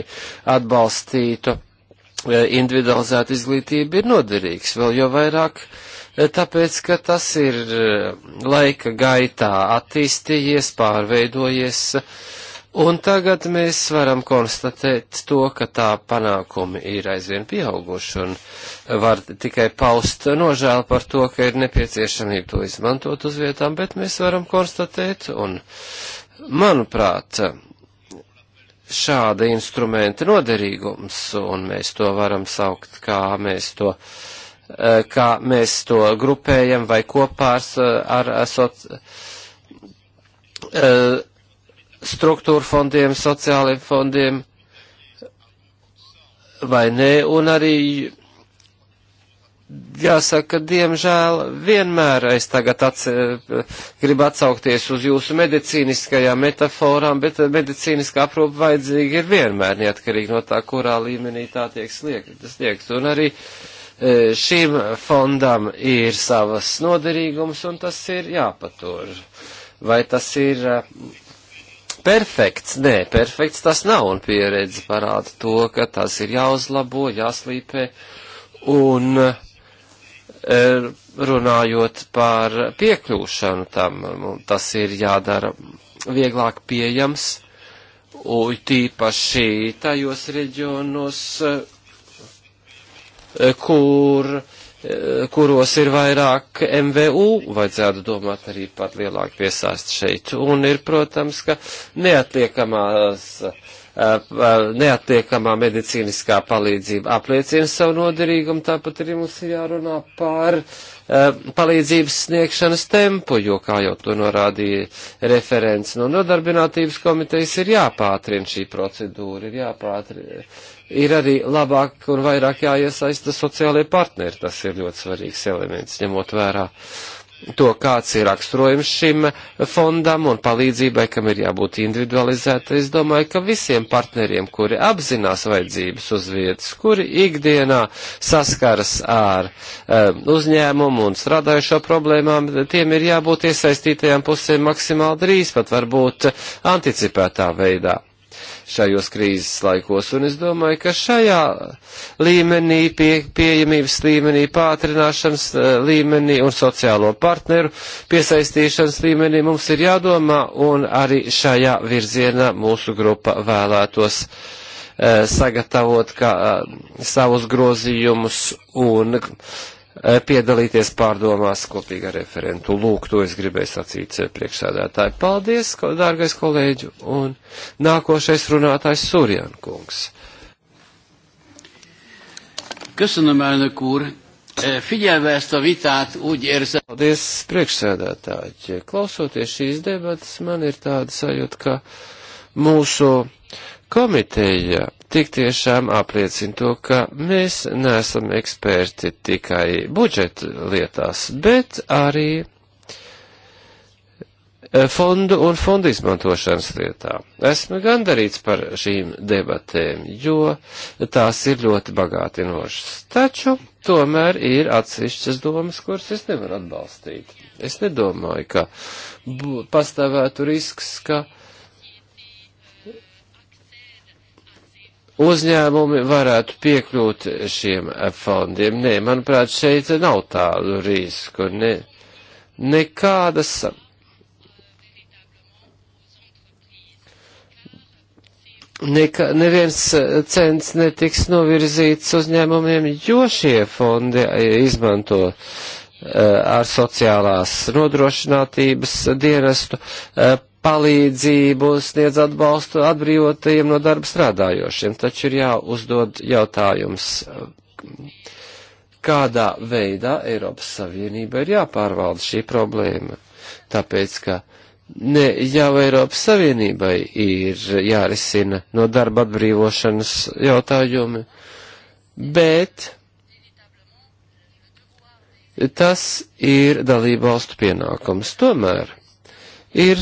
atbalstītu e, individualizētu izglītību, ir noderīgs vēl jo vairāk, e, tāpēc, ka tas ir e, laika gaitā attīstījies, pārveidojies, uh, Un tagad mēs varam konstatēt to, ka tā panākumi ir aizvien pieauguši un var tikai paust nožēlu par to, ka ir nepieciešamība to izmantot uz vietām, bet mēs varam konstatēt un, manuprāt, šāda instrumenta noderīgums, un mēs to varam saukt, kā mēs to kā mēs to grupējam vai kopā ar, ar, ar soc, struktūra fondiem, sociāliem fondiem vai nē, un arī jāsaka, diemžēl vienmēr es tagad atse, gribu atsaukties uz jūsu medicīniskajām metaforām, bet medicīniskā aprūpa vajadzīga ir vienmēr neatkarīgi no tā, kurā līmenī tā tiek sniegta. Un arī e, šim fondam ir savas noderīgums, un tas ir jāpatur. Vai tas ir perfekts, nē, perfekts tas nav, un pieredze parāda to, ka tas ir jāuzlabo, jāslīpē, un e, runājot par piekļūšanu tam, tas ir jādara vieglāk pieejams, un tīpaši tajos reģionos, e, kur uh, kuros ir vairāk MVU, vajadzētu domāt arī par lielāku piesāstu šeit. Un ir, protams, ka neatliekamās, neatliekamā medicīniskā palīdzība apliecina savu noderīgumu, tāpat arī mums ir jārunā par palīdzības sniegšanas tempu, jo, kā jau to norādīja referents no nodarbinātības komitejas, ir jāpātrina šī procedūra, ir jāpātrina ir arī labāk un vairāk jāiesaista sociālajie partneri. Tas ir ļoti svarīgs elements, ņemot vērā to, kāds ir raksturojums šim fondam un palīdzībai, kam ir jābūt individualizēta. Es domāju, ka visiem partneriem, kuri apzinās vajadzības uz vietas, kuri ikdienā saskaras ar um, uzņēmumu un strādājušo problēmām, tiem ir jābūt iesaistītajām pusēm maksimāli drīz, pat varbūt anticipētā veidā šajos krīzes laikos, un es domāju, ka šajā līmenī, pie, pieejamības līmenī, pātrināšanas eh, līmenī un sociālo partneru piesaistīšanas līmenī mums ir jādomā, un arī šajā virzienā mūsu grupa vēlētos eh, sagatavot kā, eh, savus grozījumus un E, piedalīties pārdomās kopīgi ar referentu. Lūk, to es gribēju sacīt e, priekšsēdētāji. Paldies, dārgais kolēģi, un nākošais runātājs Surjan kungs. Köszönöm, elnök úr! E, figyelve ezt a vitát, úgy érzem... Paldies, priekšsēdētāji! Klausoties šīs debatas, man ir tāda sajūta, ka mūsu komiteja tik tiešām apliecina to, ka mēs neesam eksperti tikai budžeta lietās, bet arī e, fondu un fondu izmantošanas lietā. Esmu gandarīts par šīm debatēm, jo tās ir ļoti bagātinošas. Taču tomēr ir atsevišķas domas, kuras es nevaru atbalstīt. Es nedomāju, ka pastāvētu risks, ka uh, uzņēmumi varētu piekļūt šiem fondiem. Nē, manuprāt, šeit nav tādu risku. Ne, nekādas. Neka, neviens cents netiks novirzīts uzņēmumiem, jo šie fondi e, izmanto uh, ar sociālās nodrošinātības dienestu e, palīdzību, sniedz atbalstu atbrīvotajiem no darba strādājošiem, taču ir jāuzdod jautājums, kādā veidā Eiropas Savienība ir jāpārvalda šī problēma, tāpēc, ka Ne jau Eiropas Savienībai ir jārisina no darba atbrīvošanas jautājumi, bet tas ir dalībvalstu pienākums. Tomēr ir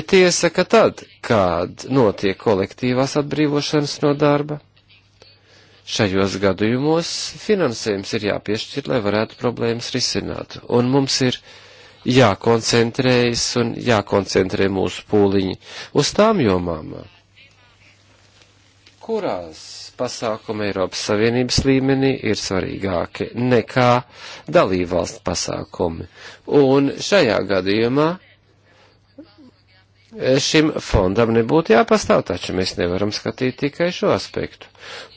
Tiesa, ka tad, kad notiek kolektīvās atbrīvošanas no darba, šajos gadījumos finansējums ir jāpiešķir, lai varētu problēmas risināt. Un mums ir jākoncentrējas un jākoncentrē mūsu pūliņi uz tām jomām, kurās pasākumi Eiropas Savienības līmenī ir svarīgāki nekā dalībvalstu pasākumi. Un šajā gadījumā šim fondam nebūtu jāpastāv, taču mēs nevaram skatīt tikai šo aspektu.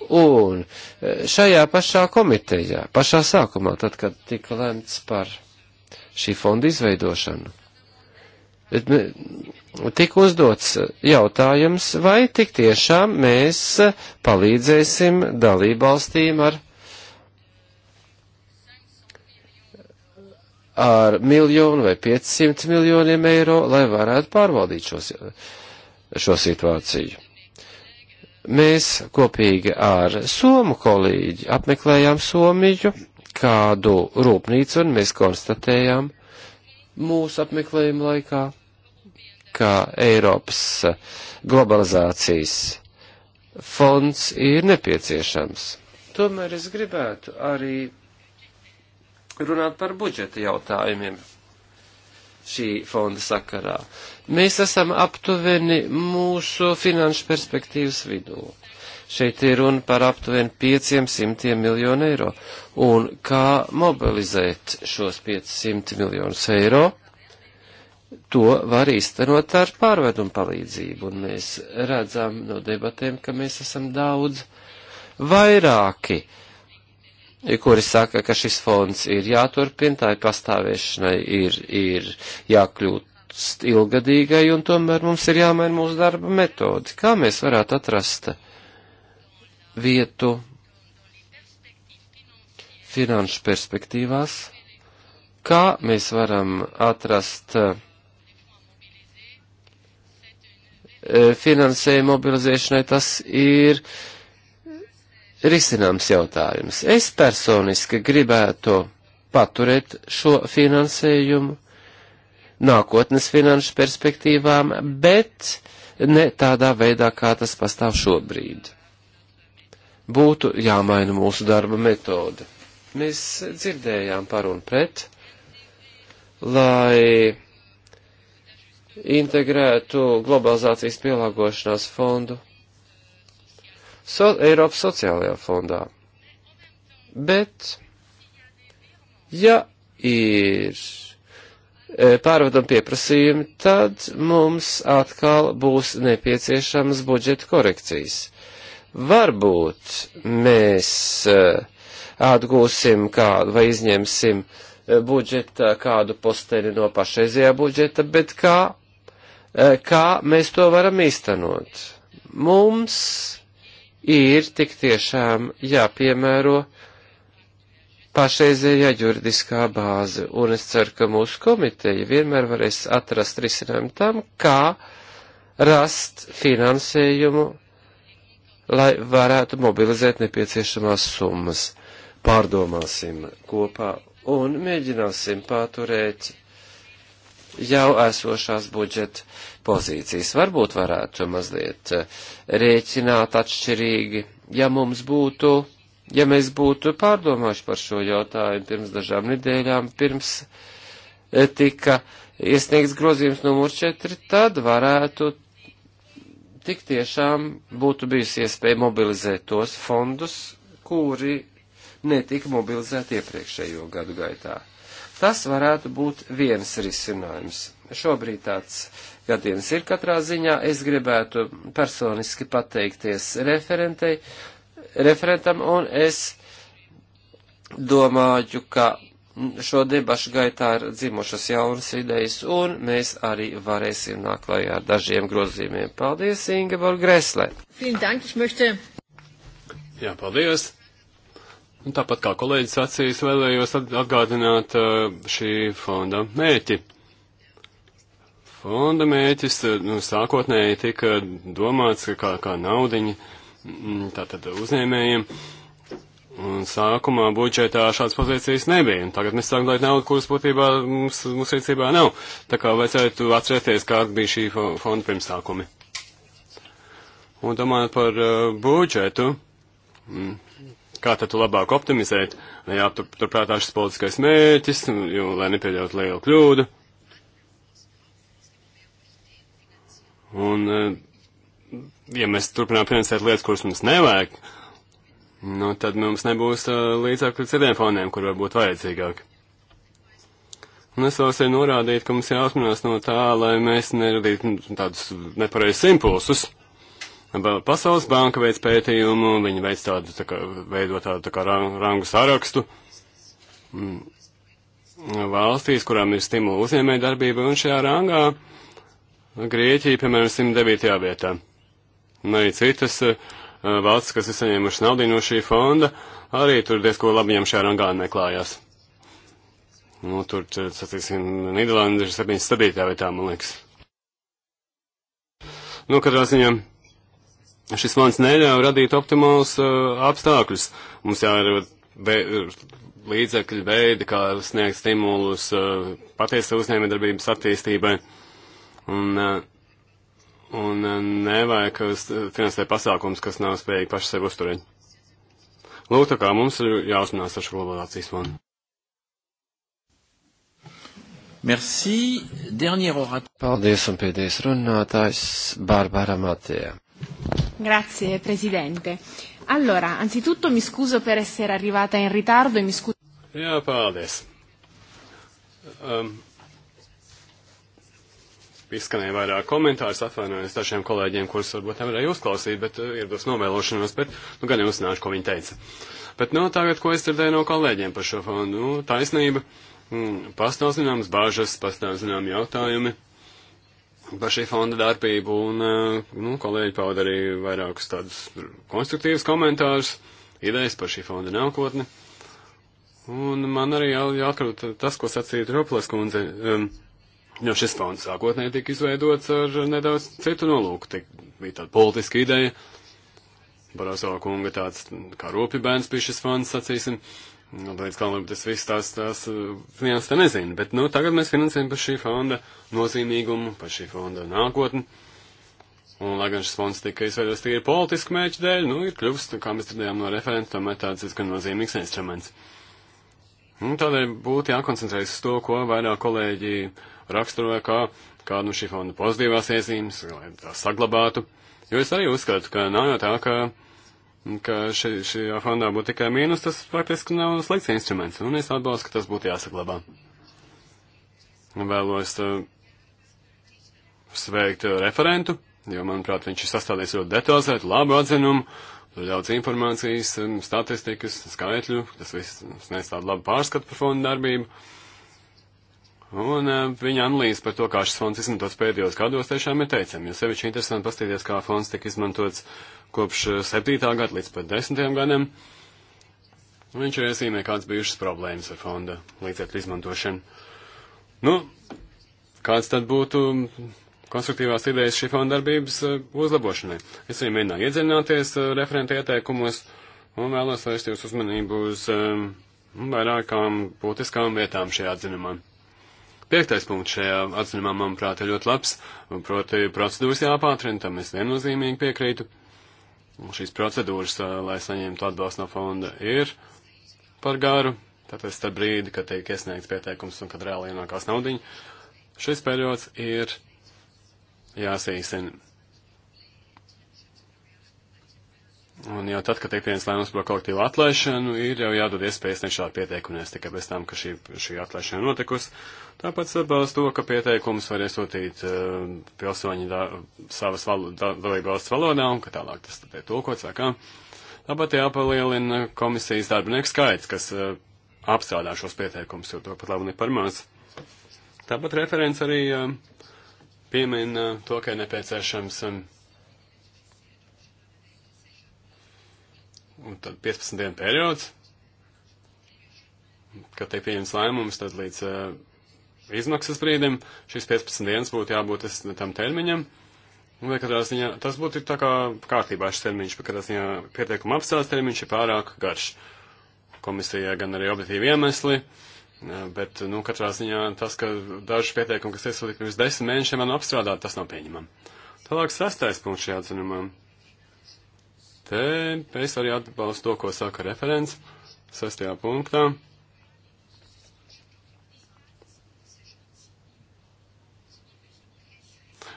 Un e, šajā pašā komitejā, pašā sākumā, tad, kad tika lemts par šī fonda izveidošanu, tika uzdots jautājums, vai tik tiešām mēs palīdzēsim dalībvalstīm ar ar miljonu vai 500 miljoniem eiro, lai varētu pārvaldīt šos, šo situāciju. Mēs kopīgi ar Somu kolīģi apmeklējām Somiju, kādu rūpnīcu, un mēs konstatējām mūsu apmeklējuma laikā, ka Eiropas globalizācijas fonds ir nepieciešams. Tomēr es gribētu arī runāt par budžeta jautājumiem šī fonda sakarā. Mēs esam aptuveni mūsu finanšu perspektīvas vidū. Šeit ir runa par aptuveni 500 miljonu eiro. Un kā mobilizēt šos 500 miljonus eiro? To var īstenot ar pārvedumu palīdzību, un mēs redzam no debatēm, ka mēs esam daudz vairāki uh, kuri saka, ka šis fonds ir jāturpina, tā ir pastāvēšanai, ir, ir jākļūt ilgadīgai, un tomēr mums ir jāmaina mūsu darba metodi. Kā mēs varētu atrast vietu finanšu perspektīvās? Kā mēs varam atrast eh, finansējumu mobilizēšanai? Tas ir uh, risināms jautājums. Es personiski gribētu paturēt šo finansējumu nākotnes finanšu perspektīvām, bet ne tādā veidā, kā tas pastāv šobrīd. Būtu jāmaina mūsu darba metode. Mēs dzirdējām par un pret, lai integrētu globalizācijas pielāgošanās fondu so, Eiropas sociālajā fondā. Bet, ja ir e, pārvadam pieprasījumi, tad mums atkal būs nepieciešamas budžeta korekcijas. Varbūt mēs e, atgūsim kādu vai izņemsim e, budžeta kādu posteni no pašreizējā budžeta, bet kā, kā mēs to varam īstenot? Mums ir tik tiešām jāpiemēro pašreizējā juridiskā bāze, un es ceru, ka mūsu komiteja vienmēr varēs atrast risinājumu tam, kā rast finansējumu, lai varētu mobilizēt nepieciešamās summas. Pārdomāsim kopā un mēģināsim paturēt jau esošās budžeta pozīcijas. Varbūt varētu mazliet eh, rēķināt atšķirīgi, ja mums būtu, ja mēs būtu pārdomājuši par šo jautājumu pirms dažām nedēļām, pirms eh, tika iesniegts grozījums numur 4, tad varētu tik tiešām būtu bijusi iespēja mobilizēt tos fondus, kuri netika mobilizēti iepriekšējo gadu gaitā. Tas varētu būt viens risinājums. Šobrīd tāds uh, gadījums ir katrā ziņā. Es gribētu personiski pateikties referentei, referentam, un es domāju, ka šo debašu gaitā ir dzimušas jaunas idejas, un mēs arī varēsim nākt klajā ar dažiem grozījumiem. Paldies, Ingeborg Greslē! Jā, paldies! Un tāpat kā kolēģis acīs vēlējos atgādināt uh, šī fonda mērķi fonda mēķis nu, sākotnēji tika domāts kā, kā naudiņa mm, tātad uzņēmējiem. Un sākumā budžetā šādas pozīcijas nebija. Un tagad mēs sākam dot naudu, kuras būtībā mums, mums rīcībā nav. Tā kā vajadzētu atcerēties, kāda bija šī fonda pirmsākumi. Un domājot par uh, budžetu, mm, kā tad tu labāk optimizēt, lai jāturprātā šis politiskais mērķis, jo, lai nepieļaut lielu kļūdu. Un, eh, ja mēs turpinām finansēt lietas, kuras mums nevajag, nu, tad mums nebūs eh, līdzekļu citiem fondiem, kur varbūt vajadzīgāk. Un es vēlos arī norādīt, ka mums jāuzmanās no tā, lai mēs neradītu nu, tādus nepareizus impulsus. Pasaules banka veids pētījumu, viņi veids tādu, tā kā, veido tādu tā kā rangu sarakstu mm, valstīs, kurām ir stimula uzņēmē darbība, un šajā rangā uh, Grieķija, piemēram, 109. vietā. Un arī citas uh, valsts, kas ir saņēmušas naudu no šī fonda, arī tur diezko labi viņam šajā rangā neklājās. Nu, tur, sacīsim, Nīderlanda ir 77. vietā, man liekas. Nu, katrā ziņā šis plāns neļauj radīt optimālus uh, apstākļus. Mums jārod līdzekļu veidi, kā sniegt stimulus uh, eh, patiesa uzņēmējdarbības attīstībai. Uh, Un, eh, un eh, nevajag eh, finansēt pasākums, kas nav spējīgi paši sev uzturēt. Lūk, tā kā mums ir jāuzmanās ar šo globalizācijas fondu. Merci. Dernier orateur. Paldies un pēdējais runātājs Barbara Matēja. Grazie, Presidente. Allora, anzitutto mi scuso per essere arrivata in ritardo e mi scuso. Jā, paldies. Um, izskanēja vairāk komentārus, atvainojos dažiem kolēģiem, kurus varbūt nevarēju uzklausīt, bet eh, ierados novēlošanos, bet nu, gan jau uzzināšu, ko viņi teica. Bet nu, tagad, ko es dzirdēju no kolēģiem par šo fondu, nu, taisnība, mm, pastāv zināmas bāžas, pastāv zināmi jautājumi par šī fonda darbību, un eh, nu, kolēģi pauda arī vairākus tādus konstruktīvus komentārus, idejas par šī fonda nākotni. Un man arī jā, jāatkarot tas, ko sacīja Roplēs kundze. Um, Jo šis fonds sākotnēji tika izveidots ar nedaudz citu nolūku. Tik bija tāda politiska ideja. Baroso kunga tāds kā rūpi bērns bija šis fonds, sacīsim. Nu, līdz kā labi tas viss tās, tās finanses te nezinu. Bet, nu, tagad mēs finansējam par šī fonda nozīmīgumu, par šī fonda nākotni. Un, lai gan šis fonds tika izveidots tikai politisku mēķu dēļ, nu, ir kļuvis, kā mēs dzirdējām no referenta, tomēr tāds diezgan nozīmīgs instruments. Uh, Un nu, tādēļ būtu jākoncentrējas uz to, ko vairāk kolēģi raksturoja kā kādu nu, no šī fonda pozitīvās iezīmes, lai tā saglabātu. Jo es arī uzskatu, ka nav jau tā, ka, ka šī, šī fondā būtu tikai mīnus, tas faktiski nav slikts instruments, un es atbalstu, ka tas būtu jāsaglabā. Vēlos uh, sveikt uh, referentu, jo, manuprāt, viņš ir sastādījis ļoti detalizētu, labu atzinumu, daudz informācijas, um, statistikas, skaitļu, tas viss sniedz tādu labu pārskatu par fondu darbību. Un um, viņa analīze par to, kā šis fonds izmantots pēdējos gados, tiešām ir teicama. Jo sevišķi interesanti paskatīties, kā fonds tika izmantots kopš 7. Uh, gada līdz pat 10. gadam. Viņš ir iezīmē kādas bijušas problēmas ar fonda līdzekļu izmantošanu. Nu, kāds tad būtu konstruktīvās idejas šī fonda darbības eh, uzlabošanai. Es arī mēģināju iedziļināties eh, referenta ieteikumos un vēlos vērst jūs uzmanību uz eh, vairākām būtiskām vietām šajā atzinumā. Piektais punkts šajā atzinumā, manuprāt, ir ļoti labs, proti procedūras jāpātrina, tam es viennozīmīgi piekrītu. Šīs procedūras, lai saņemtu atbalstu no fonda, ir par garu, tātad starp brīdi, kad tiek iesniegts pieteikums un kad reāli ienākās naudiņa. Šis periods ir jāsīsina. Un jau tad, kad tiek pieņems lēmums par kolektīvu atlaišanu, ir jau jādod iespējas ne šādi pieteikumies tikai pēc tam, ka šī, šī atlaišana notikusi. Tāpat atbalsta to, ka pieteikums var iesūtīt uh, pilsoņi da, savas valo, da, dalību valsts valodā un ka tālāk tas tad ir tulkots vai kā. Tāpat jāpalielina komisijas darbinieku skaits, kas uh, apstrādā šos pieteikumus, jo to pat labi ir par maz. Tāpat referents arī uh, piemin uh, to, ka ir nepieciešams um, un tad 15 dienu periods, kad tiek pieņems lēmums, tad līdz uh, izmaksas brīdim šīs 15 dienas būtu jābūt es, tam termiņam. Un, katrā ziņā tas būtu tā kā kārtībā šis termiņš, bet katrā ziņā pieteikuma apstāsts termiņš ir pārāk garš. Komisijai gan arī objektīvi iemesli, uh, Bet, nu, katrā ziņā tas, ka daži pieteikumi, kas iesūtīti pirms desmit mēnešiem, man apstrādāt, tas nav pieņemam. Tālāk sastais punkts šajā atzinumā. Te es arī atbalstu to, ko saka referents sastajā punktā.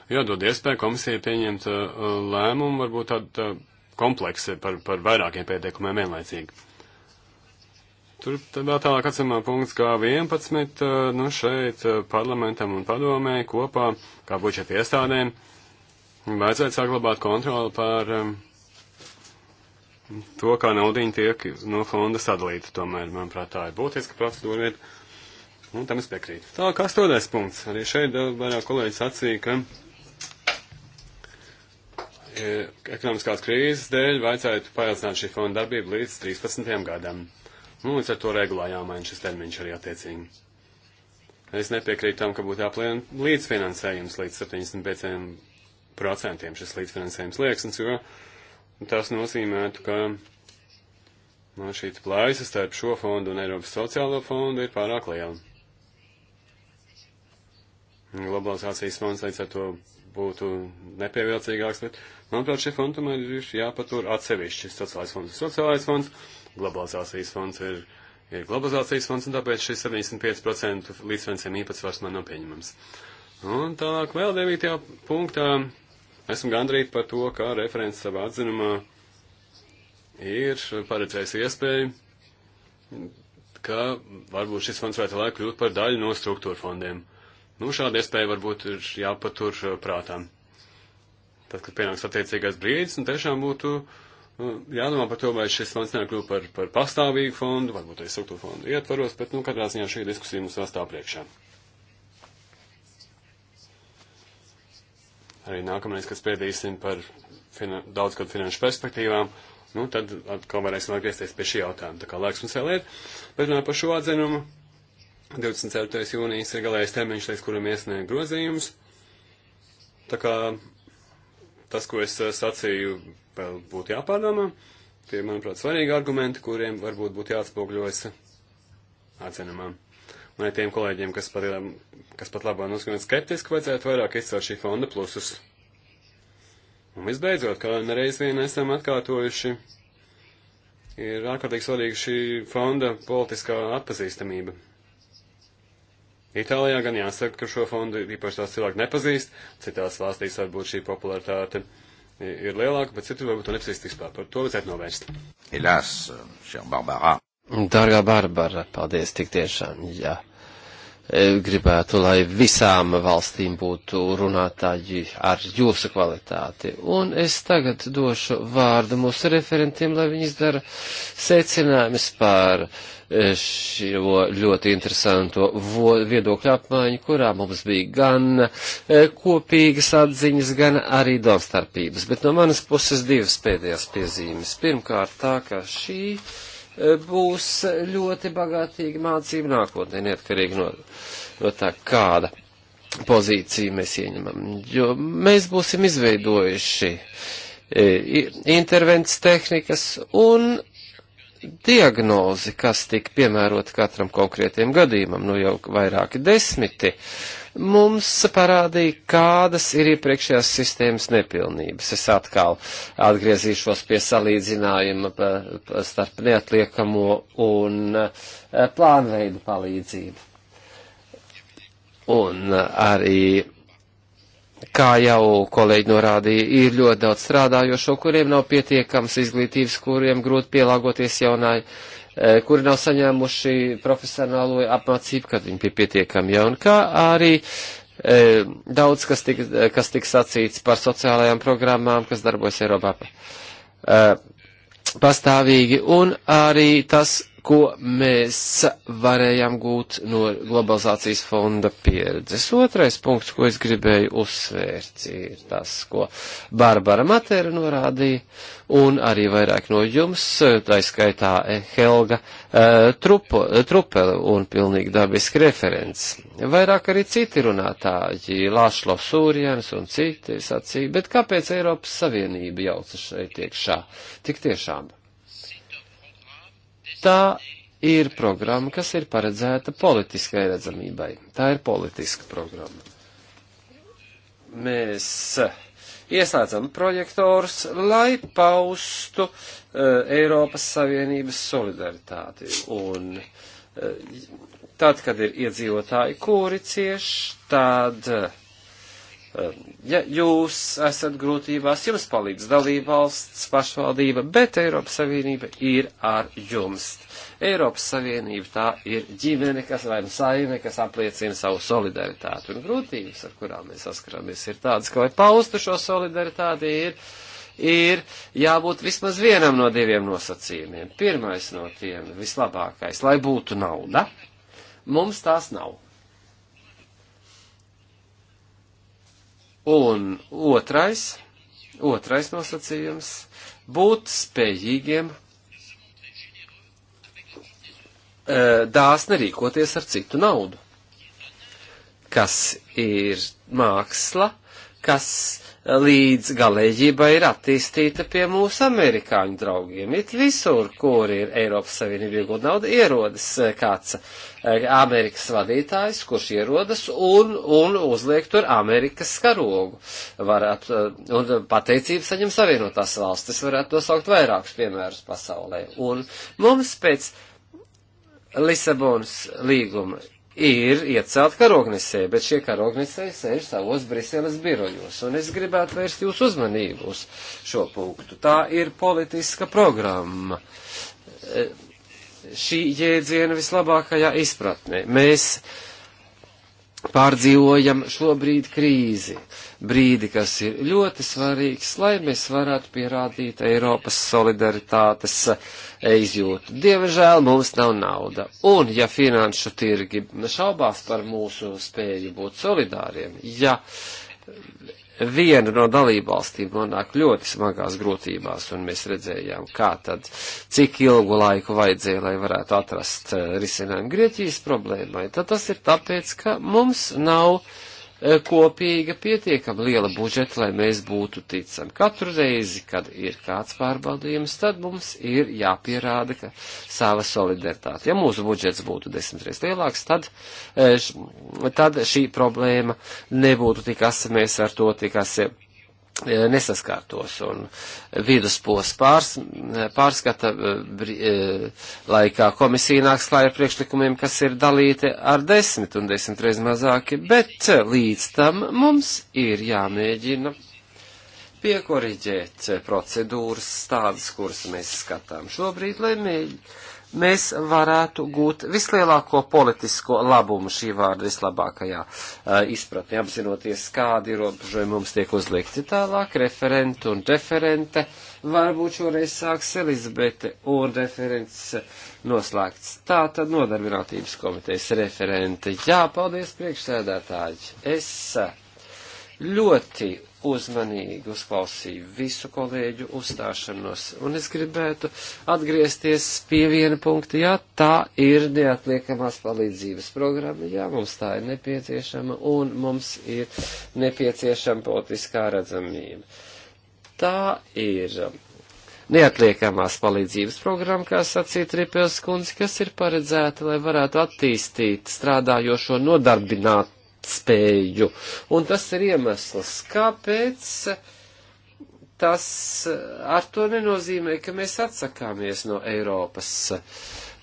Jādod iespēju komisijai pieņemt uh, lēmumu, varbūt tādu uh, kompleksi par, par vairākiem pieteikumiem vienlaicīgi. Tur tādā tālāk atsimā punkts kā 11, uh, nu šeit uh, parlamentam un padomē kopā, kā budžeta iestādēm, vajadzētu saglabāt kontroli pār um, to, kā naudiņa tiek no fonda sadalīta. Tomēr, manuprāt, tā ir būtiska procedūra vieta, un tam es piekrītu. Tālāk, astotais punkts. Arī šeit uh, vairāk kolēģi sacīja, ka eh, ekonomiskās krīzes dēļ vajadzētu paaugstināt šī fonda darbību līdz 13. gadam. Nu, līdz ar to regulā jāmaina šis termiņš arī attiecīgi. Es nepiekrītu tam, ka būtu jāplien līdzfinansējums līdz 75% šis līdzfinansējums liekas, jo tas nozīmētu, ka no nu, šī plājas starp šo fondu un Eiropas sociālo fondu ir pārāk liela. Globalizācijas fonds līdz ar to būtu nepievilcīgāks, bet, manuprāt, šie fondi tomēr ir jāpatur atsevišķi. Sociālais fonds ir sociālais fonds, globalizācijas fonds ir, ir globalizācijas fonds, un tāpēc šis 75% līdzfinansējuma īpatsvars man nav pieņemams. Un tālāk vēl 9. punktā esmu gandrīt par to, kā referents savā atzinumā ir paredzējis iespēju, ka varbūt šis fonds varētu laiku kļūt par daļu no struktūra fondiem. Nu, šāda iespēja varbūt ir jāpatur prātām. Tad, kad pienāks attiecīgais brīdis, un tiešām būtu uh, Nu, jādomā par to, vai šis fonds nekļūst par, par pastāvīgu fondu, varbūt arī struktūra fondu ietvaros, bet, nu, katrā ziņā šī diskusija mums vēl stāv priekšā. Arī nākamreiz, kad spēdīsim par finan daudzgadu finanšu perspektīvām, nu, tad atkal varēsim atgriezties pie šī jautājuma. Tā kā laiks mums vēl ir. Bet runājot par šo atzinumu, 24. jūnijas ir galējais termiņš, līdz kuram iesniegt grozījumus. Tā kā tas, ko es eh, sacīju vēl būtu jāpārdomā. Tie, manuprāt, svarīgi argumenti, kuriem varbūt būtu jāatspogļojas atzinumā. Un arī tiem kolēģiem, kas pat, kas pat labā noskaņot skeptiski, vajadzētu vairāk izcelt šī fonda plusus. Un visbeidzot, kā nereiz vien esam atkārtojuši, ir ārkārtīgi svarīga šī fonda politiskā atpazīstamība. Itālijā gan jāsaka, ka šo fondu īpaši tās cilvēki nepazīst, citās valstīs varbūt šī popularitāte ir lielāka, bet citur varbūt to nepazīst vispār. Par to vajadzētu novērst. Ilās, šiem Barbarā. Dārgā Barbara, paldies tik tiešām, jā. E, gribētu, lai visām valstīm būtu runātāji ar jūsu kvalitāti. Un es tagad došu vārdu mūsu referentiem, lai viņi izdara secinājumus par uh, šo ļoti interesanto viedokļu apmaiņu, kurā mums bija gan e, kopīgas atziņas, gan arī domstarpības. Bet no manas puses divas pēdējās piezīmes. Pirmkārt, tā kā šī e, būs ļoti bagātīga mācība nākotnē, neatkarīgi no, no tā, kāda pozīciju mēs ieņemam. Jo mēs būsim izveidojuši e, intervences tehnikas un diagnozi, kas tika piemērota katram konkrētiem gadījumam, nu jau vairāki desmiti, mums parādīja, kādas ir iepriekšējās sistēmas nepilnības. Es atkal atgriezīšos pie salīdzinājuma starp neatliekamo un eh, plānveidu palīdzību. Un eh, arī kā jau kolēģi norādīja, ir ļoti daudz strādājošo, kuriem nav pietiekams izglītības, kuriem grūti pielāgoties jaunai, e, kuri nav saņēmuši profesionālo apmācību, kad viņi bija pietiekami jauni, kā arī e, daudz, kas tika, kas tika sacīts par sociālajām programmām, kas darbojas Eiropā e, pastāvīgi, un arī tas, ko mēs varējām gūt no globalizācijas fonda pieredzes. Otrais punkts, ko es gribēju uzsvērt, ir tas, ko Bārbara Matēra norādīja, un arī vairāk no jums, tā skaitā eh, Helga eh, trupo, eh, Trupele un pilnīgi dabiski referents. Vairāk arī citi runātāji, Lāšlo Sūrjans un citi sacīja, bet kāpēc Eiropas Savienība jauca šeit iekšā? Tik tiešām. Tā ir programma, kas ir paredzēta politiskai redzamībai. Tā ir politiska programma. Mēs eh, ieslēdzam projektors, lai paustu uh, Eiropas Savienības solidaritāti. Un uh, tad, kad ir iedzīvotāji, kuri cieš, tad uh, Um, ja jūs esat grūtībās, jums palīdz dalībvalsts, pašvaldība, bet Eiropas Savienība ir ar jums. Eiropas Savienība tā ir ģimene, kas vai nu saime, kas apliecina savu solidaritāti. Un grūtības, ar kurām mēs saskaramies, ir tādas, ka, lai paustu šo solidaritāti, ir, ir jābūt vismaz vienam no diviem nosacījumiem. Pirmais no tiem, vislabākais, lai būtu nauda, mums tās nav. Un otrais, otrais nosacījums - būt spējīgiem e, dāsni rīkoties ar citu naudu. Kas ir māksla, kas līdz galējībai ir attīstīta pie mūsu amerikāņu draugiem. It visur, kur ir Eiropas Savienība iegūta nauda, ierodas eh, kāds eh, Amerikas vadītājs, kurš ierodas un, un uzliek tur Amerikas karogu. Varat, eh, un pateicību saņem Savienotās valstis, varētu nosaukt vairākus piemērus pasaulē. Un mums pēc Lisabonas līguma ir iecelt karognesē, bet šie karognesē sēž savos Briseles birojos, un es gribētu vērst jūsu uzmanību uz šo punktu. Tā ir politiska programma. E, šī jēdziena vislabākajā izpratnē. Mēs pārdzīvojam šobrīd krīzi, brīdi, kas ir ļoti svarīgs, lai mēs varētu pierādīt Eiropas solidaritātes izjūtu. Diemžēl mums nav nauda, un ja finanšu tirgi šaubās par mūsu spēju būt solidāriem, ja viena no dalībvalstīm nonāk ļoti smagās grūtībās, un mēs redzējām, kā tad, cik ilgu laiku vajadzēja, lai varētu atrast eh, risinājumu Grieķijas problēmai, tad tas ir tāpēc, ka mums nav uh, Eh, kopīga pietiekama liela budžeta, lai mēs būtu ticami. Katru reizi, kad ir kāds pārbaudījums, tad mums ir jāpierāda ka sava solidaritāte. Ja mūsu budžets būtu desmitreiz lielāks, tad, eh, tad šī problēma nebūtu tik asa, mēs ar to tik asa E, nesaskārtos. Un vidusposms pārs, pārskata e, e, laikā komisija nāks klāj ar priekšlikumiem, kas ir dalīti ar desmit un desmit reiz mazāki, bet līdz tam mums ir jāmēģina piekoriģēt procedūras tādas, kuras mēs skatām šobrīd, lai mēģinātu mēs varētu gūt vislielāko politisko labumu šī vārda vislabākajā uh, izpratnē, apzinoties, kādi ierobežojumi mums tiek uzliekti tālāk, referentu un referente. Varbūt šoreiz sāks Elizabete un referents noslēgts. Tā tad nodarbinātības komitejas referente. Jā, paldies priekšsēdētāji. Es ļoti uzmanīgi uzklausīju visu kolēģu uzstāšanos, un es gribētu atgriezties pie viena punkta, jā, tā ir neatliekamās palīdzības programma, jā, mums tā ir nepieciešama, un mums ir nepieciešama politiskā redzamība. Tā ir neatliekamās palīdzības programma, kā sacīja Tripels kundze, kas ir paredzēta, lai varētu attīstīt strādājošo nodarbināt spēju. Un tas ir iemesls, kāpēc tas ar to nenozīmē, ka mēs atsakāmies no Eiropas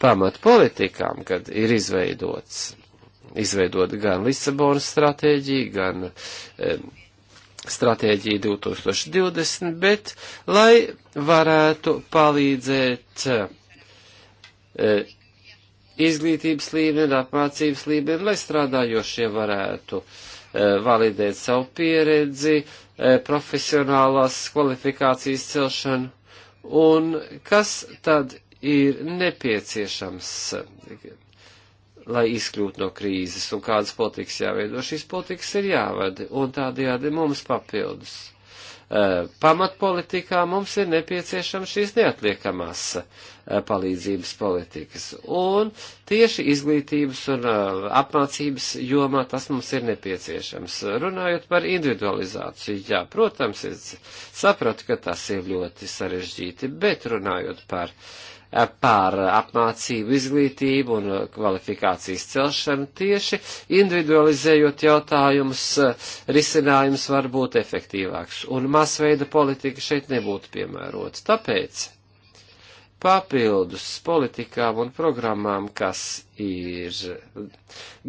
pamatpolitikām, kad ir izveidots, izveidot gan Lisabonas stratēģija, gan e, stratēģija 2020, bet lai varētu palīdzēt e, izglītības līmeni, apmācības līmeni, lai strādājošie varētu eh, validēt savu pieredzi, eh, profesionālās kvalifikācijas celšanu, un kas tad ir nepieciešams, eh, lai izkļūtu no krīzes, un kādas politikas jāveido. Šīs politikas ir jāvada, un tādējādi mums papildus Eh, pamatpolitikā mums ir nepieciešama šīs neatliekamās eh, palīdzības politikas. Un tieši izglītības un eh, apmācības jomā tas mums ir nepieciešams. Runājot par individualizāciju, jā, protams, es sapratu, ka tas ir ļoti sarežģīti, bet runājot par uh, Eh, par apmācību, izglītību un eh, kvalifikācijas celšanu tieši individualizējot jautājumus, eh, risinājums var būt efektīvāks, un masveida politika šeit nebūtu piemērots. Tāpēc papildus politikām un programmām, kas ir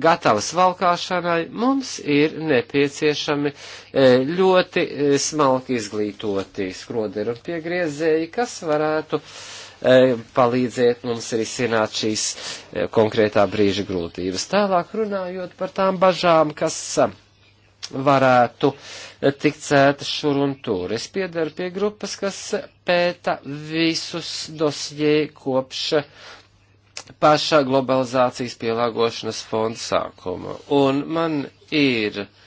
gatavas valkāšanai, mums ir nepieciešami ļoti smalki izglītoti skroderi un piegriezēji, kas varētu uh, E, palīdziet mums risināt šīs e, konkrētā brīža grūtības. Tālāk runājot par tām bažām, kas e, varētu tikt cētas šur un tur. Es piedaru pie grupas, kas pēta visus dosjē kopš pašā globalizācijas pielāgošanas fonda sākuma. Un man ir uh,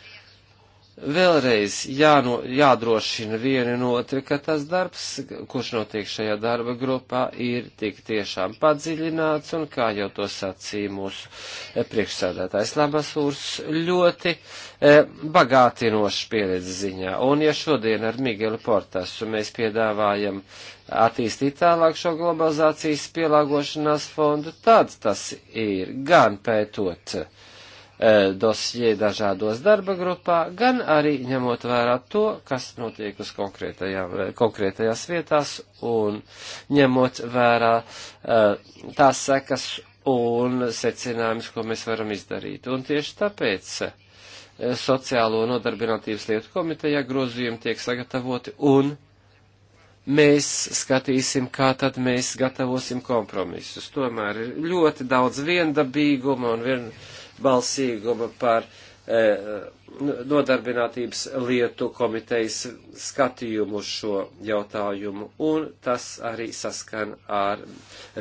vēlreiz jāno, jādrošina viena un otra, ka tas darbs, kurš notiek šajā darba grupā, ir tik tiešām padziļināts un, kā jau to sacīja mūsu eh, priekšsēdētājs Lamasūrs, ļoti e, bagātinošs pieredzi ziņā. Un, ja šodien ar Migeli Portasu mēs piedāvājam attīstīt tālāk šo globalizācijas pielāgošanās fondu, tad tas ir gan pētot Eh, dosjē dažādos darba grupā, gan arī ņemot vērā to, kas notiek uz eh, konkrētajās vietās un ņemot vērā eh, tās sekas un secinājumus, ko mēs varam izdarīt. Un tieši tāpēc sociālo nodarbinātības lietu komitejā grozījumi tiek sagatavoti un mēs skatīsim, kā tad mēs gatavosim kompromisus. Tomēr ir ļoti daudz viendabīguma un vien, balsīguma par e, nodarbinātības lietu komitejas skatījumu šo jautājumu, un tas arī saskan ar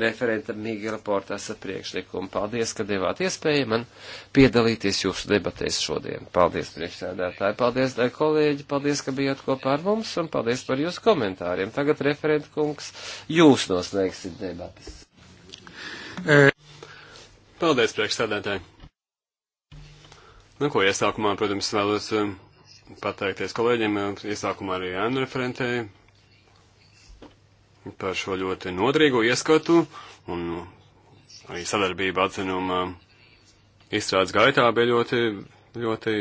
referenta Mīgela Portasa priekšlikumu. Paldies, ka devāt iespēju man piedalīties jūsu debatēs šodien. Paldies, priekšsēdētāji, paldies, dai kolēģi, paldies, ka bijāt kopā ar mums, un paldies par jūsu komentāriem. Tagad, referenta kungs, jūs noslēgsit debatas. Paldies, priekšsēdētāji. Nu, ko iesākumā, protams, vēlos um, pateikties kolēģiem, um, iesākumā arī Anna referentēja par šo ļoti nodrīgo ieskatu un arī sadarbība atzinuma izstrādes gaitā bija ļoti, ļoti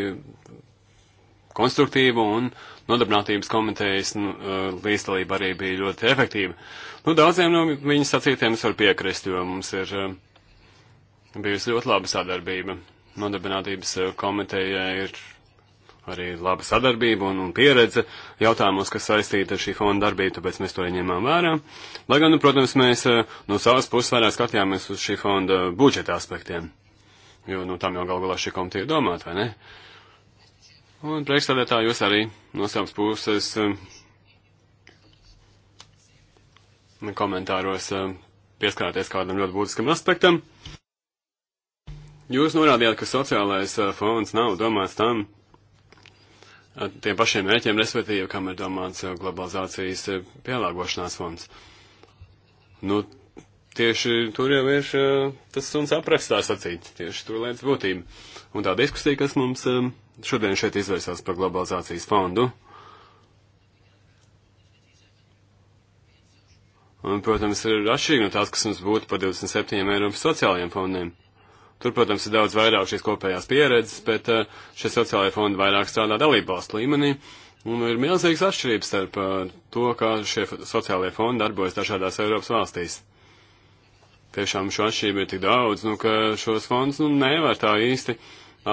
konstruktīva un nodarbinātības komitejas nu, uh, līdzdalība arī bija ļoti efektīva. Nu, daudziem no viņas sacītiem es varu piekrist, jo mums ir um, bijusi ļoti laba sadarbība. Nodarbinātības eh, komiteja ir arī laba sadarbība un, un pieredze jautājumos, kas saistīta ar šī fonda darbību, tāpēc mēs to ieņēmām vērā. Lai gan, nu, protams, mēs eh, no savas puses vairāk skatījāmies uz šī fonda budžeta aspektiem, jo, nu, tam jau gal galā šī komiteja ir domāta, vai ne? Un priekšstādētā jūs arī no savas puses eh, komentāros pieskārties kādam ļoti būtiskam aspektam. Jūs norādījāt, ka sociālais uh, fonds nav domāts tam, uh, tiem pašiem mērķiem, respektīvi, kam ir domāts uh, globalizācijas pielāgošanās fonds. Nu, tieši tur jau ir tas suns aprakstā sacīt, tieši tur lietas būtība. Un tā diskusija, kas mums um, šodien šeit izvērsās par globalizācijas fondu. Un, protams, ir atšķirīgi no tās, kas mums būtu par 27 Eiropas sociālajiem fondiem. Tur, protams, ir daudz vairāk šīs kopējās pieredzes, bet eh, šie sociālai fondi vairāk strādā dalībvalstu līmenī. Un ir milzīgs atšķirības starp eh, to, kā šie sociālai fondi darbojas dažādās Eiropas valstīs. Tiešām šo atšķirību ir tik daudz, nu, ka šos fondus nu, nevar tā īsti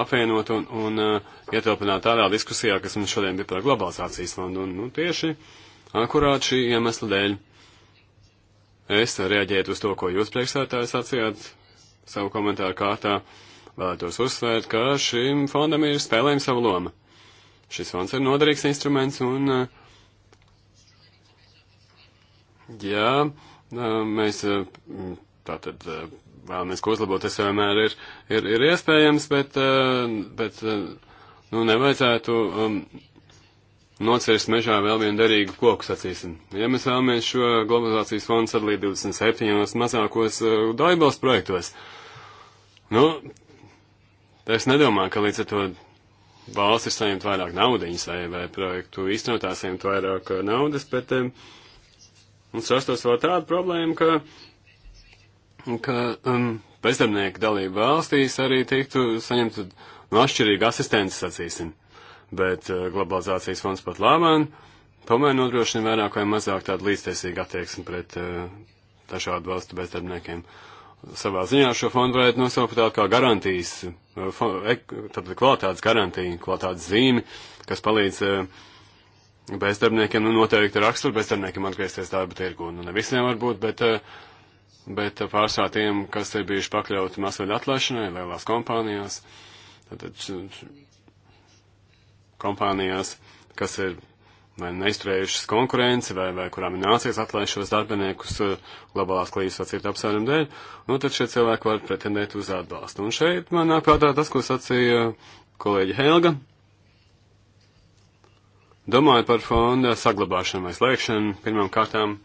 apvienot un, un uh, ietilpināt tādā diskusijā, kas mums šodien bija par globalizācijas fondu. Un, nu, tieši akurāt šī iemesla dēļ es reaģētu uz to, ko jūs priekšsētājs sacījāt, savu komentāru kārtā vēlētos uzsvērt, ka šim fondam ir spēlējama savu lomu. Šis fonds ir noderīgs instruments un, eh, jā, eh, mēs eh, tātad vēlamies, ko uzlabot, tas vienmēr ir, ir, ir iespējams, bet, bet nu, nevajadzētu um, nocirst mežā vēl vienu derīgu koku, sacīsim. Ja mēs vēlamies šo globalizācijas fondu sadalīt 27 mazākos uh, daļbalsts projektos, uh, Nu, es nedomāju, ka līdz ar to valsts ir saņemt vairāk naudiņas vai, vai projektu īstenotā saņemt vairāk uh, naudas, bet um, mums rastos vēl tāda problēma, ka, ka um, bezdarbnieku dalību valstīs arī tiktu saņemt nu, atšķirīgu asistenci, sacīsim. Bet uh, globalizācijas fonds pat lāmēn tomēr nodrošina vairāk vai mazāk tādu līdztiesīgu attieksmi pret uh, dažādu valstu bezdarbniekiem. Uh, savā ziņā šo fondu varētu nosaukt tā kā garantijas, eh, tātad kvalitātes garantija, kvalitātes zīme, kas palīdz eh, bezdarbniekiem, nu noteikti raksturu bezdarbniekiem atgriezties darba tirgu. Nu, ne visiem varbūt, bet, eh, bet pārsvarā tiem, kas ir bijuši pakļauti masveida atlaišanai lielās kompānijās, tātad kompānijās, kas ir vai neizturējušas konkurenci, vai, vai kurām ir nācies atlaist šos darbiniekus eh, globālās krīzes vai citu apsvērumu dēļ, nu tad šie cilvēki var pretendēt uz atbalstu. Un šeit man nāk prātā tas, ko sacīja kolēģi Helga. Domājot par fonda saglabāšanu vai slēgšanu, pirmām kārtām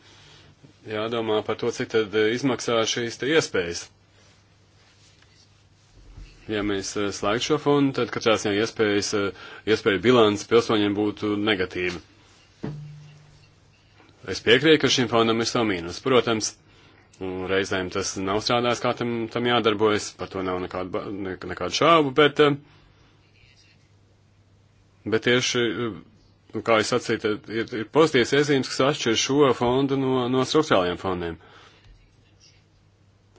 jādomā par to, cik tad eh, izmaksā šīs te iespējas. Ja mēs eh, slēgtu šo fondu, tad katrā ziņā iespējas, iespēja bilants pilsoņiem būtu negatīva. Es piekrītu, ka šim fondam ir savu mīnus. Protams, reizēm tas nav strādājis, kā tam, tam jādarbojas, par to nav nekādu, nekādu šaubu, bet, eh, bet tieši, eh, kā es sacīju, ir, ir pozitīvs iezīmes, kas atšķir šo fondu no, no struktūrāliem fondiem.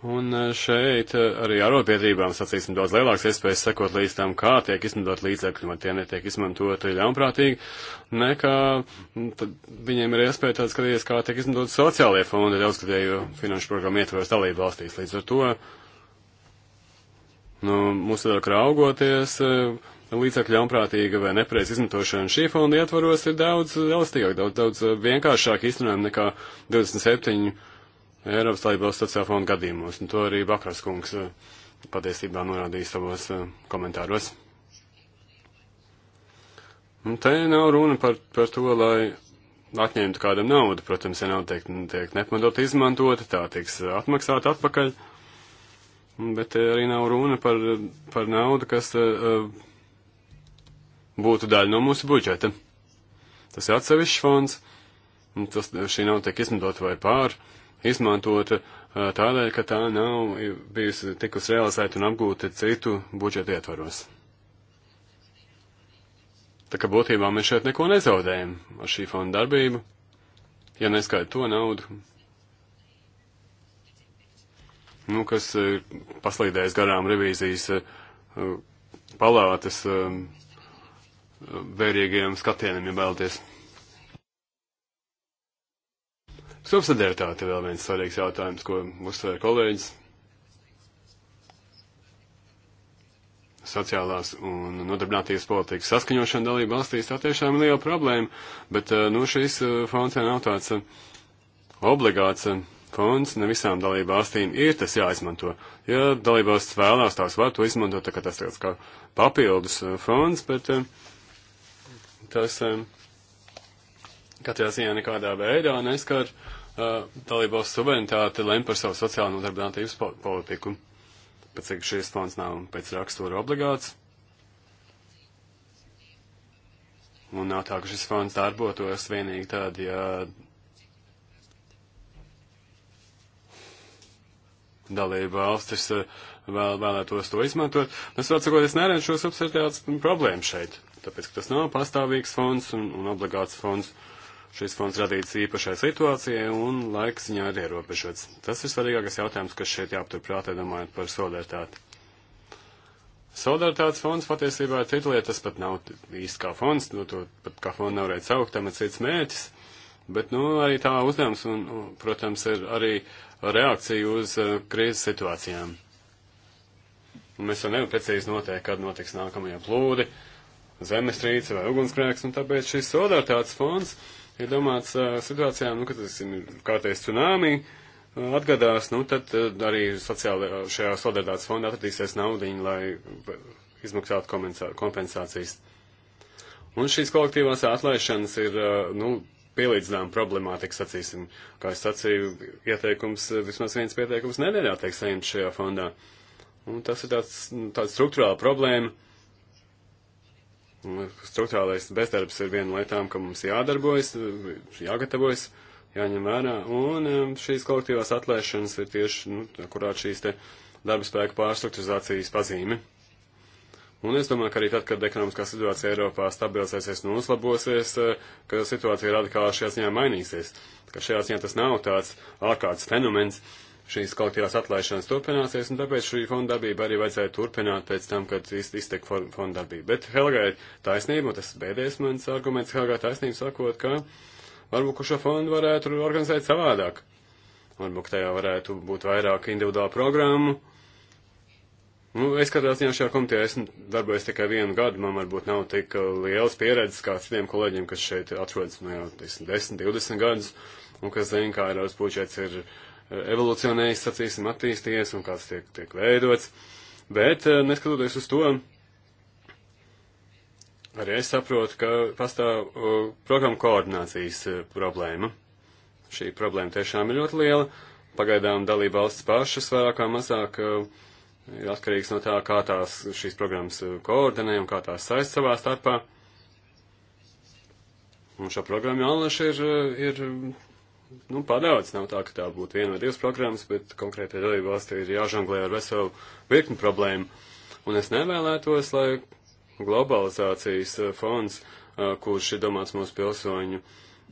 Un e, šeit e, arī arotbiedrībām, sacīsim, daudz lielāks iespējas sekot līdz tam, kā tiek izmantot līdzekļi, un tie netiek izmantoti ļaunprātīgi, nekā viņiem ir iespēja tāds skatīties, kā tiek izmantot sociālie fondi daudzgadēju finanšu programmu ietvaros dalību valstīs. Līdz ar to, nu, mūsu darba raugoties, e, līdzekļu ļaunprātīga vai nepareiz izmantošana šī fonda ietvaros ir daudz elastīgāk, daudz, daudz vienkāršāk īstenojumi nekā 27 Eiropas laibos sociālfonu gadījumos, un to arī Bakras kungs eh, patiesībā norādīja savos eh, komentāros. Un te nav runa par, par to, lai atņemtu kādam naudu, protams, ja nav tiek, tiek nepamatot izmantota, tā tiks eh, atmaksāta atpakaļ, bet te arī nav runa par, par naudu, kas uh, būtu daļa no mūsu budžeta. Tas ir atsevišķs fonds, un tas, šī nauda tiek izmantot vai pār. Uh, izmantota uh, tādēļ, ka tā nav bijusi tikus realizēta un apgūta citu budžeta ietvaros. Tā kā būtībā mēs šeit neko nezaudējam ar šī fonda darbību, ja neskaita to naudu, nu, kas uh, paslīdējas garām revīzijas uh, palātes um, vērīgiem skatieniem, ja vēlaties. Subsidiaritāte vēl viens svarīgs jautājums, ko uzsver kolēģis. Sociālās un nodarbinātības politikas saskaņošana dalība valstīs tā tiešām ir liela problēma, bet eh, nu, šis eh, fonds nav tāds eh, obligāts fonds, ne visām dalība valstīm ir tas jāizmanto. Ja dalība valsts vēlās, tās var to izmantot, tā kā tas tāds kā papildus fonds, bet tas. Um, katrā ziņā nekādā veidā neskar uh, dalībvalsts suverenitāti lem par savu sociālo nodarbinātības politiku. Pēc cik šīs fonds nav pēc rakstura obligāts. Un nav tā, ka šis fonds darbotos vienīgi tad, ja dalība valstis vēl, vēlētos to izmantot. Es vēl cikot, es neredzu šo subsidiāts problēmu šeit, tāpēc, ka tas nav pastāvīgs fonds un, un obligāts fonds. Uh, Šis fonds radīts īpašai situācijai un laiks viņā ir ierobežots. Tas ir svarīgākais jautājums, kas šeit jāaptur prātā, domājot par solidaritāti. Solidaritātes fonds patiesībā ir cita lieta, tas pat nav īsti kā fonds, nu, to pat kā fondu nevarētu saukt, tam ir cits mērķis, bet, nu, arī tā uzdevums un, protams, ir arī reakcija uz uh, krīzes situācijām. Un mēs jau nevaram precīzi noteikt, kad notiks nākamie plūdi, zemestrīce vai ugunsgrēks, un tāpēc šis solidaritātes fonds uh, ir domāts situācijām, nu, kad tas ir kārtējs tsunami, atgadās, nu, tad arī sociālajā šajā solidaritātes fondā atradīsies naudiņa, lai izmaksātu kompensācijas. Un šīs kolektīvās atlaišanas ir, nu, pielīdzinām problemātika, sacīsim, kā es sacīju, ieteikums, vismaz viens pieteikums nedēļā tiek saņemts šajā fondā. Un tas ir tāds, nu, tāds struktūrāla problēma Struktūrālais bezdarbs ir viena no lietām, ka mums jādarbojas, jāgatavojas, jāņem vērā, un um, šīs kolektīvās atlēšanas ir tieši, nu, kurā šīs te darba spēka pārstruktūrizācijas pazīme. Un es domāju, ka arī tad, kad ekonomiskā situācija Eiropā stabilizēsies un uzlabosies, uh, ka situācija radikāli šajā ziņā mainīsies. Ka šajā ziņā tas nav tāds ārkārtas fenomens, uh, šīs kolektīvās atlaišanas turpināsies, un tāpēc šī fonda darbība arī vajadzēja turpināt pēc tam, kad iztek fonda darbība. Bet Helgai taisnība, un tas bēdējais mans arguments, Helgai taisnība sakot, ka varbūt šo fondu varētu organizēt savādāk. Varbūt tajā varētu būt vairāk individuālu programmu. Nu, es katrā ziņā šajā komitejā esmu darbojies tikai vienu gadu, man varbūt nav tik uh, liels pieredzes kā citiem kolēģiem, kas šeit atrodas, nu jau, 10, 20 gadus, un kas zina, kā Eiropas budžets ir evolucionējis, sacīsim, attīstījies un kāds tiek, tiek veidots. Bet, eh, neskatoties uz to, arī es saprotu, ka pastāv eh, programmu koordinācijas eh, problēma. Šī problēma tiešām ir ļoti liela. Pagaidām dalība valsts pašas vairāk vai mazāk ir atkarīgs no tā, kā tās šīs programmas koordinē un kā tās saist savā starpā. Un šo programmu jālaši ir, ir nu, pārdaudz. Nav tā, ka tā būtu viena vai divas programmas, bet konkrētai dalību valstī ir jāžonglē ar veselu virkni problēmu. Un es nevēlētos, lai globalizācijas eh, fonds, eh, kurš ir domāts mūsu pilsoņu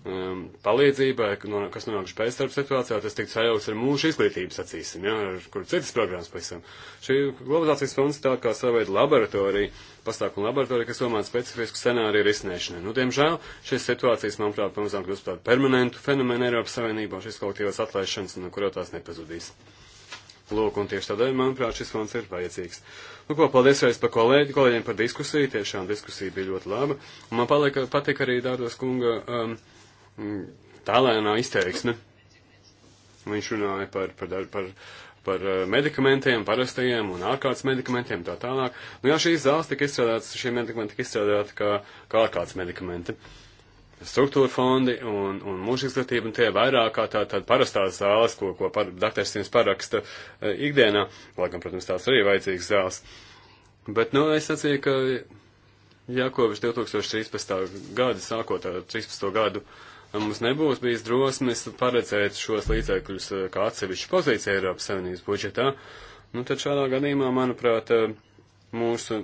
um, palīdzībai, kas nonākuši pēcstarp situācijā, tas tiktu sajauks ar mūsu izglītību, sacīsim, ja, ar kur citas programmas pavisam. Šī globalizācijas fonds tā kā savveida laboratorija, pasākuma laboratorija, kas domā specifisku scenāriju risināšanai. Nu, diemžēl šīs situācijas, manuprāt, pamazām kļūst par permanentu fenomenu Eiropas Savienībā, šīs kolektīvās atlaišanas, no nu, kurām tās nepazudīs. Lūk, un tieši tādēļ, manuprāt, šis fonds ir vajadzīgs. Nu, ko, paldies reiz par kolēģi, kolēģiem par diskusiju. Tiešām diskusija bija ļoti laba. Un man palika, patika arī Dārdos kunga um, Mm. tālēnā izteiksme. Viņš runāja par, par, par, par eh, medikamentiem, parastajiem un ārkārtas medikamentiem tā tālāk. Nu jā, šīs zāles tika izstrādātas, šie medikamenti tika izstrādāti kā, kā ārkārtas medikamenti. Struktūra fondi un, un mūža izglītība, un tie vairāk kā tā, tāda parastās zāles, ko, ko par, dakteris jums paraksta eh, ikdienā, lai gan, protams, tās arī vajadzīgas zāles. Bet, nu, es sacīju, ka jākopš 2013. gada, sākot ar 13. gadu, uh, mums nebūs bijis drosmes paredzēt šos līdzekļus eh, kā atsevišķu pozīciju Eiropas Savienības budžetā, nu tad šādā gadījumā, manuprāt, eh, mūsu eh,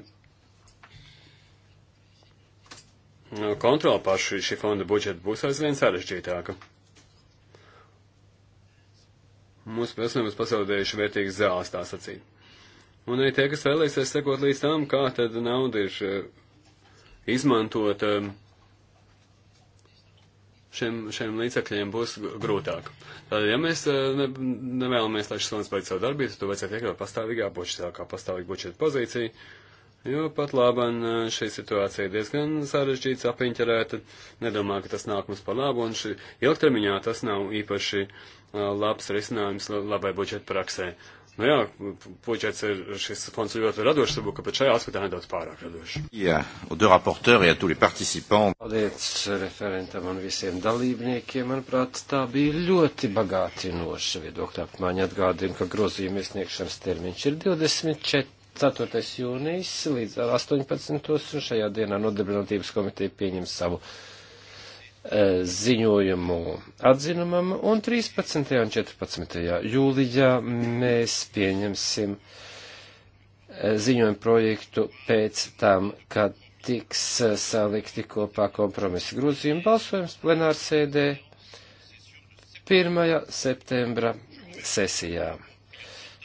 kontrola pār šī, šī fonda budžeta būs aizvien sarežģītāka. Mūsu pilsēm būs pasaudējuši vērtīgas zāles, tā sacīt. Un arī tie, kas vēlēsies sekot līdz tam, kā tad nauda ir izmantota um, šiem, šiem līdzekļiem būs grūtāk. Tātad, ja mēs eh, ne, nevēlamies, lai šis fonds beidz savu darbību, tad vajadzētu iekļaut pastāvīgā budžetā, kā pastāvīga budžeta pozīcija, jo pat labam eh, šī situācija ir diezgan sarežģīta, apiņķerēta, nedomā, ka tas nāk mums par labu, un šī ilgtermiņā tas nav īpaši eh, labs risinājums labai budžeta praksē. Nu jā, puķēts ir šis fonds ļoti radošs, varbūt, ka pat šajā aspektā nedaudz pārāk radošs. Jā, un du raportēri, ja tu li participants. Paldies referentam un visiem dalībniekiem. Manuprāt, tā bija ļoti bagātinoša viedokļa apmaiņa. Atgādinu, ka grozījuma iesniegšanas termiņš ir 24. 4. jūnijas līdz 18. un šajā dienā nodarbinātības komiteja pieņem savu E, ziņojumu atzinumam, un 13. un 14. jūlijā mēs pieņemsim e, ziņojumu projektu pēc tam, kad tiks e, salikti kopā kompromisa grozījumi balsojums plenārsēdē 1. septembra sesijā.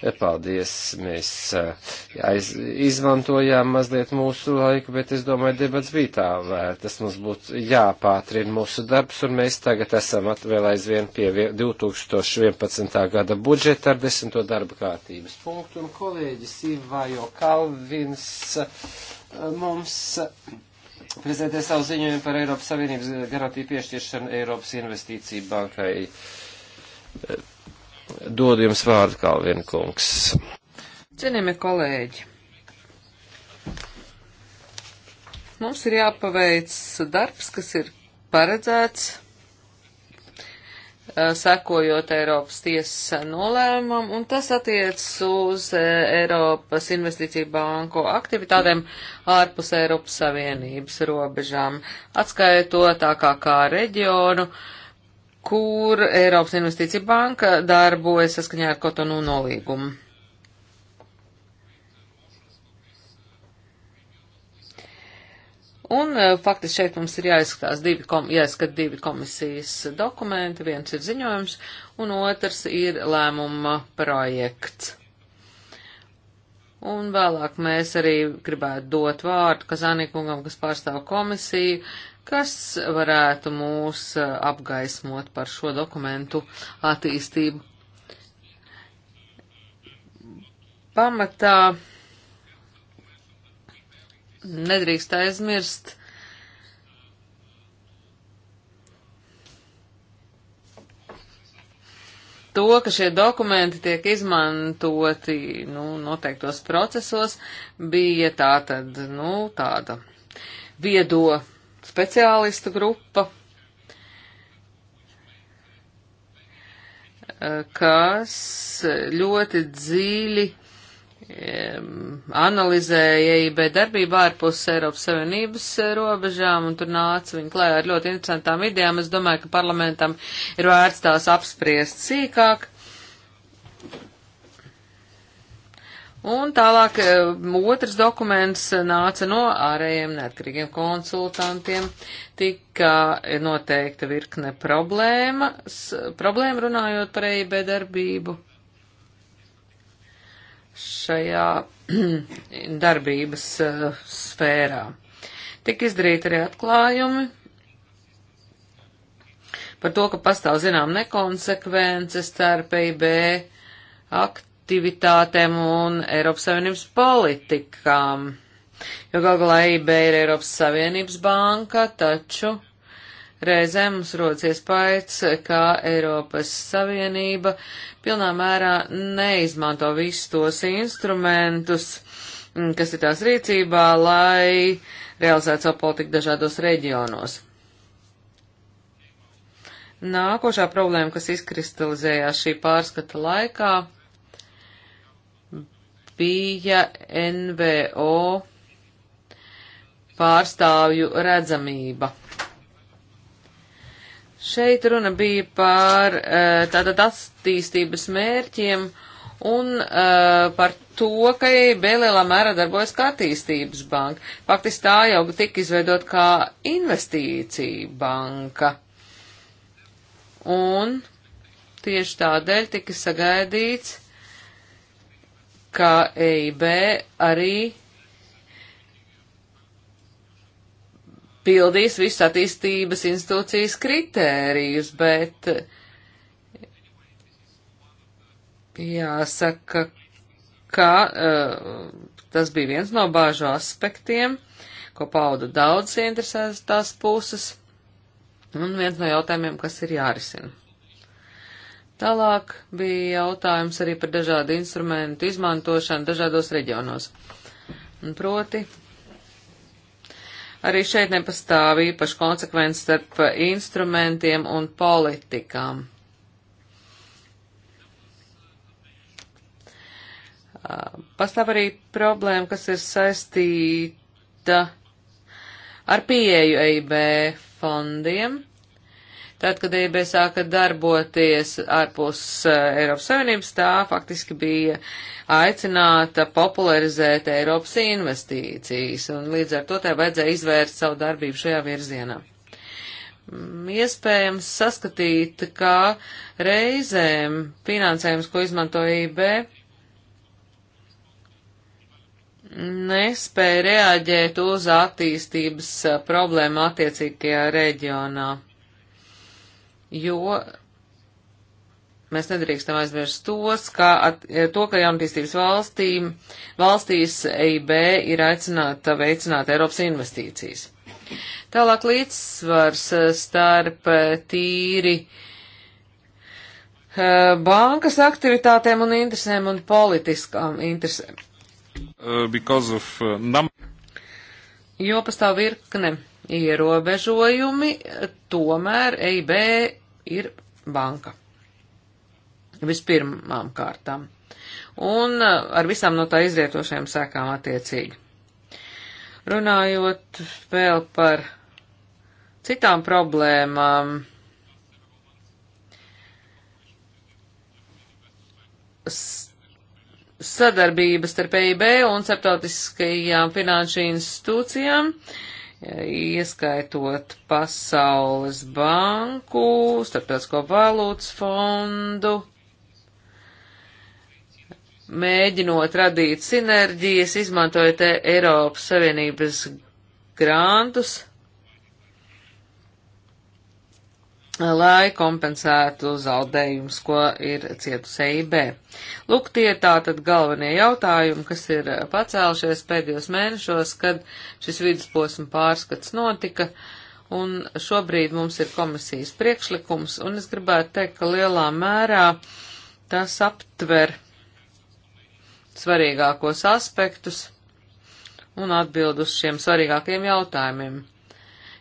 Paldies, mēs eh, aiz, izmantojām mazliet mūsu laiku, bet es domāju, debats bija tā vērtas. Mums būtu jāpātrina mūsu darbs, un mēs tagad esam vēl aizvien pie 2011. gada budžeta ar desmito darba kārtības punktu, un kolēģis Ivajo Kalvins eh, mums prezentē savu ziņojumu par Eiropas Savienības garantiju piešķiršanu Eiropas investīciju bankai dodu jums vārdu, Kalvin kungs. Cienījamie kolēģi, mums ir jāpaveic darbs, kas ir paredzēts, sekojot Eiropas tiesas nolēmumam, un tas attiec uz Eiropas investīciju banku aktivitātēm ārpus Eiropas Savienības robežām, atskaitot tā kā, kā reģionu. Uh, kur Eiropas Investīcija banka darbojas saskaņā ar Kotonu nolīgumu. Un eh, faktiski šeit mums ir jāizskatās divi, kom, jāizskat divi komisijas dokumenti, viens ir ziņojums un otrs ir lēmuma projekts. Un vēlāk mēs arī gribētu dot vārdu Kazanīkungam, kas pārstāv komisiju, Kas varētu mūs apgaismot par šo dokumentu attīstību? Pamatā nedrīkst aizmirst, to, ka šie dokumenti tiek izmantoti nu, noteiktos procesos, bija tā tad, nu, tāda viedo speciālistu grupa, kas ļoti dziļi analizēja EIB darbību ārpus Eiropas Savienības robežām, un tur nāca viņa klājā ar ļoti interesantām idejām. Es domāju, ka parlamentam ir vērts tās apspriest sīkāk. Un tālāk e, otrs dokuments nāca no ārējiem neatkarīgiem konsultantiem. Tika noteikta virkne problēmas, problēma runājot par EIB darbību. Šajā darbības e, sfērā. Tik izdarīti arī atklājumi par to, ka pastāv zinām nekonsekvences starp EIB aktivitāti aktivitātēm un Eiropas Savienības politikām. Jo gal galā IB e ir Eiropas Savienības banka, taču reizē mums rodas iespējas, ka Eiropas Savienība pilnā mērā neizmanto visus tos instrumentus, mm, kas ir tās rīcībā, lai realizētu savu politiku dažādos reģionos. Nākošā problēma, kas izkristalizējās šī pārskata laikā, bija NVO pārstāvju redzamība. Šeit runa bija par eh, tātad attīstības mērķiem un eh, par to, ka EIB lielā mērā darbojas kā attīstības banka. Faktiski tā jau tika izveidot kā investīcija banka. Un tieši tādēļ tika sagaidīts, ka EIB arī pildīs visu attīstības institūcijas kritērijus, bet jāsaka, ka uh, tas bija viens no bāžu aspektiem, ko pauda daudzas interesētās puses, un viens no jautājumiem, kas ir jārisina. Tālāk bija jautājums arī par dažādu instrumentu izmantošanu dažādos reģionos. Un proti, arī šeit nepastāv īpaši konsekvences starp instrumentiem un politikām. Pastāv arī problēma, kas ir saistīta ar pieeju EIB fondiem Tad, kad EIB sāka darboties ārpus eh, Eiropas Savienības, tā faktiski bija aicināta popularizēt Eiropas investīcijas, un līdz ar to tai vajadzēja izvērst savu darbību šajā virzienā mm, iespējams saskatīt, kā reizēm finansējums, ko izmanto IB, e nespēja reaģēt uz attīstības eh, problēmu attiecīgajā reģionā jo mēs nedrīkstam aizmirst tos, ka at, to, ka jaunatīstības valstīm, valstīs EIB ir aicināta veicināt Eiropas investīcijas. Tālāk līdzsvars eh, starp eh, tīri eh, bankas aktivitātēm un interesēm un politiskām interesēm. Uh, of, uh, jo pastāv virkne ierobežojumi, tomēr EIB ir banka. Vispirmām kārtām. Un uh, ar visām no tā izrietošajām sēkām attiecīgi. Runājot vēl par citām problēmām. Sadarbības starp EIB un starptautiskajām finanšu institūcijām uh, ieskaitot Pasaules banku, Starptautisko valūtas fondu, mēģinot radīt sinerģijas, izmantojot Eiropas Savienības grantus lai kompensētu zaudējumus, ko ir cietusi EIB. Lūk, tie tātad galvenie jautājumi, kas ir pacēlušies pēdējos mēnešos, kad šis vidusposma pārskats notika, un šobrīd mums ir komisijas priekšlikums, un es gribētu teikt, ka lielā mērā tas aptver svarīgākos aspektus un atbild uz šiem svarīgākiem jautājumiem.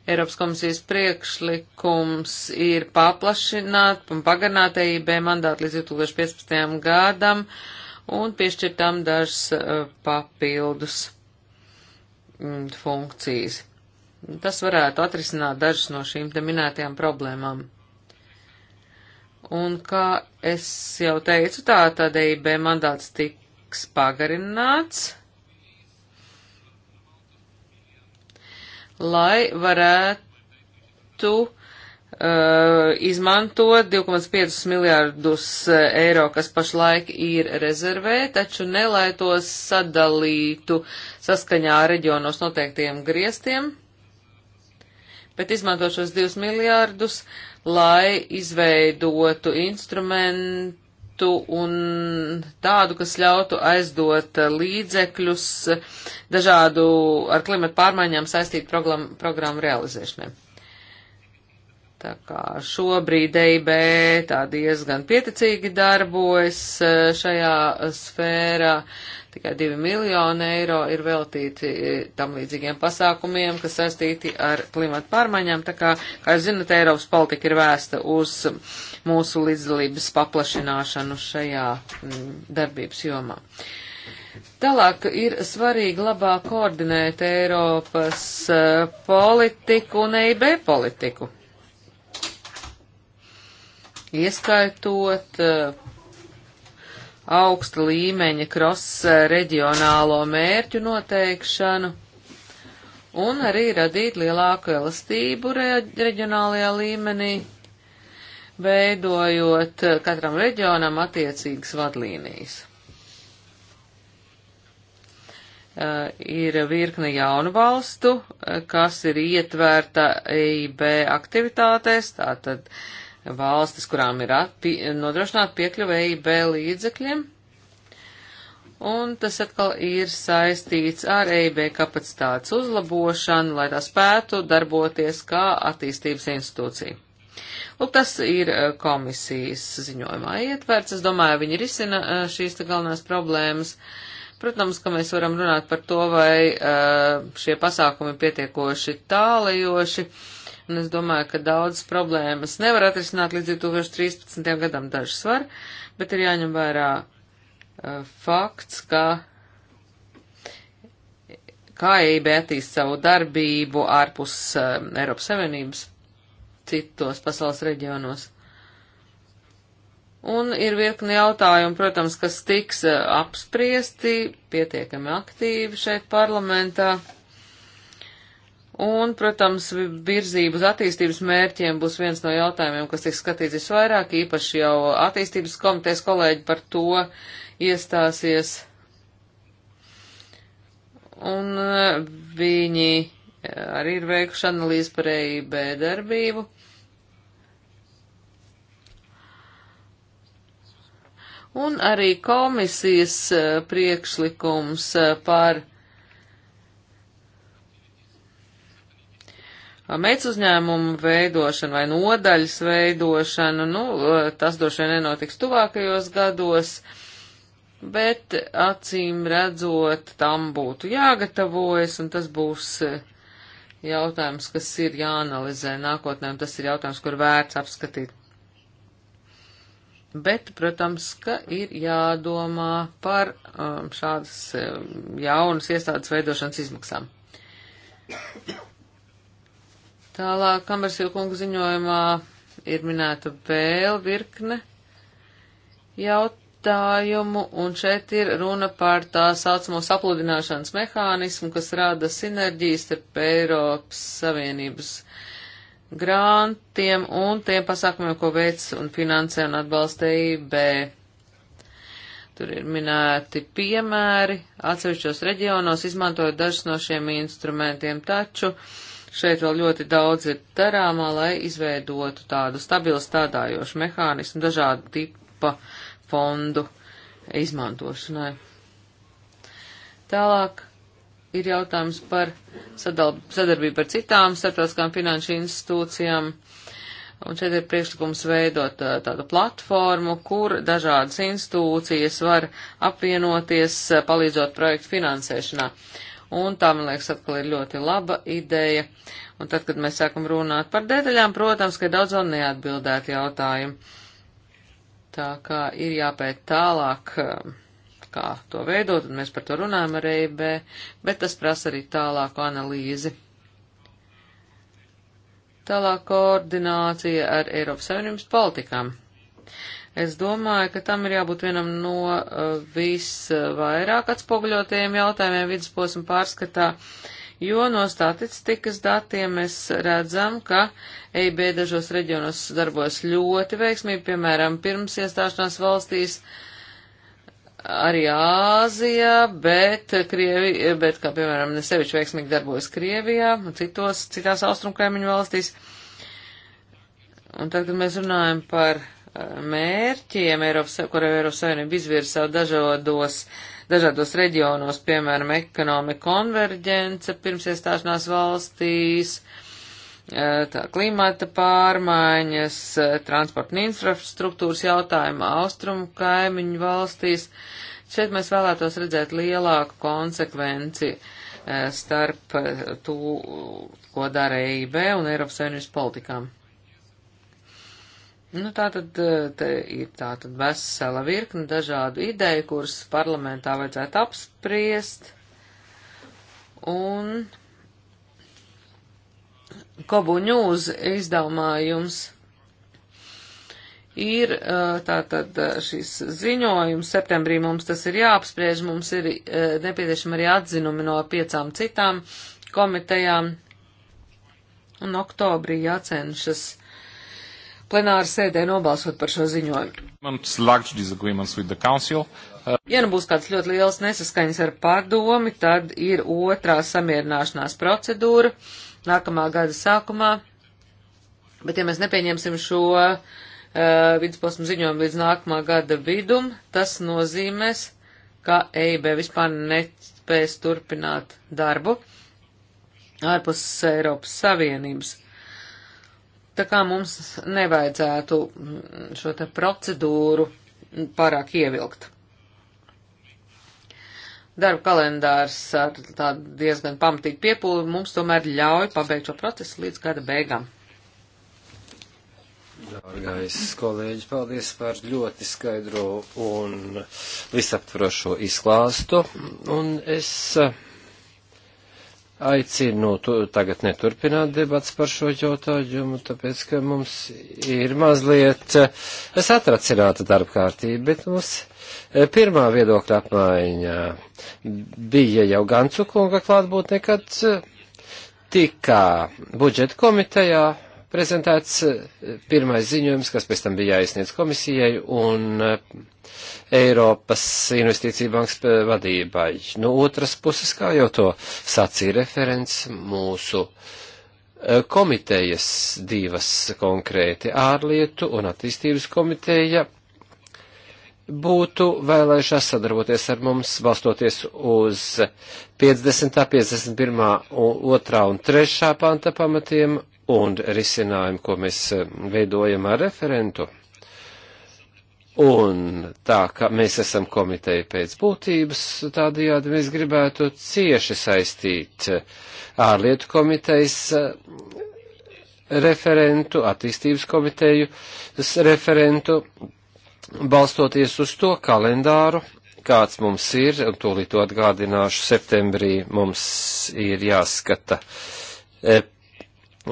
Eiropas komisijas priekšlikums ir paplašināt un pagarināt EIB mandātu līdz 2015. gadam un piešķirtām dažas eh, papildus mm, funkcijas. Tas varētu atrisināt dažas no šīm te minētajām problēmām. Un kā es jau teicu, tā tad EIB mandāts tiks pagarināts lai varētu uh, izmantot 2,5 miljārdus uh, eiro, kas pašlaik ir rezervē, taču ne lai tos sadalītu saskaņā reģionos noteiktiem griestiem, bet izmantot šos 2 miljārdus, lai izveidotu instrumentu instrumentu un tādu, kas ļautu aizdot līdzekļus dažādu ar klimatu pārmaiņām saistītu programmu, programmu realizēšanai. Tā kā šobrīd EIB tā diezgan pieticīgi darbojas e, šajā sfērā, tikai 2 miljoni eiro ir veltīti e, tam līdzīgiem pasākumiem, kas saistīti ar klimatu pārmaiņām. Tā kā, kā jūs zinat, Eiropas politika ir vēsta uz mūsu līdzdalības paplašināšanu šajā mm, darbības jomā. Tālāk ir svarīgi labāk koordinēt Eiropas eh, politiku un EIB politiku. Ieskaitot eh, augsta līmeņa kross reģionālo mērķu noteikšanu un arī radīt lielāku elastību reģionālajā līmenī veidojot eh, katram reģionam attiecīgas vadlīnijas. Eh, ir virkne jaunu valstu, eh, kas ir ietvērta EIB aktivitātēs, tātad valstis, kurām ir atpi, nodrošināta piekļuve EIB līdzekļiem, un tas atkal ir saistīts ar EIB kapacitātes uzlabošanu, lai tā spētu darboties kā attīstības institūcija. Lūk, nu, tas ir eh, komisijas ziņojumā ietverts. Es domāju, viņi risina eh, šīs te galvenās problēmas. Protams, ka mēs varam runāt par to, vai eh, šie pasākumi pietiekoši tālajoši. Un es domāju, ka daudzas problēmas nevar atrisināt līdz 2013. gadam dažas var, bet ir jāņem vērā fakts, ka kā EIB attīst savu darbību ārpus Eiropas Savienības citos pasaules reģionos. Un ir virkni jautājumi, protams, kas tiks eh, apspriesti pietiekami aktīvi šeit parlamentā. Un, protams, virzību uz attīstības mērķiem būs viens no jautājumiem, kas tiks skatīts visvairāk, īpaši jau attīstības komitejas kolēģi par to iestāsies. Un eh, viņi eh, arī ir veikuši analīzi par EIB darbību un arī komisijas eh, priekšlikums eh, par Meitas uzņēmumu veidošanu vai nodaļas veidošanu, nu, eh, tas droši vien nenotiks tuvākajos gados, bet acīm redzot, tam būtu jāgatavojas, un tas būs jautājums, kas ir jāanalizē nākotnē, un tas ir jautājums, kur vērts apskatīt. Bet, protams, ka ir jādomā par um, šādas um, jaunas iestādes veidošanas izmaksām. Tālāk, Kamersīla kunga ziņojumā ir minēta vēl virkne jautājumu, un šeit ir runa par tā saucamo sapludināšanas mehānismu, kas rada sinerģijas starp Eiropas Savienības uh, grāntiem un tiem pasākumiem, ko veids un finansē un atbalsta IB. Tur ir minēti piemēri atsevišķos reģionos, izmantojot dažus no šiem instrumentiem, taču šeit vēl ļoti daudz ir darāmā, lai izveidotu tādu stabilu stādājošu mehānismu dažādu tipa fondu izmantošanai. Tālāk ir jautājums par sadalb, sadarbību ar citām starptautiskām finanšu institūcijām. Un šeit ir priekšlikums veidot tādu platformu, kur dažādas institūcijas var apvienoties, palīdzot projektu finansēšanā. Un tā, man liekas, atkal ir ļoti laba ideja. Un tad, kad mēs sākam runāt par detaļām, protams, ka ir daudz vēl neatbildēti jautājumi. Tā kā ir jāpēt tālāk. Uh, kā to veidot, un mēs par to runājam ar EIB, bet tas prasa arī tālāku analīzi. Tālāk koordinācija ar Eiropas Savienības politikām. Es domāju, ka tam ir jābūt vienam no uh, visvairāk atspoguļotajiem jautājumiem vidusposma pārskatā, jo no statistikas datiem mēs redzam, ka EIB dažos reģionos darbojas ļoti veiksmīgi, piemēram, pirms iestāšanās valstīs uh, arī Āzijā, bet, Krievi, bet kā piemēram, Nesevičs veiksmīgi darbojas Krievijā un citos, citās austrumkaimiņu valstīs. Un tad, kad mēs runājam par eh, mērķiem, Eiropas, kur Eiropas Savienība izvirsa dažādos, dažādos reģionos, piemēram, ekonomika konverģence pirms iestāšanās valstīs, uh, tā klimata pārmaiņas, transporta un infrastruktūras jautājuma austrumu kaimiņu valstīs. Šeit mēs vēlētos redzēt lielāku konsekvenci starp to, ko dara EIB un Eiropas Savienības politikām. Nu, tā tad ir tā tad vesela virkne dažādu ideju, kuras parlamentā vajadzētu apspriest. Un Kobu News izdevumā jums ir tātad šis ziņojums. Septembrī mums tas ir jāapspriež, mums ir nepieciešama arī atzinumi no piecām citām komitejām. Un oktobrī jācenšas plenāra sēdē nobalsot par šo ziņojumu. Ja nu būs kāds ļoti liels nesaskaņas ar pārdomi, tad ir otrā samierināšanās procedūra. Uh, nākamā gada sākumā, bet ja mēs nepieņemsim šo uh, vidusposmu ziņojumu līdz nākamā gada vidum, tas nozīmēs, ka EIB vispār nespēs turpināt darbu ārpus Eiropas Savienības. Tā kā mums nevajadzētu mm, šo te procedūru pārāk ievilkt darba kalendārs ar tādu diezgan pamatīgu piepūli mums tomēr ļauj pabeigt šo procesu līdz gada beigām. Dārgais kolēģi, paldies par ļoti skaidro un visaptvarošo izklāstu. Un es uh, aicinu tu, tagad neturpināt debats par šo jautājumu, tāpēc, ka mums ir mazliet, es eh, atracināta darba kārtība, bet mums eh, pirmā viedokļa apmaiņa bija jau Gancu kunga klātbūt nekad eh, tikā budžeta komitejā prezentēts eh, pirmais ziņojums, kas pēc tam bija jāiesniedz komisijai un eh, Eiropas investīcija bankas eh, vadībai. No otras puses, kā jau to sacīja referents, mūsu komitejas divas konkrēti ārlietu un attīstības komiteja būtu vēlējušās sadarboties ar mums, balstoties uz 50., 51., 2. un 3. panta pamatiem un risinājumu, ko mēs eh, veidojam ar referentu. Un tā kā mēs esam komiteja pēc būtības, tādējādi mēs gribētu cieši saistīt eh, ārlietu komitejas eh, referentu, attīstības komiteju referentu, balstoties uz to kalendāru, kāds mums ir, un tūlīt to atgādināšu, septembrī mums ir jāskata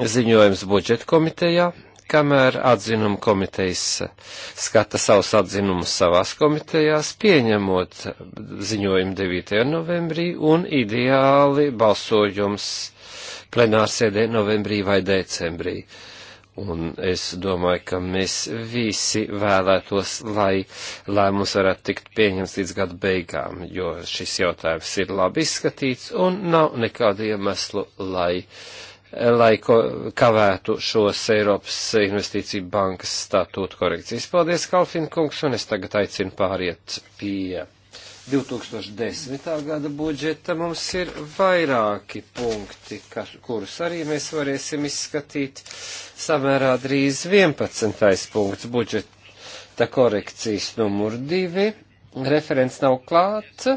ziņojums budžeta komitejā, kamēr atzinuma komitejas skata savus atzinumus savās komitejās, pieņemot ziņojumu 9. novembrī un ideāli balsojums plenārsēdē novembrī vai decembrī. Un es domāju, ka mēs visi vēlētos, lai lēmums varētu tikt pieņemts līdz gada beigām, jo šis jautājums ir labi izskatīts un nav nekādu iemeslu, lai lai kavētu šos Eiropas investīciju bankas statūtu korekcijas. Paldies, Kalfin kungs, un es tagad aicinu pāriet pie 2010. gada budžeta. Mums ir vairāki punkti, kas, kurus arī mēs varēsim izskatīt samērā drīz 11. punkts budžeta korekcijas numur 2. Referents nav klāts.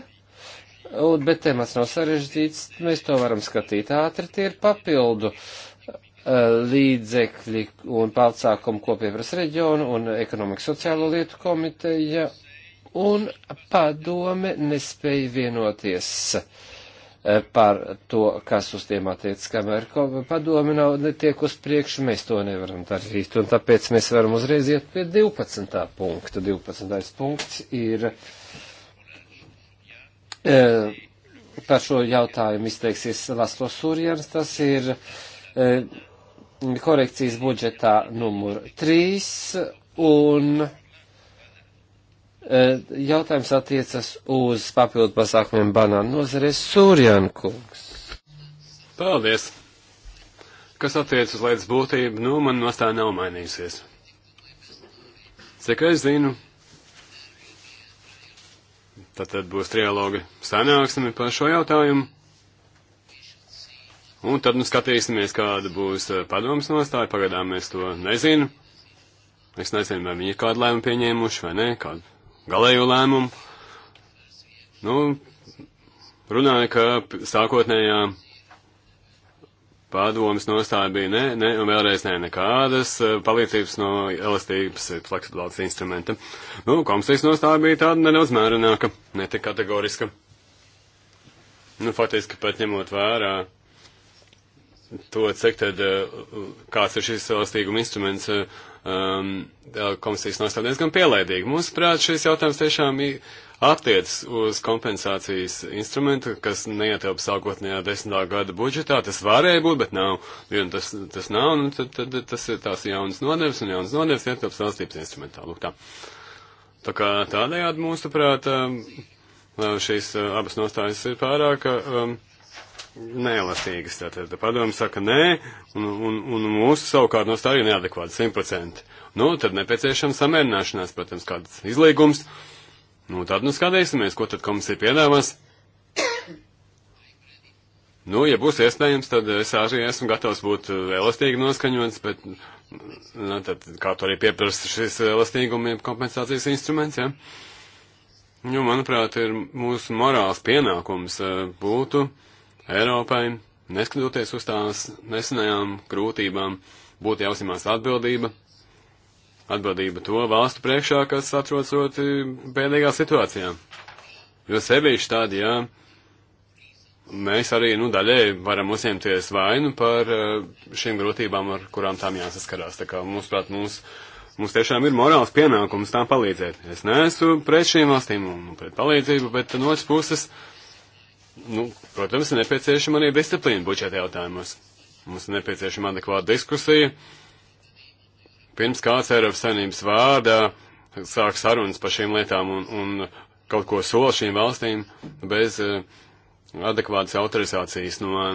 Un, bet temats nav sarežģīts, mēs to varam skatīt ātri, tie ir papildu uh, līdzekļi un pārcākumu kopievras reģionu un ekonomikas sociālo lietu komiteja un padome nespēja vienoties uh, par to, kas uz tiem attiec, kamēr padome nav netiek uz priekšu, mēs to nevaram darīt, un tāpēc mēs varam uzreiz iet pie 12. punkta. 12. punkts ir uh, E, par šo jautājumu izteiksies Laslo Surjans. Tas ir e, korekcijas budžetā numur 3 un e, jautājums attiecas uz papildu pasākumiem banānu nozarē Surjankungs. Paldies! Kas attiecas uz lietas būtību, nu man nostāja nav mainījusies. Cik es zinu, Tātad būs trialoga sanāksme par šo jautājumu. Un tad nu skatīsimies, kāda būs eh, padomas nostāja. Pagaidām es to nezinu. Es nezinu, vai viņi ir kādu lēmumu pieņēmuši vai nē, kādu galēju lēmumu. Nu, runāja, ka sākotnējā Padomas nostāja bija ne, ne, un vēlreiz ne, nekādas eh, palīdzības no elastības eh, fleksibilitātes instrumenta. Nu, komisijas nostāja bija tāda nedaudz mērenāka, netik kategoriska. Nu, faktiski pat ņemot vērā. Uh, to, cik tad, eh, kāds ir šis elastīguma instruments, eh, um, eh, komisijas nostāv diezgan pielaidīgi. Mūsuprāt, šis jautājums tiešām attiec uz kompensācijas instrumentu, kas neietilp sākotnējā desmitā gada budžetā. Tas varēja būt, bet nav. Jo tas, tas nav, un nu, tad, tad, tad tas ir tās jaunas nodevs, un jaunas nodevs ietilp elastības instrumentā. Lūk tā. Tā kā tādējādi, mūsuprāt, um, šīs abas nostājas ir pārāk. Um, neelastīgas. Tātad padomu saka nē, un, un, un mūsu savukārt no tā arī neadekvāti 100%. Nu, tad nepieciešams samērināšanās, protams, kāds izlīgums. Nu, tad nu skatīsimies, ko tad komisija piedāvās. Nu, ja būs iespējams, tad es arī esmu gatavs būt uh, elastīgi noskaņots, bet nu, tad, kā to arī pieprasa šis elastīguma kompensācijas instruments, jā. Ja? Jo, nu, manuprāt, ir mūsu morāls pienākums uh, būtu. Uh, Eiropai, neskatoties uz tās nesenajām grūtībām, būtu jāuzņemās atbildība. Atbildība to valstu priekšā, kas atrodas ļoti bēdīgā situācijā. Jo sevišķi tādi, jā, mēs arī, nu, daļēji varam uzņemties vainu par eh, šīm grūtībām, ar kurām tām jāsaskarās. Tā kā, mūsuprāt, mūsu mums tiešām ir morāls pienākums tām palīdzēt. Es neesmu pret šīm valstīm un pret palīdzību, bet no otras puses nu, protams, ir nepieciešama arī disciplīna budžeta jautājumos. Mums ir nepieciešama adekvāta diskusija. Pirms kāds Eiropas saimnības vārdā sāk sarunas par šīm lietām un, un kaut ko sola šīm valstīm bez uh, adekvātas autorizācijas no,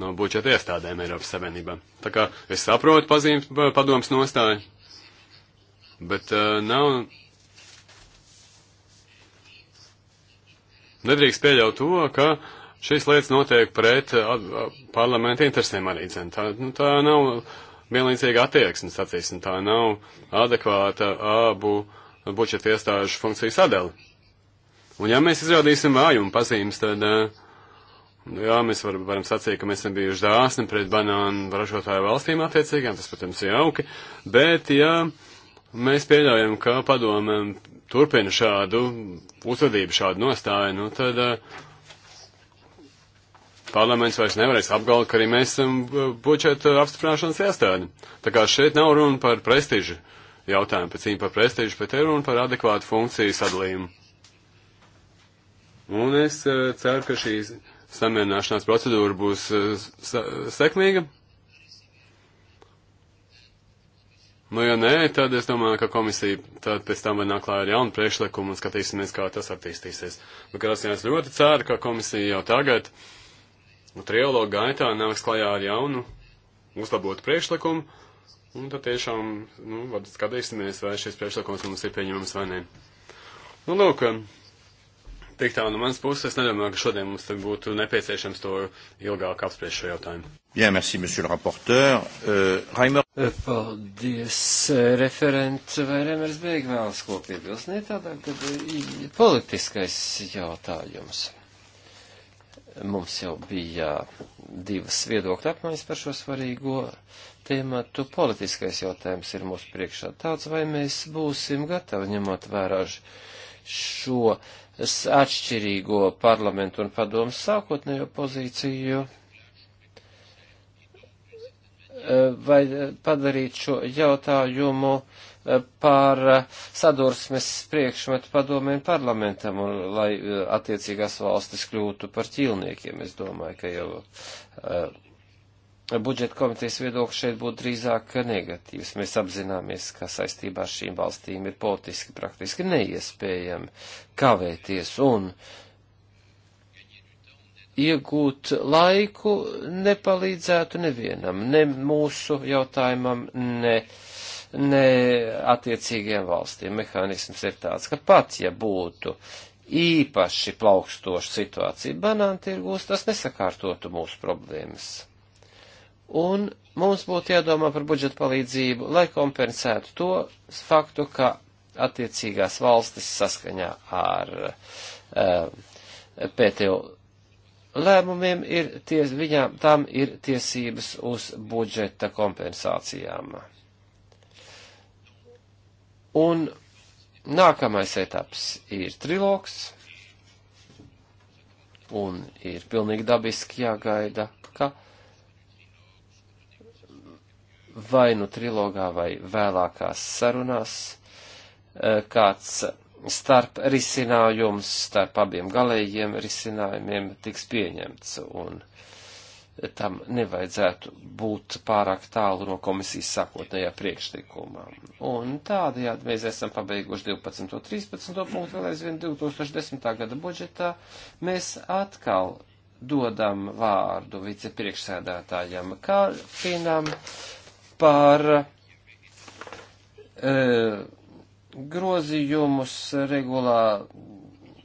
no budžeta iestādēm Eiropas Savienībā. Tā kā es saprotu pazīmes padoms nostāju, bet uh, nav Nedrīkst pieļaut to, ka šīs lietas notiek pret uh, uh, parlamenta interesēm arī. Zin. Tā, nu, tā nav vienlīdzīga attieksme, sacīsim, tā nav adekvāta abu budžeta iestāžu funkciju sadali. Un ja mēs izrādīsim vājumu pazīmes, tad, uh, jā, mēs var, varam sacīt, ka mēs esam bijuši dāsni pret banānu ražotāju valstīm attiecīgām, tas, protams, ir jauki, bet, ja mēs pieļaujam, ka padomēm turpina šādu uzvedību, šādu nostāju, nu tad eh, parlaments vairs nevarēs apgalvot, ka arī mēs esam eh, budžeta apstiprināšanas iestādi. Tā kā šeit nav runa par prestižu jautājumu, par cīņu par prestižu, bet ir runa par adekvātu funkciju sadalījumu. Un es eh, ceru, ka šī samierināšanās procedūra būs sekmīga. Nu, ja nē, tad es domāju, ka komisija tad pēc tam vēl nāk klāja ar jaunu priekšlikumu un skatīsimies, kā tas attīstīsies. Nu, kādas es ļoti ceru, ka komisija jau tagad nu, trialogu gaitā nāks klājā ar jaunu uzlabotu priekšlikumu. Un tad tiešām, nu, skatīsimies, vai šis priekšlikums mums ir pieņemams vai nē. Nu, lūk, Tik tā no manas puses, es nedomāju, ka šodien mums būtu nepieciešams to ilgāk apspriest šo jautājumu. Jā, merci, monsieur le rapporteur. Uh, Raimer... Eh, paldies, eh, referents vai Remers Beigvēls, ko piebilst. Ne tādā, ka politiskais jautājums. Mums jau bija divas viedokļa apmaiņas par šo svarīgo tēmatu. Politiskais jautājums ir mūsu priekšā tāds, vai mēs būsim gatavi ņemot vērā šo. Uh, atšķirīgo parlamentu un padomu sākotnējo pozīciju, e, vai padarīt šo jautājumu e, par sadursmes priekšmetu padomēm parlamentam, un lai e, attiecīgās valstis kļūtu par ķīlniekiem. Es domāju, ka jau budžeta komitejas viedoklis šeit būtu drīzāk negatīvs. Mēs apzināmies, ka saistībā ar šīm valstīm ir politiski praktiski neiespējami kavēties un iegūt laiku nepalīdzētu nevienam, ne mūsu jautājumam, ne, ne attiecīgiem valstīm. Mehānisms ir tāds, ka pat ja būtu īpaši plaukstoša situācija banāntirgūs, tas nesakārtotu mūsu problēmas un mums būtu jādomā par budžeta palīdzību, lai kompensētu to faktu, ka attiecīgās valstis saskaņā ar uh, eh, PTO lēmumiem ir, ties, viņām, tam ir tiesības uz budžeta kompensācijām. Un nākamais etaps ir trilogs, un ir pilnīgi dabiski jāgaida, ka vai nu trilogā vai vēlākās sarunās e, kāds starp risinājums, starp abiem galējiem risinājumiem tiks pieņemts, un tam nevajadzētu būt pārāk tālu no komisijas sākotnējā priekšlikumā. Un tādējādi mēs esam pabeiguši 12. un 13. punktu, vēl aizvien 2010. gada budžetā mēs atkal dodam vārdu vicepriekšsēdētājam Kārfinam, par e, grozījumus regulā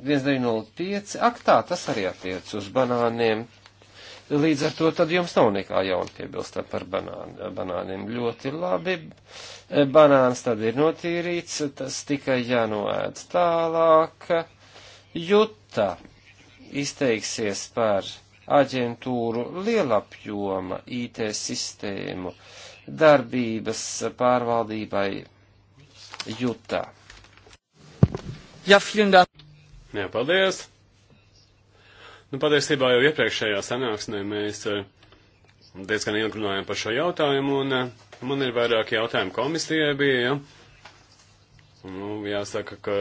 1905 aktā, tas arī attiec uz banāniem. Līdz ar to tad jums nav nekā jauna piebilstā par banāni, banāniem. Ļoti labi. Eh, banāns tad ir notīrīts, tas tikai jānoēd tālāk. Juta izteiksies par aģentūru lielapjoma IT sistēmu darbības pārvaldībai jutā. Jā, ja, Jā, paldies! Nu, patiesībā jau iepriekšējā sanāksmē mēs eh, diezgan ilgi runājām par šo jautājumu, un eh, man ir vairāk jautājumu komisijai bija, ja? Nu, jāsaka, ka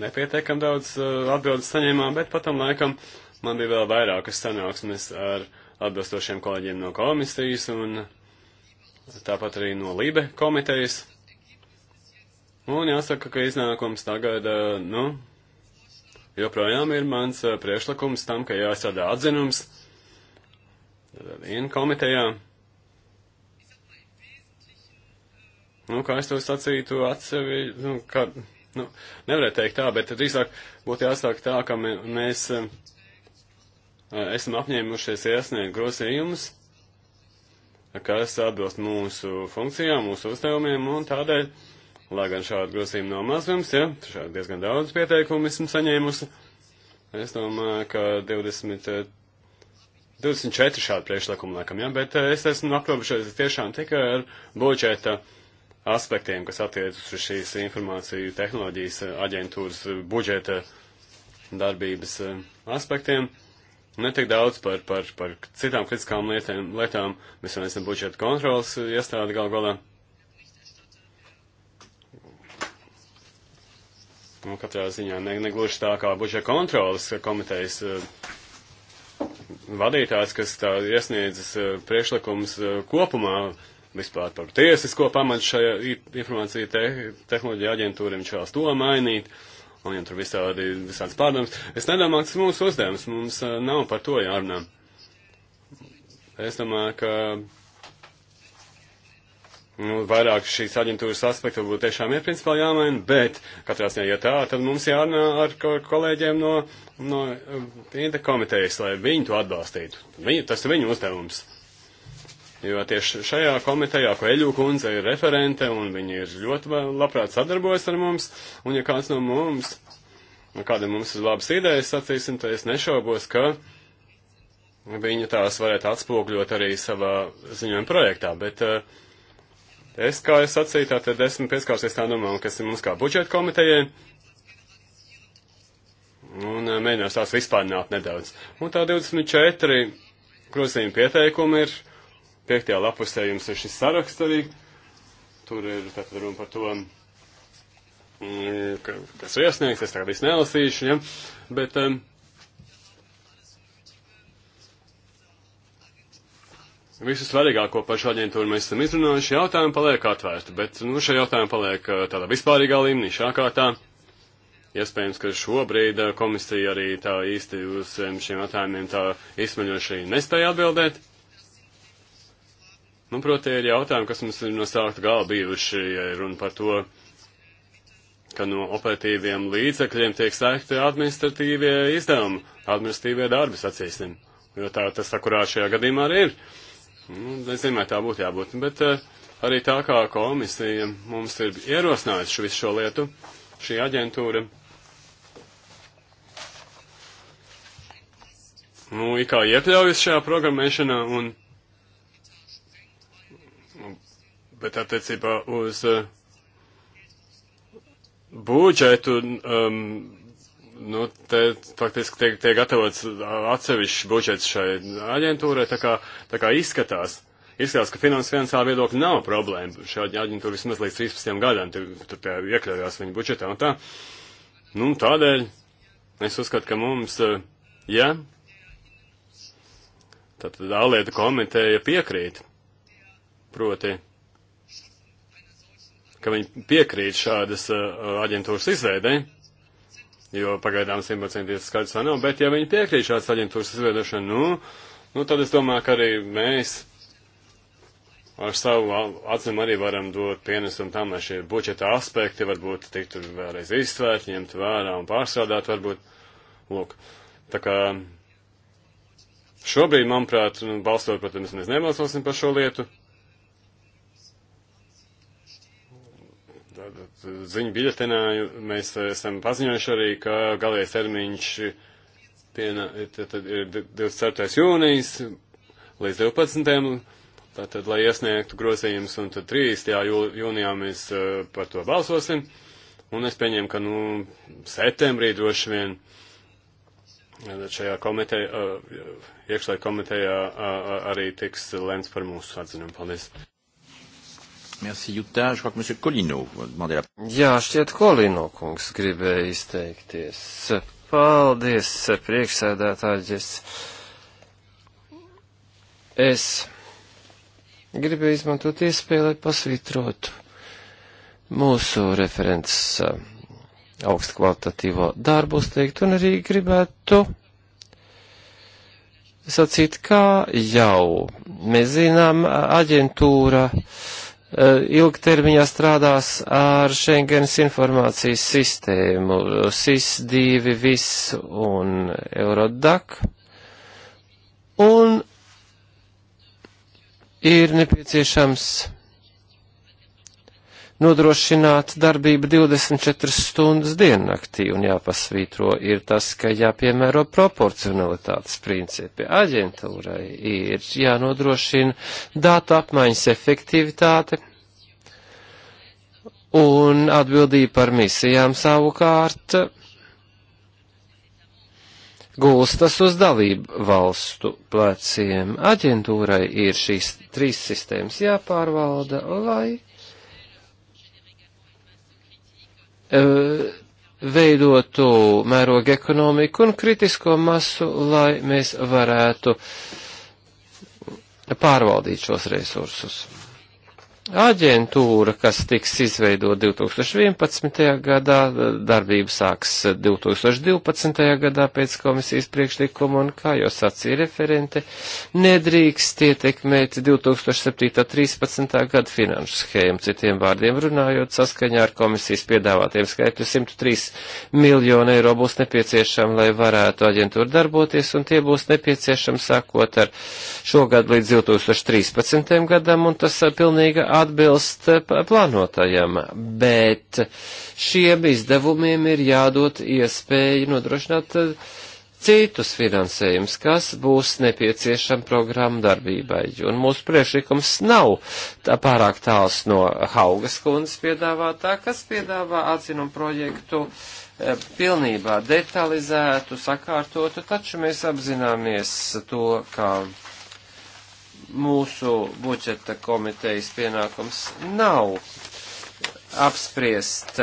nepietiekam daudz eh, atbildes saņēmām, bet patam laikam Man bija vēl vairākas sanāksmes ar atbilstošiem kolēģiem no komisijas un tāpat arī no Libe komitejas. Un jāsaka, ka iznākums tagad, eh, nu, joprojām ir mans eh, priešlikums tam, ka jāstrādā atzinums eh, viena komitejā. Nu, kā es to sacītu atsevi, nu, kā, nu, nevarētu teikt tā, bet drīzāk būtu jāsāk tā, ka mēs esam apņēmušies iesniegt grozījumus, kas atbilst mūsu funkcijām, mūsu uzdevumiem, un tādēļ, lai gan šādu grozījumu nav mazums, ja, šādi diezgan daudz pieteikumu esam saņēmusi, es domāju, ka 20, 24 šādu priekšlikumu laikam, ja, bet es esmu aprobežojies tiešām tikai ar budžeta aspektiem, kas attiecas uz šīs informāciju tehnoloģijas aģentūras budžeta darbības aspektiem. Uh, Netik daudz par, par, par citām kritiskām lietām, lietām. mēs jau esam budžeta kontrolas iestādi gal galā. Nu, katrā ziņā ne, negluži tā kā budžeta kontrolas komitejas eh, vadītājs, kas tā iesniedzis eh, priekšlikums eh, kopumā vispār par tiesisko pamatu šajā informācija te, tehnoloģija aģentūra, viņš vēlas to mainīt. Uh, un ja tur visādi, visāds pārdomas. Es nedomāju, ka tas mūsu uzdevums, mums uh, nav par to jārunā. Es domāju, ka nu, vairāk šīs aģentūras aspektu būtu tiešām ir principāli jāmaina, bet katrā ziņā, ja tā, tad mums jārunā ar kolēģiem no, no eh, Inta komitejas, lai viņi to atbalstītu. Viņi, tas ir viņu uzdevums. Jo tieši šajā komitejā, ko Eļu kundze ir referente, un viņi ir ļoti labprāt sadarbojas ar mums, un ja kāds no mums, nu, kāda mums ir labas idejas, sacīsim, tad es nešaubos, ka viņi tās varētu atspūgļot arī savā ziņojuma projektā, bet eh, es, kā es sacīju, tātad esmu pieskārsies tā normām, kas ir mums kā budžeta komitejai, un eh, mēģinās tās vispārināt nedaudz. Un tā 24 grozījuma pieteikumi ir piektajā lapusē jums ir šis saraksts arī. Tur ir tātad runa par to, mm, kas ir iesniegts, es tagad visu nelasīšu, ja? bet um, visu svarīgāko par šo aģentūru mēs esam izrunājuši, jautājumi paliek atvērti, bet nu, šie jautājumi paliek eh, tādā vispārīgā līmenī, šā kārtā. Iespējams, ka šobrīd eh, komisija arī tā īsti uz šiem jautājumiem tā izsmeļoši nespēja atbildēt. Nu, proti, ir jautājumi, kas mums ir no sākta gala bijuši, ja runa par to, ka no operatīviem līdzekļiem tiek sēgti administratīvie izdevumi, administratīvie darbi, sacīsim. Jo tā tas sakurā šajā gadījumā arī ir. Nu, nezinu, vai tā būtu jābūt, bet uh, arī tā kā komisija mums ir ierosinājusi šo visu šo lietu, šī aģentūra. Nu, it kā iekļaujas šajā programmēšanā un bet attiecībā uz uh, budžetu, um, nu, te faktiski tiek, tiek gatavots uh, atsevišķs budžets šai aģentūrai, tā kā, tā kā izskatās. Izskatās, ka finansiālā viedokļa nav problēma. Šāda aģentūra vismaz līdz 13 gadiem tur, tur tā iekļaujās viņa budžetā un tā. Nu, tādēļ es uzskatu, ka mums, uh, ja, tad ārlietu komiteja piekrīt, proti ka viņi piekrīt šādas uh, aģentūras izveidē, jo pagaidām simtprocentīgi skaidrs vēl nav, bet ja viņi piekrīt šādas aģentūras izveidošanu, nu, nu, tad es domāju, ka arī mēs ar savu atzinumu arī varam dot pienesumu tam, lai šie budžeta aspekti varbūt tiktu vēlreiz izsvērt, ņemt vērā un pārstrādāt varbūt. Lūk, tā kā šobrīd, manuprāt, nu, balstot, protams, mēs nebalsosim par šo lietu, ziņu biļetenā mēs esam paziņojuši arī, ka galējais termiņš piena, tad, tad ir 24. jūnijas līdz 12. Tātad, lai iesniegtu grozījumus, un tad 3. Jū, jūnijā mēs par to balsosim. Un es pieņemu, ka, nu, septembrī droši vien šajā komiteja, iekšlai komitejā arī tiks lēmts par mūsu atzinumu. Paldies! Merci, Jutā. Je crois que M. Kolino demandē la... Jā, šķiet, Kolino kungs gribēja izteikties. Paldies, priekšsēdētāģis. Es gribēju izmantot iespēju, lai pasvītrotu mūsu referents eh, augstu kvalitatīvo darbu uzteikt un arī gribētu sacīt, kā jau mēs zinām, aģentūra uh, Eh, ilgtermiņā strādās ar Schengens informācijas sistēmu, SIS-2, VIS un Eurodac. Un ir nepieciešams nodrošināt darbību 24 stundas diennaktī, un jāpasvītro ir tas, ka jāpiemēro proporcionalitātes principi. Aģentūrai ir jānodrošina datu apmaiņas efektivitāte un atbildība par misijām savukārt gulstas uz dalību valstu pleciem. Aģentūrai ir šīs trīs sistēmas jāpārvalda, lai E, veidotu mērogu ekonomiku un kritisko masu, lai mēs varētu pārvaldīt šos resursus. Aģentūra, kas tiks izveidot 2011. gadā, darbību sāks 2012. gadā pēc komisijas priekšlikuma un, kā jau sacīja referente, nedrīkst ietekmēt 2007.13. gada finanšu schēmu. Citiem vārdiem runājot, saskaņā ar komisijas piedāvātiem skaitļu 103 miljonu eiro būs nepieciešama, lai varētu aģentūra darboties, un tie būs nepieciešami sākot ar šogad līdz 2013. gadam, un tas pilnīga atbilst eh, plānotajam, bet šiem izdevumiem ir jādod iespēja nodrošināt eh, citus finansējums, kas būs nepieciešama programmu darbībai. Un mūsu priekšlikums nav tā pārāk tāls no Haugas kundas piedāvātā, kas piedāvā atzinumu projektu eh, pilnībā detalizētu, sakārtotu, taču mēs apzināmies to, ka. Kā mūsu budžeta komitejas pienākums nav apspriest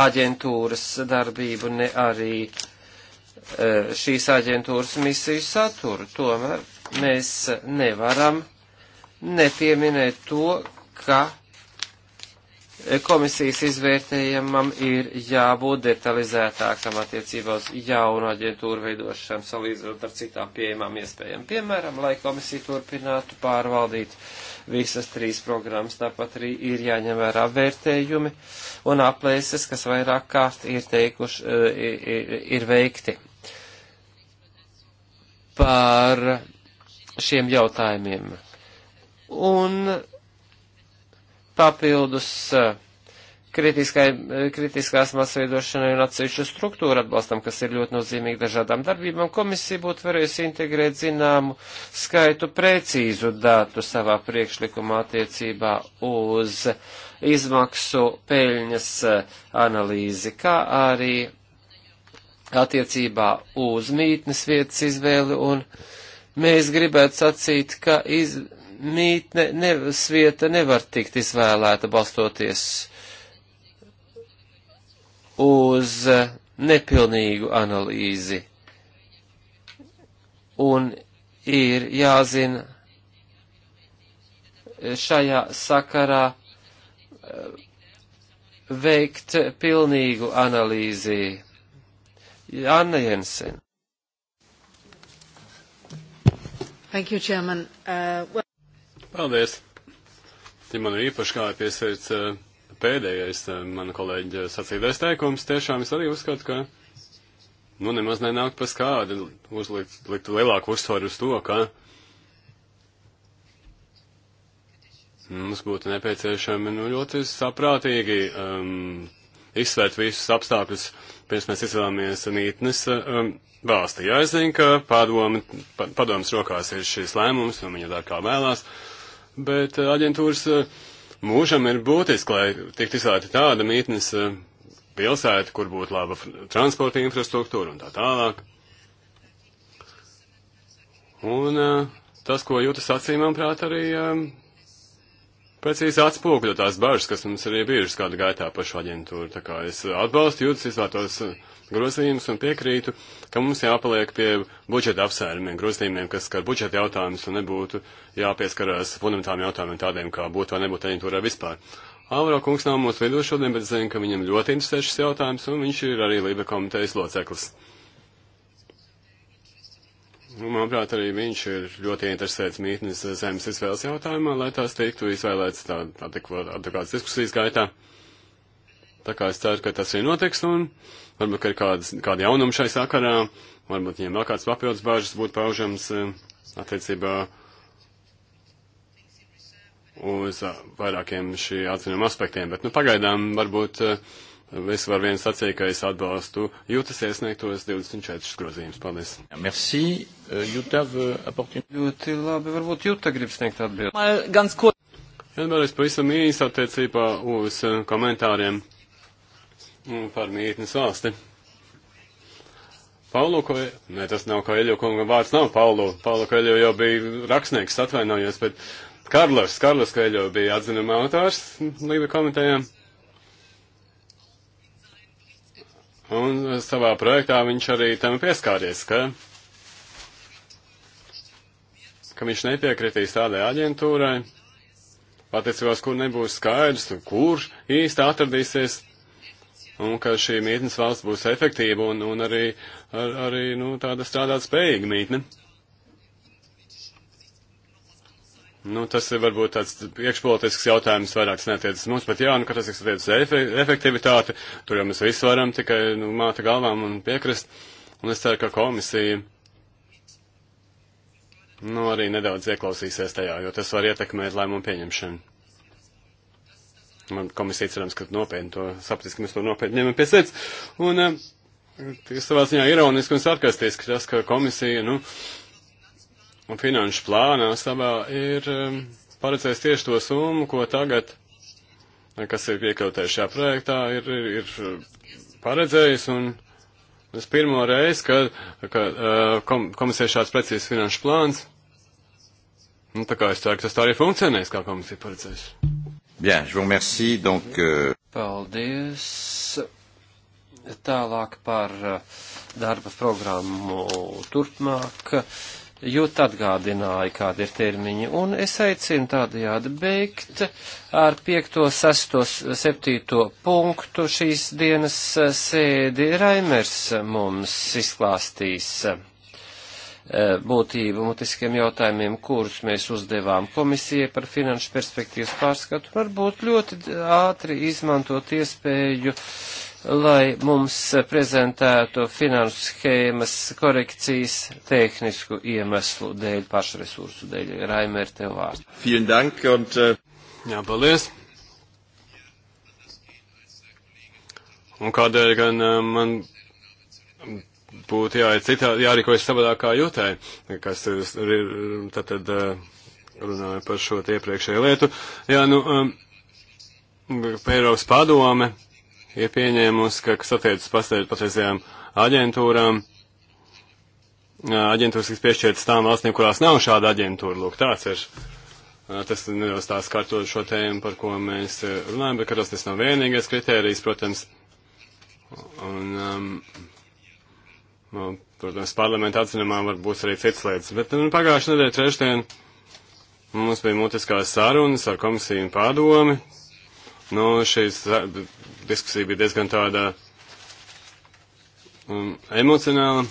aģentūras darbību, ne arī e, šīs aģentūras misiju saturu. Tomēr mēs nevaram nepieminēt to, ka komisijas izvērtējumam ir jābūt detalizētākam attiecībā uz jaunu aģentūru veidošanu, salīdzinot ar citām pieejamām iespējām. Piemēram, lai komisija turpinātu pārvaldīt visas trīs programmas, tāpat arī ir jāņem vērā vērtējumi un aplēses, kas vairāk kārt ir teikuši, ir, e, ir, e, e, ir veikti par šiem jautājumiem. Un papildus eh, kritiskai, eh, kritiskās masveidošanai un atsevišķu struktūru atbalstam, kas ir ļoti nozīmīgi dažādām darbībām, komisija būtu varējusi integrēt zināmu skaitu precīzu datu savā priekšlikumā attiecībā uz izmaksu peļņas eh, analīzi, kā arī attiecībā uz mītnes vietas izvēli un mēs gribētu sacīt, ka iz, mītne, ne, svieta nevar tikt izvēlēta balstoties uz nepilnīgu analīzi. Un ir jāzina šajā sakarā eh, veikt pilnīgu analīzi. Anna Jensen. Thank you, Chairman. Uh, well... Paldies! Tie man ir īpaši kā piesveic eh, pēdējais eh, mana kolēģa sacītais teikums. Tiešām es arī uzskatu, ka, nu, nemaz nenāk pa skādi uzlikt likt lielāku uzsvaru uz to, ka mums būtu nepieciešami, nu, ļoti saprātīgi um, izsvērt visus apstākļus, pirms mēs izvēlamies mītnes um, ehm, valsti. Jā, es zinu, ka padomi, padomas rokās ir šis lēmums, un viņa dara kā vēlās. Uh, bet eh, aģentūras eh, mūžam ir būtiski, lai tiktu izslēgta tāda mītnes eh, pilsēta, kur būtu laba transporta infrastruktūra un tā tālāk. Un tas, ko jūtas acīm, manuprāt, arī precīzi atspūgļo tās bažas, kas mums arī bijušas kāda gaitā pašu aģentūru. Tā kā es atbalstu jūtas izvērtos. Uh, grozījumus un piekrītu, ka mums jāpaliek pie budžeta apsvērumiem, grozījumiem, kas skar budžeta jautājumus un nebūtu jāpieskarās fundamentāliem jautājumiem tādiem, kā būtu vai nebūtu aģentūrā vispār. Alvaro kungs nav mūsu vidū šodien, bet zinu, ka viņam ļoti interesē šis jautājums, un viņš ir arī Lība komitejas loceklis. Un, manuprāt, arī viņš ir ļoti interesēts mītnes zemes izvēles jautājumā, lai tās tiktu izvēlētas tādā adekvātas diskusijas gaitā. Tā kā es ceru, ka tas arī notiks, un Varbūt, ka ir kādas, kāda jaunuma šai sakarā, varbūt viņiem vēl kāds papildus bāžas būtu paužams eh, attiecībā uz eh, vairākiem šī atzinuma aspektiem. Bet, nu, pagaidām varbūt es eh, varu viens sacīt, ka es atbalstu jūtas iesniegtos 24 grozījumus. Paldies. Merci. Euh, Jūta, apportin. Ļoti labi. Varbūt Jūta grib sniegt atbildi. Gan skot. Vienmēr es pavisam īsi attiecībā uz komentāriem par mītnes valsti. Paulo Koeļo, nē, tas nav Koeļo kungam vārds, nav Paulo. Paulo Koeļo jau bija rakstnieks, atvainojos, bet Karlos, Karlos Koeļo bija atzinuma autors Lība komitejām. Un savā projektā viņš arī tam pieskāries, ka, ka viņš nepiekritīs tādai aģentūrai, patiecībās, kur nebūs skaidrs, kur īsti atradīsies un ka šī mītnes valsts būs efektīva un, un arī, ar, arī nu, tāda strādāt spējīga mītne. Nu, tas ir varbūt tāds iekšpolitisks jautājums, vairāk netiecas mums, bet jā, nu, ka tas attiecas uz efektivitāti, tur jau mēs visi varam tikai nu, māta galvām un piekrist, un es ceru, ka komisija nu, arī nedaudz ieklausīsies tajā, jo tas var ietekmēt lēmumu pieņemšanu. Man komisija cerams, ka nopietni to sapratīs, ka mēs to nopietni ņemam pie sirds. Un um, tas savā ziņā ironiski un sarkastiski tas, ka komisija, nu, un finanšu plānā savā ir um, paredzējis tieši to summu, ko tagad, eh, kas ir iekļautējis šajā projektā, ir, ir, ir paredzējis un. Es pirmo reizi, kad, kad uh, kom, komisija šāds precīzs finanšu plāns, nu, tā kā es ceru, ka tas tā arī funkcionēs, kā komisija paredzējusi. Bien, je vous remercie. Donc, euh... Paldies. Tālāk par uh, darba programmu turpmāk. Jūt atgādināja, kāda ir termiņa, un es aicinu tādajādi beigt ar 5, 6, 7 punktu šīs dienas uh, sēdi. Raimers mums izklāstīs uh, E, būtību mutiskiem jautājumiem, kurus mēs uzdevām komisijai par finanšu perspektīvas pārskatu, varbūt ļoti ātri izmantot iespēju, lai mums prezentētu finanšu schēmas korekcijas tehnisku iemeslu dēļ, pašresursu dēļ. Raimer, tev vārds. Äh, Jā, paldies. Un kādēļ gan äh, man būtu jāiet citā, jārīkojas savādākā jutē, kas ir, tātad eh, runāja par šo iepriekšēju lietu. Jā, nu, um, Eiropas padome ir pieņēmusi, ka, kas attiecas patreizējām aģentūrām, eh, aģentūras, kas piešķirtas tām valstīm, kurās nav šāda aģentūra, lūk, tāds ir. Eh, tas nedaudz tā skārto šo tēmu, par ko mēs runājam, bet, ka tas tas nav vienīgais kritērijs, protams. Un, um, Nu, protams, parlamentā atcinamā var būt arī citas lietas, bet nu, pagājušajā nedēļā trešdien mums bija mutiskās sarunas ar komisiju un padomi. Nu, šīs diskusija bija diezgan tāda um, emocionāla.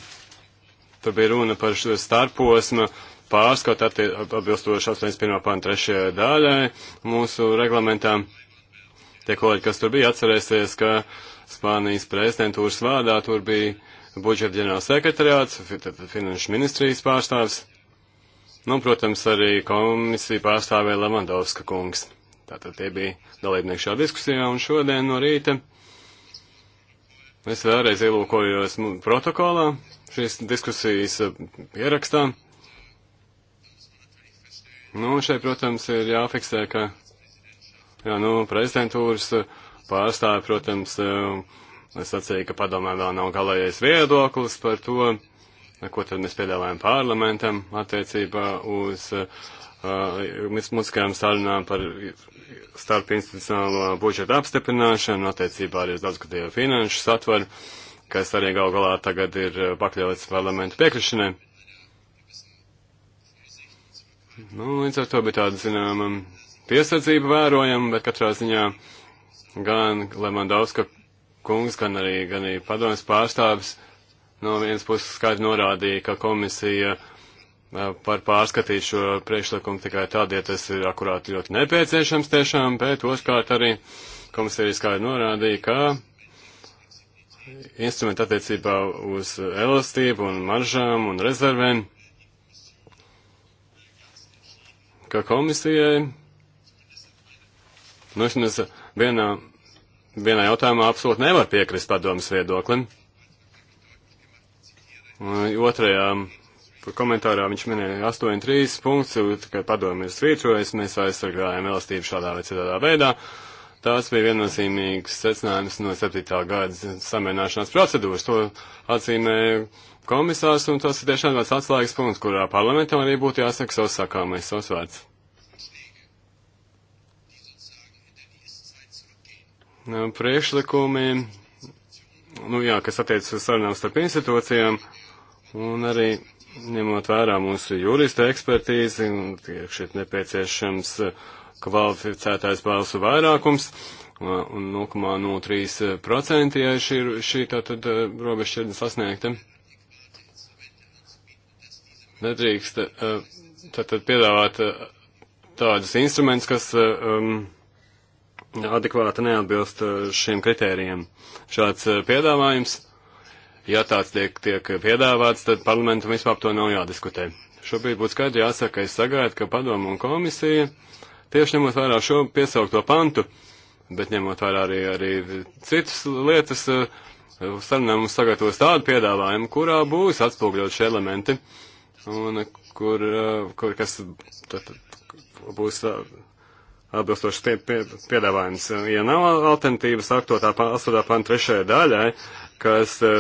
Tur bija runa par šo starposmu pārskatu atbilstoši 81. pānta trešajai daļai mūsu reglamentā. Tie kolēģi, kas tur bija, atcerēsies, ka Spānijas prezidentūras vārdā tur bija budžeta ģenerāls sekretariāts, finanšu ministrijas pārstāvis, nu, protams, arī komisija pārstāvēja Lemandovska kungs. Tātad tie bija dalībnieki šā diskusijā, un šodien no rīta es vēlreiz ielūkojos protokolā šīs diskusijas eh, pierakstā. Nu, šeit, protams, ir jāfiksē, ka, jā, nu, prezidentūras eh, pārstāvi, protams, uh, sacīja, ka padomē vēl nav galējais viedoklis par to, ko tad mēs piedāvājam parlamentam attiecībā uz uh, muskajām sarunām par starp institucionālo budžeta apstiprināšanu, attiecībā arī uz daudzgadējo finanšu satvaru, kas arī gal galā tagad ir pakļauts parlamentu piekrišanai. Nu, līdz ar to bija tāda, zinām, piesardzība vērojama, bet katrā ziņā gan Lemandauska kungs, gan arī, gan arī padomjas pārstāvis no vienas puses skaidri norādīja, ka komisija par pārskatīt šo priekšlikumu tikai tad, ja tas ir akurāti ļoti nepieciešams tiešām, bet otrkārt arī komisija skaidri norādīja, ka instrumenti attiecībā uz elastību un maržām un rezervēm, ka komisijai, nu, es vienā vienā jautājumā absolūti nevar piekrist padomas viedoklim. Otrajā komentārā viņš minēja 8.3 punkts, ka padomi ir svītrojas, mēs aizsargājam elastību šādā vai citādā veidā. Tās bija viennozīmīgs secinājums no 7. gada samierināšanās procedūras. To atzīmē komisārs, un tas ir tiešām tāds atslēgas punkts, kurā parlamentam arī būtu jāsaka savs sakāmais, savs vārds. priešlikumi, nu jā, kas attiecas uz sarunām starp institūcijām, un arī ņemot vērā mūsu jurista ekspertīzi, un tiek šeit nepieciešams kvalificētais balsu vairākums, un 0,03%, ja šī, šī tātad robežšķirne sasniegta. Nedrīkst tātad piedāvāt tādus instrumentus, kas um, adekvāti neatbilst uh, šiem kritērijiem. Šāds uh, piedāvājums, ja tāds tiek, tiek piedāvāts, tad parlamentam vispār to nav jādiskutē. Šobrīd būtu skaidri jāsaka, es sagaidu, ka padomu un komisija, tieši ņemot vērā šo piesaukto pantu, bet ņemot vērā arī, arī citas lietas, uh, sarunām mums sagatavos tādu piedāvājumu, kurā būs atspūgļot šie elementi, un kur, kur kas tad, būs atbilstoši tie pie, piedāvājums. Ja nav alternatīvas aktotā, astotā panta trešajai daļai, kas e,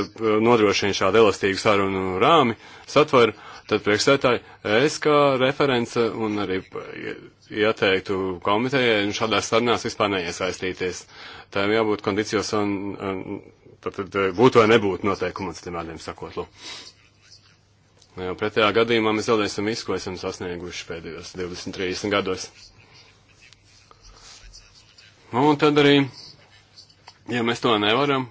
nodrošina šādu elastīgu sarunu rāmi, satvaru, tad priekšsētāji es kā referents un arī ieteiktu komitejai nu, šādās sarunās vispār neiesaistīties. Tām jābūt kondicijos un, un tad, tad e, būtu vai nebūtu noteikumu un citiem vārdiem sakot. Nu, pretējā gadījumā mēs zaudēsim visu, ko esam sasnieguši pēdējos 20-30 gados. Un tad arī, ja mēs to nevaram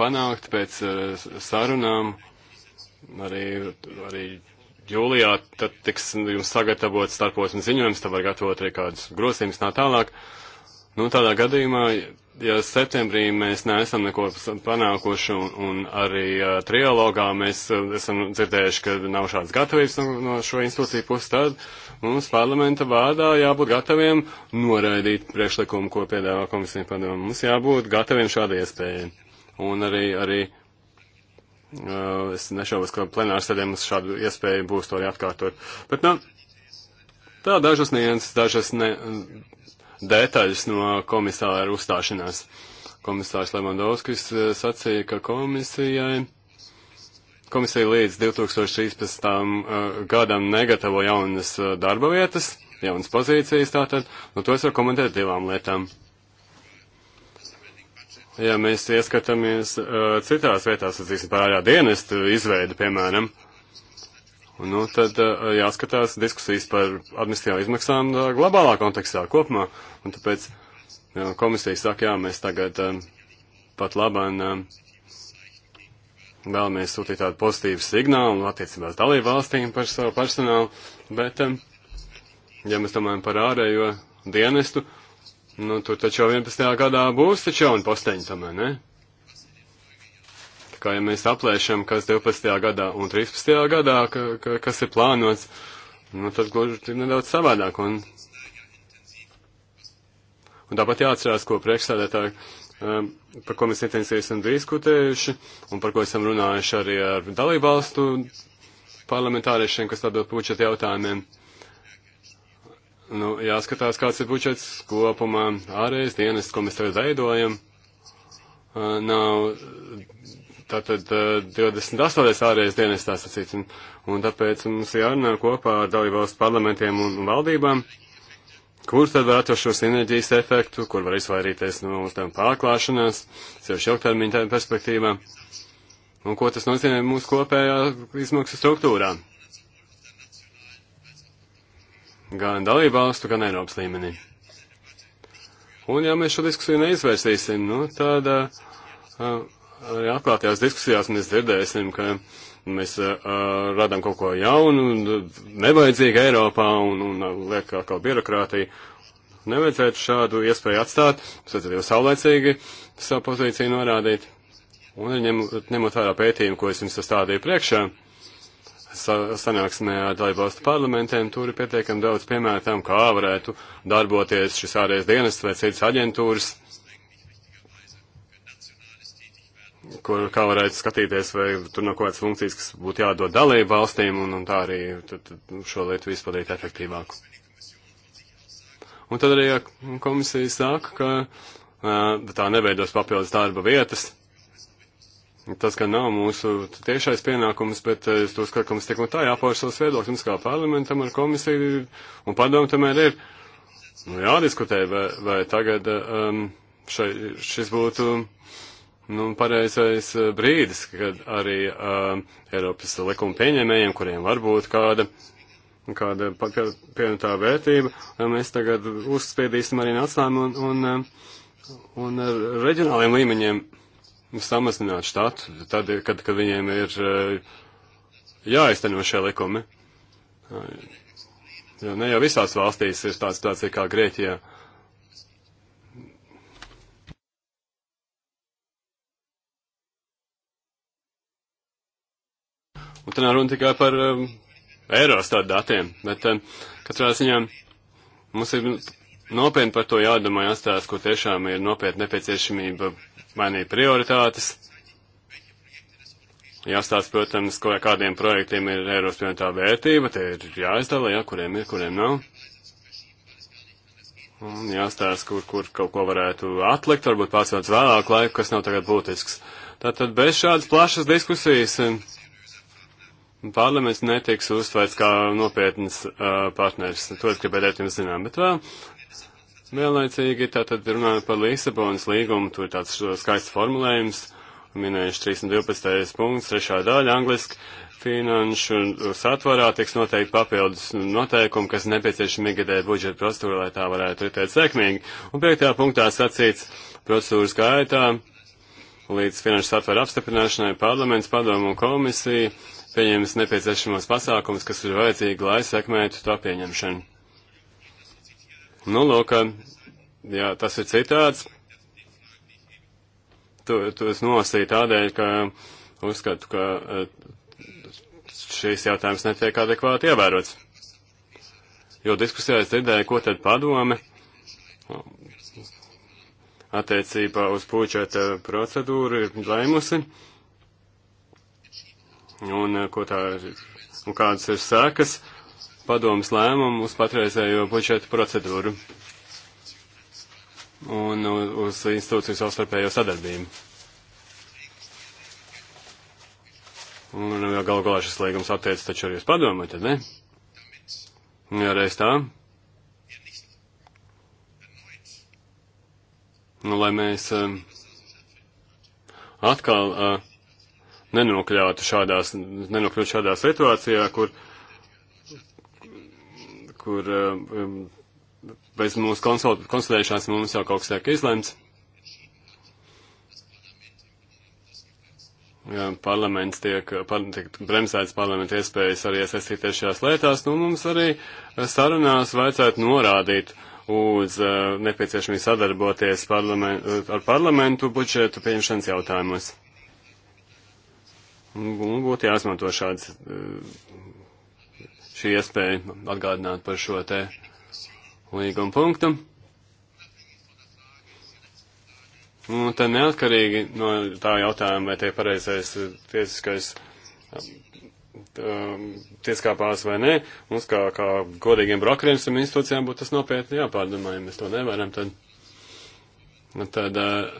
panākt pēc uh, sarunām, arī, arī jūlijā, tad tiks jums sagatavot starposmu ziņojums, tad var gatavot arī kādus grozījumus tā tālāk. Nu, tādā gadījumā ja septembrī mēs neesam neko panākuši un, un arī uh, trialogā mēs uh, esam dzirdējuši, ka nav šādas gatavības no, no šo institūciju puses, tad mums parlamenta vārdā jābūt gataviem noraidīt priekšlikumu, ko piedāvā komisija padomu. Mums jābūt gataviem šādai iespējai. Un arī, arī uh, es nešaubos, ka plenārs sēdē mums šādu iespēju būs to arī atkārtot. Bet, nu, tā dažas nianses, dažas ne, detaļas no komisāra uzstāšanās. Komisārs Levandovskis eh, sacīja, ka komisijai, komisija līdz 2013. Eh, gadam negatavo jaunas eh, darba vietas, jaunas pozīcijas tātad, nu to es varu komentēt divām lietām. Ja mēs ieskatāmies uh, citās vietās, atzīsim, pārējā dienestu izveidi, piemēram, Nu, tad eh, jāskatās diskusijas par administratīvām izmaksām eh, globālā kontekstā kopumā. Un tāpēc komisija saka, jā, mēs tagad eh, pat labāk vēlamies sūtīt tādu pozitīvu signālu attiecībās dalību valstīm par savu personālu, bet, ja mēs domājam par ārējo dienestu, nu, tur taču jau 11. gadā būs taču jauni posteņi tomēr, ne? kā ja mēs aplēšam, kas 12. gadā un 13. gadā, ka, ka, kas ir plānots, nu, tad gluži ir nedaudz savādāk. Un, un tāpat jāatcerās, ko priekšsēdētāji, um, par ko mēs intensīvi esam diskutējuši un par ko esam runājuši arī ar dalībvalstu parlamentāriešiem, kas atbild pučet jautājumiem. Nu, jāskatās, kāds ir budžets kopumā, ārējais dienas, ko mēs tagad veidojam. Uh, nav tātad 28. ārējais dienas tā sacīt, un, un tāpēc mums jārunā kopā ar dalībvalstu parlamentiem un, un valdībām, kur tad var atrast šo sinerģijas efektu, kur var izvairīties no uzdevuma pārklāšanās, sevišķi ilgtermiņa perspektīvā, un ko tas nozīmē mūsu kopējā izmaksu struktūrā. Gan dalībvalstu, gan Eiropas līmenī. Un ja mēs šo diskusiju neizvērsīsim, nu, tad uh, arī atklātajās diskusijās mēs dzirdēsim, ka mēs uh, radām kaut ko jaunu, nevajadzīgu Eiropā un, un liek kā kaut birokrātija. Nevajadzētu šādu iespēju atstāt, tad jau saulēcīgi savu pozīciju norādīt. Un ņem, ņemot vērā pētījumu, ko es jums stādīju priekšā, sa, sanāksmē ar dalībvalstu parlamentiem, tur ir pietiekami daudz piemēru tam, kā varētu darboties šis ārējais dienests vai citas aģentūras kur kā varētu skatīties, vai tur nav kaut kādas funkcijas, kas būtu jādod dalību valstīm, un, un tā arī tad, tad šo lietu izpadarīt efektīvāku. Un tad arī komisija saka, ka uh, tā nebeidos papildus darba vietas. Tas, ka nav mūsu tiešais pienākums, bet es to skatu, ka mums tik un tā jāpauž savs viedoklis, mums kā parlamentam ar komisiju un padomu tomēr ir nu, jādiskutē, vai, vai tagad um, šai, šis būtu. Uh, nu, pareizais eh, brīdis, kad arī uh, Eiropas likuma pieņēmējiem, kuriem var būt kāda, kāda pievienotā vērtība, eh, mēs tagad uzspiedīsim arī nacionālajiem un, un, un reģionāliem līmeņiem samazināt štatu, tad, kad, kad viņiem ir jāizteno šie likumi. Jo ne jau visās valstīs ir tāds tāds kā Grieķijā. Un te nav runa tikai par um, Eurostat datiem, bet um, katrā ziņā mums ir nopietni par to jādomā, jāstāsta, kur tiešām ir nopietni nepieciešamība mainīt prioritātes. Jāstāsta, protams, ko, kādiem projektiem ir Eiropas pievienotā vērtība, tie ir jāizdala, jā, kuriem ir, kuriem nav. Un jāstāsta, kur, kur kaut ko varētu atlikt, varbūt pārsvērts vēlāk laiku, kas nav tagad būtisks. Tātad bez šādas plašas diskusijas um, parlaments netiks uztvērts kā nopietnas uh, partners. To es gribēju dēt jums zinām. Bet vēl vienlaicīgi tātad runājot par Lisabonas līgumu, tur tāds skaists formulējums, minējuši 312. punkts, trešā daļa angliski. Finanšu satvarā tiks noteikti papildus noteikumi, kas nepieciešami gadē budžeta procedūra, lai tā varētu ritēt sekmīgi. Un piektajā punktā sacīts procedūras gaitā līdz finanšu satvara apstiprināšanai parlaments padomu un komisija pieņems nepieciešamos pasākumus, kas ir vajadzīgi, lai sekmētu to pieņemšanu. Nu, lūk, jā, tas ir citāds. To, to es nolasīju tādēļ, ka uzskatu, ka eh, šīs jautājums netiek adekvāti ievērots. Jo diskusijā es dzirdēju, ko tad padome attiecībā uz pučeta procedūru ir lēmusi un, eh, ko tā, un kādas ir sēkas padomas lēmumu uz patreizējo budžeta procedūru un uz institūciju savstarpējo sadarbību. Un vēl nu, galu galā šis līgums attiec taču arī uz padomu, tad ne? Jā, reiz tā. Nu, lai mēs uh, atkal uh, nenokļautu šādās, nenokļūtu šādā situācijā, kur, kur um, bez mūsu konsultēšanās mums jau kaut kas tiek izlemts. parlaments tiek, par, tiek bremzēts parlamenta iespējas arī iesaistīties šajās lietās, nu mums arī sarunās vajadzētu norādīt uz uh, nepieciešamību sadarboties parlament, ar parlamentu budžetu pieņemšanas jautājumos. Un būtu jāizmanto šāds, eh, šī iespēja atgādināt par šo te līguma punktu. Un tad neatkarīgi no tā jautājuma, vai tie pareizais eh, tiesiskais eh, tieskā pārs vai nē, mums kā, kā godīgiem brokeriem un institūcijām būtu tas nopietni jāpārdomā, ja mēs to nevaram, tad, nu tad uh,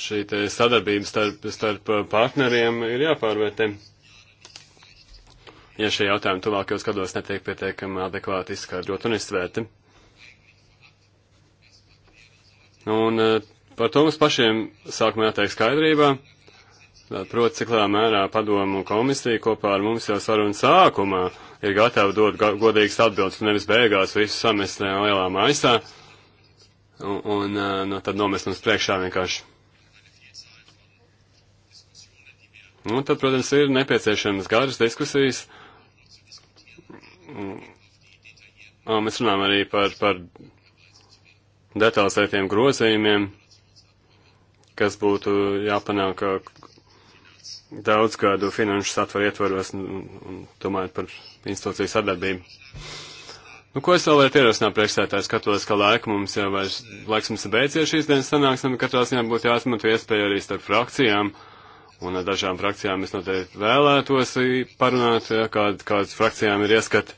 šī sadarbība starp, starp partneriem ir jāpārvērtē. Ja šie jautājumi tuvākajos gados netiek pietiekami adekvāti izskaidrot un izsvērti. Un eh, par to mums pašiem sākumā jātiek skaidrībā. Proti, cik lielā mērā padomu komisija kopā ar mums jau sarunu sākumā ir gatava dot godīgas atbildes un nevis beigās visu samest lielā maisā un, un eh, no nu, tad nomest mums priekšā vienkārši Un nu, tad, protams, ir nepieciešamas garas diskusijas. Un mm. mēs runājam arī par, par detalizētiem grozījumiem, kas būtu jāpanāk daudz kādu finanšu satvaru ietvaros un, un domājot par institūciju sadarbību. Nu, ko es vēl varu ierosināt priekšsētājs? Skatos, ka laika mums jau vairs, laiks mums ir beidzies šīs dienas sanāksme, katrā ziņā būtu jāizmanto iespēja arī starp frakcijām. Uh, Un ar dažām frakcijām es noteikti vēlētos parunāt, ja, kād, kādas frakcijām ir ieskati.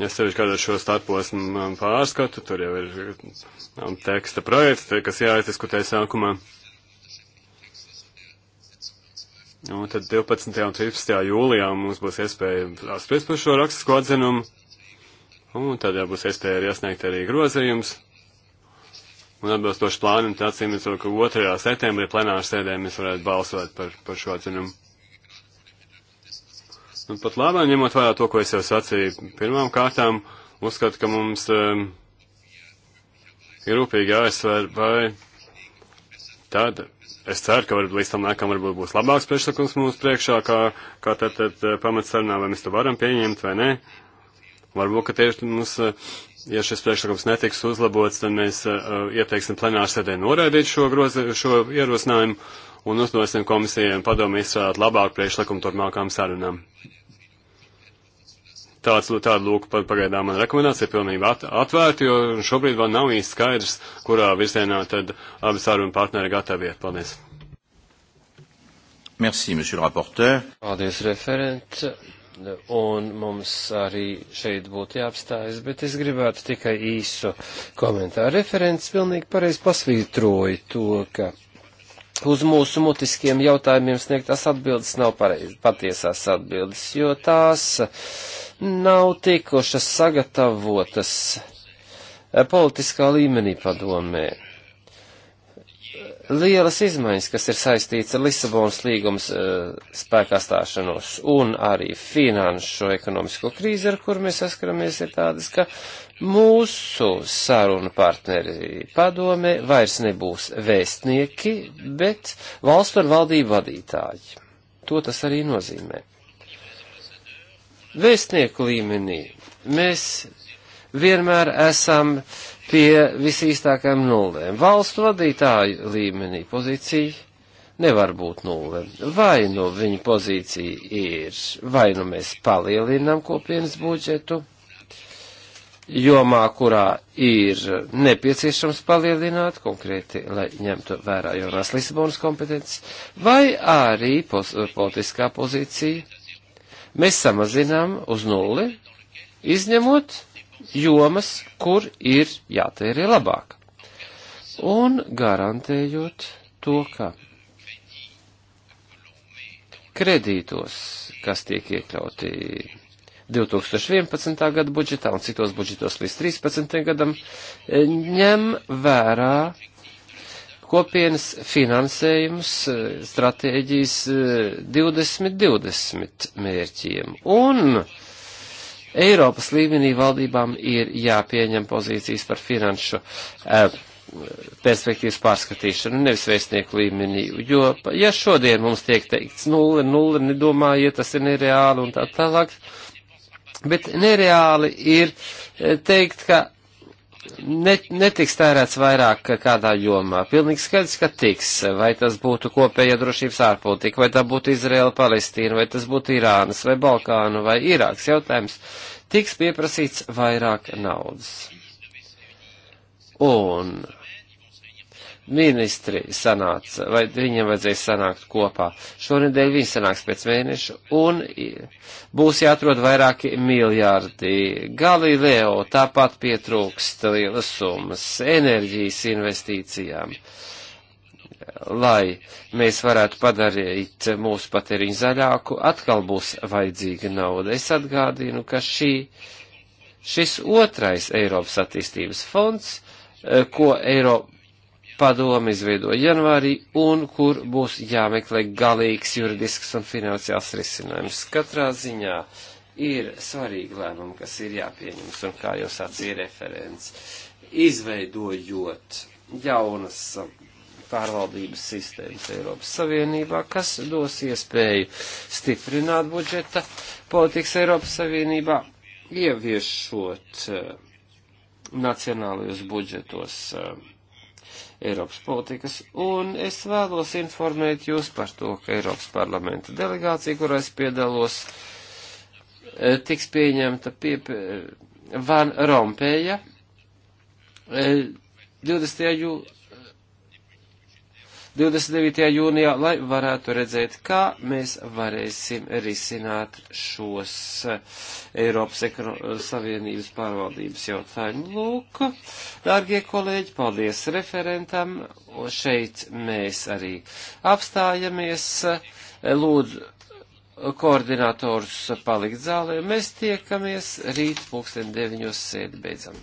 Ja sevišķi kādā šo starposmu um, pārskatu, tur jau ir um, teksta projekts, te, kas jāizdiskutē sākumā. Un tad 12. un 13. jūlijā mums būs iespēja spriest par šo rakstisko atzinumu, un tad jau būs iespēja arī iesniegt arī grozījums. Un atbilstoši plānam, tad acīm redzot, ka 2. septembrī plenāru sēdē mēs varētu balsot par, par šo atzinumu. Un nu, pat labāk, ņemot vērā to, ko es jau sacīju, pirmām kārtām uzskatu, ka mums um, ir rūpīgi jāizsver, vai tad es ceru, ka varbūt līdz tam laikam varbūt būs labāks priekšlikums mūsu priekšā, kā, kā tad, tad eh, pamatsarunā, vai mēs to varam pieņemt vai nē. Varbūt, ka tieši mums. Uh, ja šis priekšlikums netiks uzlabots, tad mēs uh, uh, ieteiksim plenārsēdē noraidīt šo, grozi, šo ierosinājumu un uzdosim komisijai un padomu izstrādāt labāku priekšlikumu turpmākām sarunām. Tāds, tāda lūk, pagaidām man rekomendācija pilnībā at, atvērta, jo šobrīd vēl nav īsti skaidrs, kurā virzienā tad abi sarunu partneri gatavi iet. Paldies. Merci, monsieur le rapporteur. Paldies, referents un mums arī šeit būtu jāapstājas, bet es gribētu tikai īsu komentāru. Referents pilnīgi pareizi pasvītroja to, ka uz mūsu mutiskiem jautājumiem sniegtās atbildes nav pareizi, patiesās atbildes, jo tās nav tikušas sagatavotas politiskā līmenī padomē lielas izmaiņas, kas ir saistīts ar Lisabonas līgums eh, spēkā stāšanos un arī finanšu ekonomisko krīzi, ar kur mēs saskaramies, ir tādas, ka mūsu sarunu partneri padome vairs nebūs vēstnieki, bet valstu un valdību vadītāji. To tas arī nozīmē. Vēstnieku līmenī mēs vienmēr esam uh, pie visīstākajām nulēm. Valstu vadītāju līmenī pozīcija nevar būt nulle. Vai nu viņa pozīcija ir, vai nu mēs palielinām kopienas budžetu, jomā, kurā ir nepieciešams palielināt, konkrēti, lai ņemtu vērā jaunās Lisabonas kompetences, vai arī pos politiskā pozīcija. Mēs samazinām uz nulli, izņemot jomas, kur ir jātērē labāk. Un garantējot to, ka kredītos, kas tiek iekļauti 2011. gada budžetā un citos budžetos līdz 13. gadam, ņem vērā kopienas finansējums e, stratēģijas 2020 e, mērķiem. Un Eiropas līmenī valdībām ir jāpieņem pozīcijas par finanšu eh, perspektīvas pārskatīšanu, nevis vēstnieku līmenī, jo, ja šodien mums tiek teikts nulle, nulle, nedomājiet, tas ir nereāli un tā tālāk, bet nereāli ir eh, teikt, ka net, netiks tērēts vairāk kādā jomā. Pilnīgi skaidrs, ka tiks, vai tas būtu kopēja drošības ārpolitika, vai tā būtu Izraela, Palestīna, vai tas būtu Irānas, vai Balkānu, vai Irāks jautājums, tiks pieprasīts vairāk naudas. Un ministri sanāca, vai viņiem vajadzēja sanākt kopā. Šonedēļ viņi sanāks pēc mēneša, un būs jāatrod vairāki miljārdi. Galileo tāpat pietrūkst lielas summas enerģijas investīcijām, lai mēs varētu padarīt mūsu patēriņu zaļāku, atkal būs vajadzīga nauda. Es atgādinu, ka šī, šis otrais Eiropas attīstības fonds, eh, ko Eiropa padomu izveidoja janvārī un kur būs jāmeklē galīgs juridisks un finansiāls risinājums. Katrā ziņā ir svarīgi lēmumi, kas ir jāpieņems un kā jau sacīja referents, izveidojot jaunas pārvaldības sistēmas Eiropas Savienībā, kas dos iespēju stiprināt budžeta politikas Eiropas Savienībā, ieviešot eh, nacionālajos budžetos uh, Eiropas politikas, un es vēlos informēt jūs par to, ka Eiropas parlamenta delegācija, kurā es piedalos, e, tiks pieņemta pie Van Rompēja e, 20. jūlijā 29. jūnijā, lai varētu redzēt, kā mēs varēsim risināt šos eh, Eiropas Ekro Savienības pārvaldības jautājumu. Lūk, dārgie kolēģi, paldies referentam. Šeit mēs arī apstājamies. Lūdzu, koordinatorus palikt zālē. Mēs tiekamies rīt pulksten deviņos sēdi beidzam.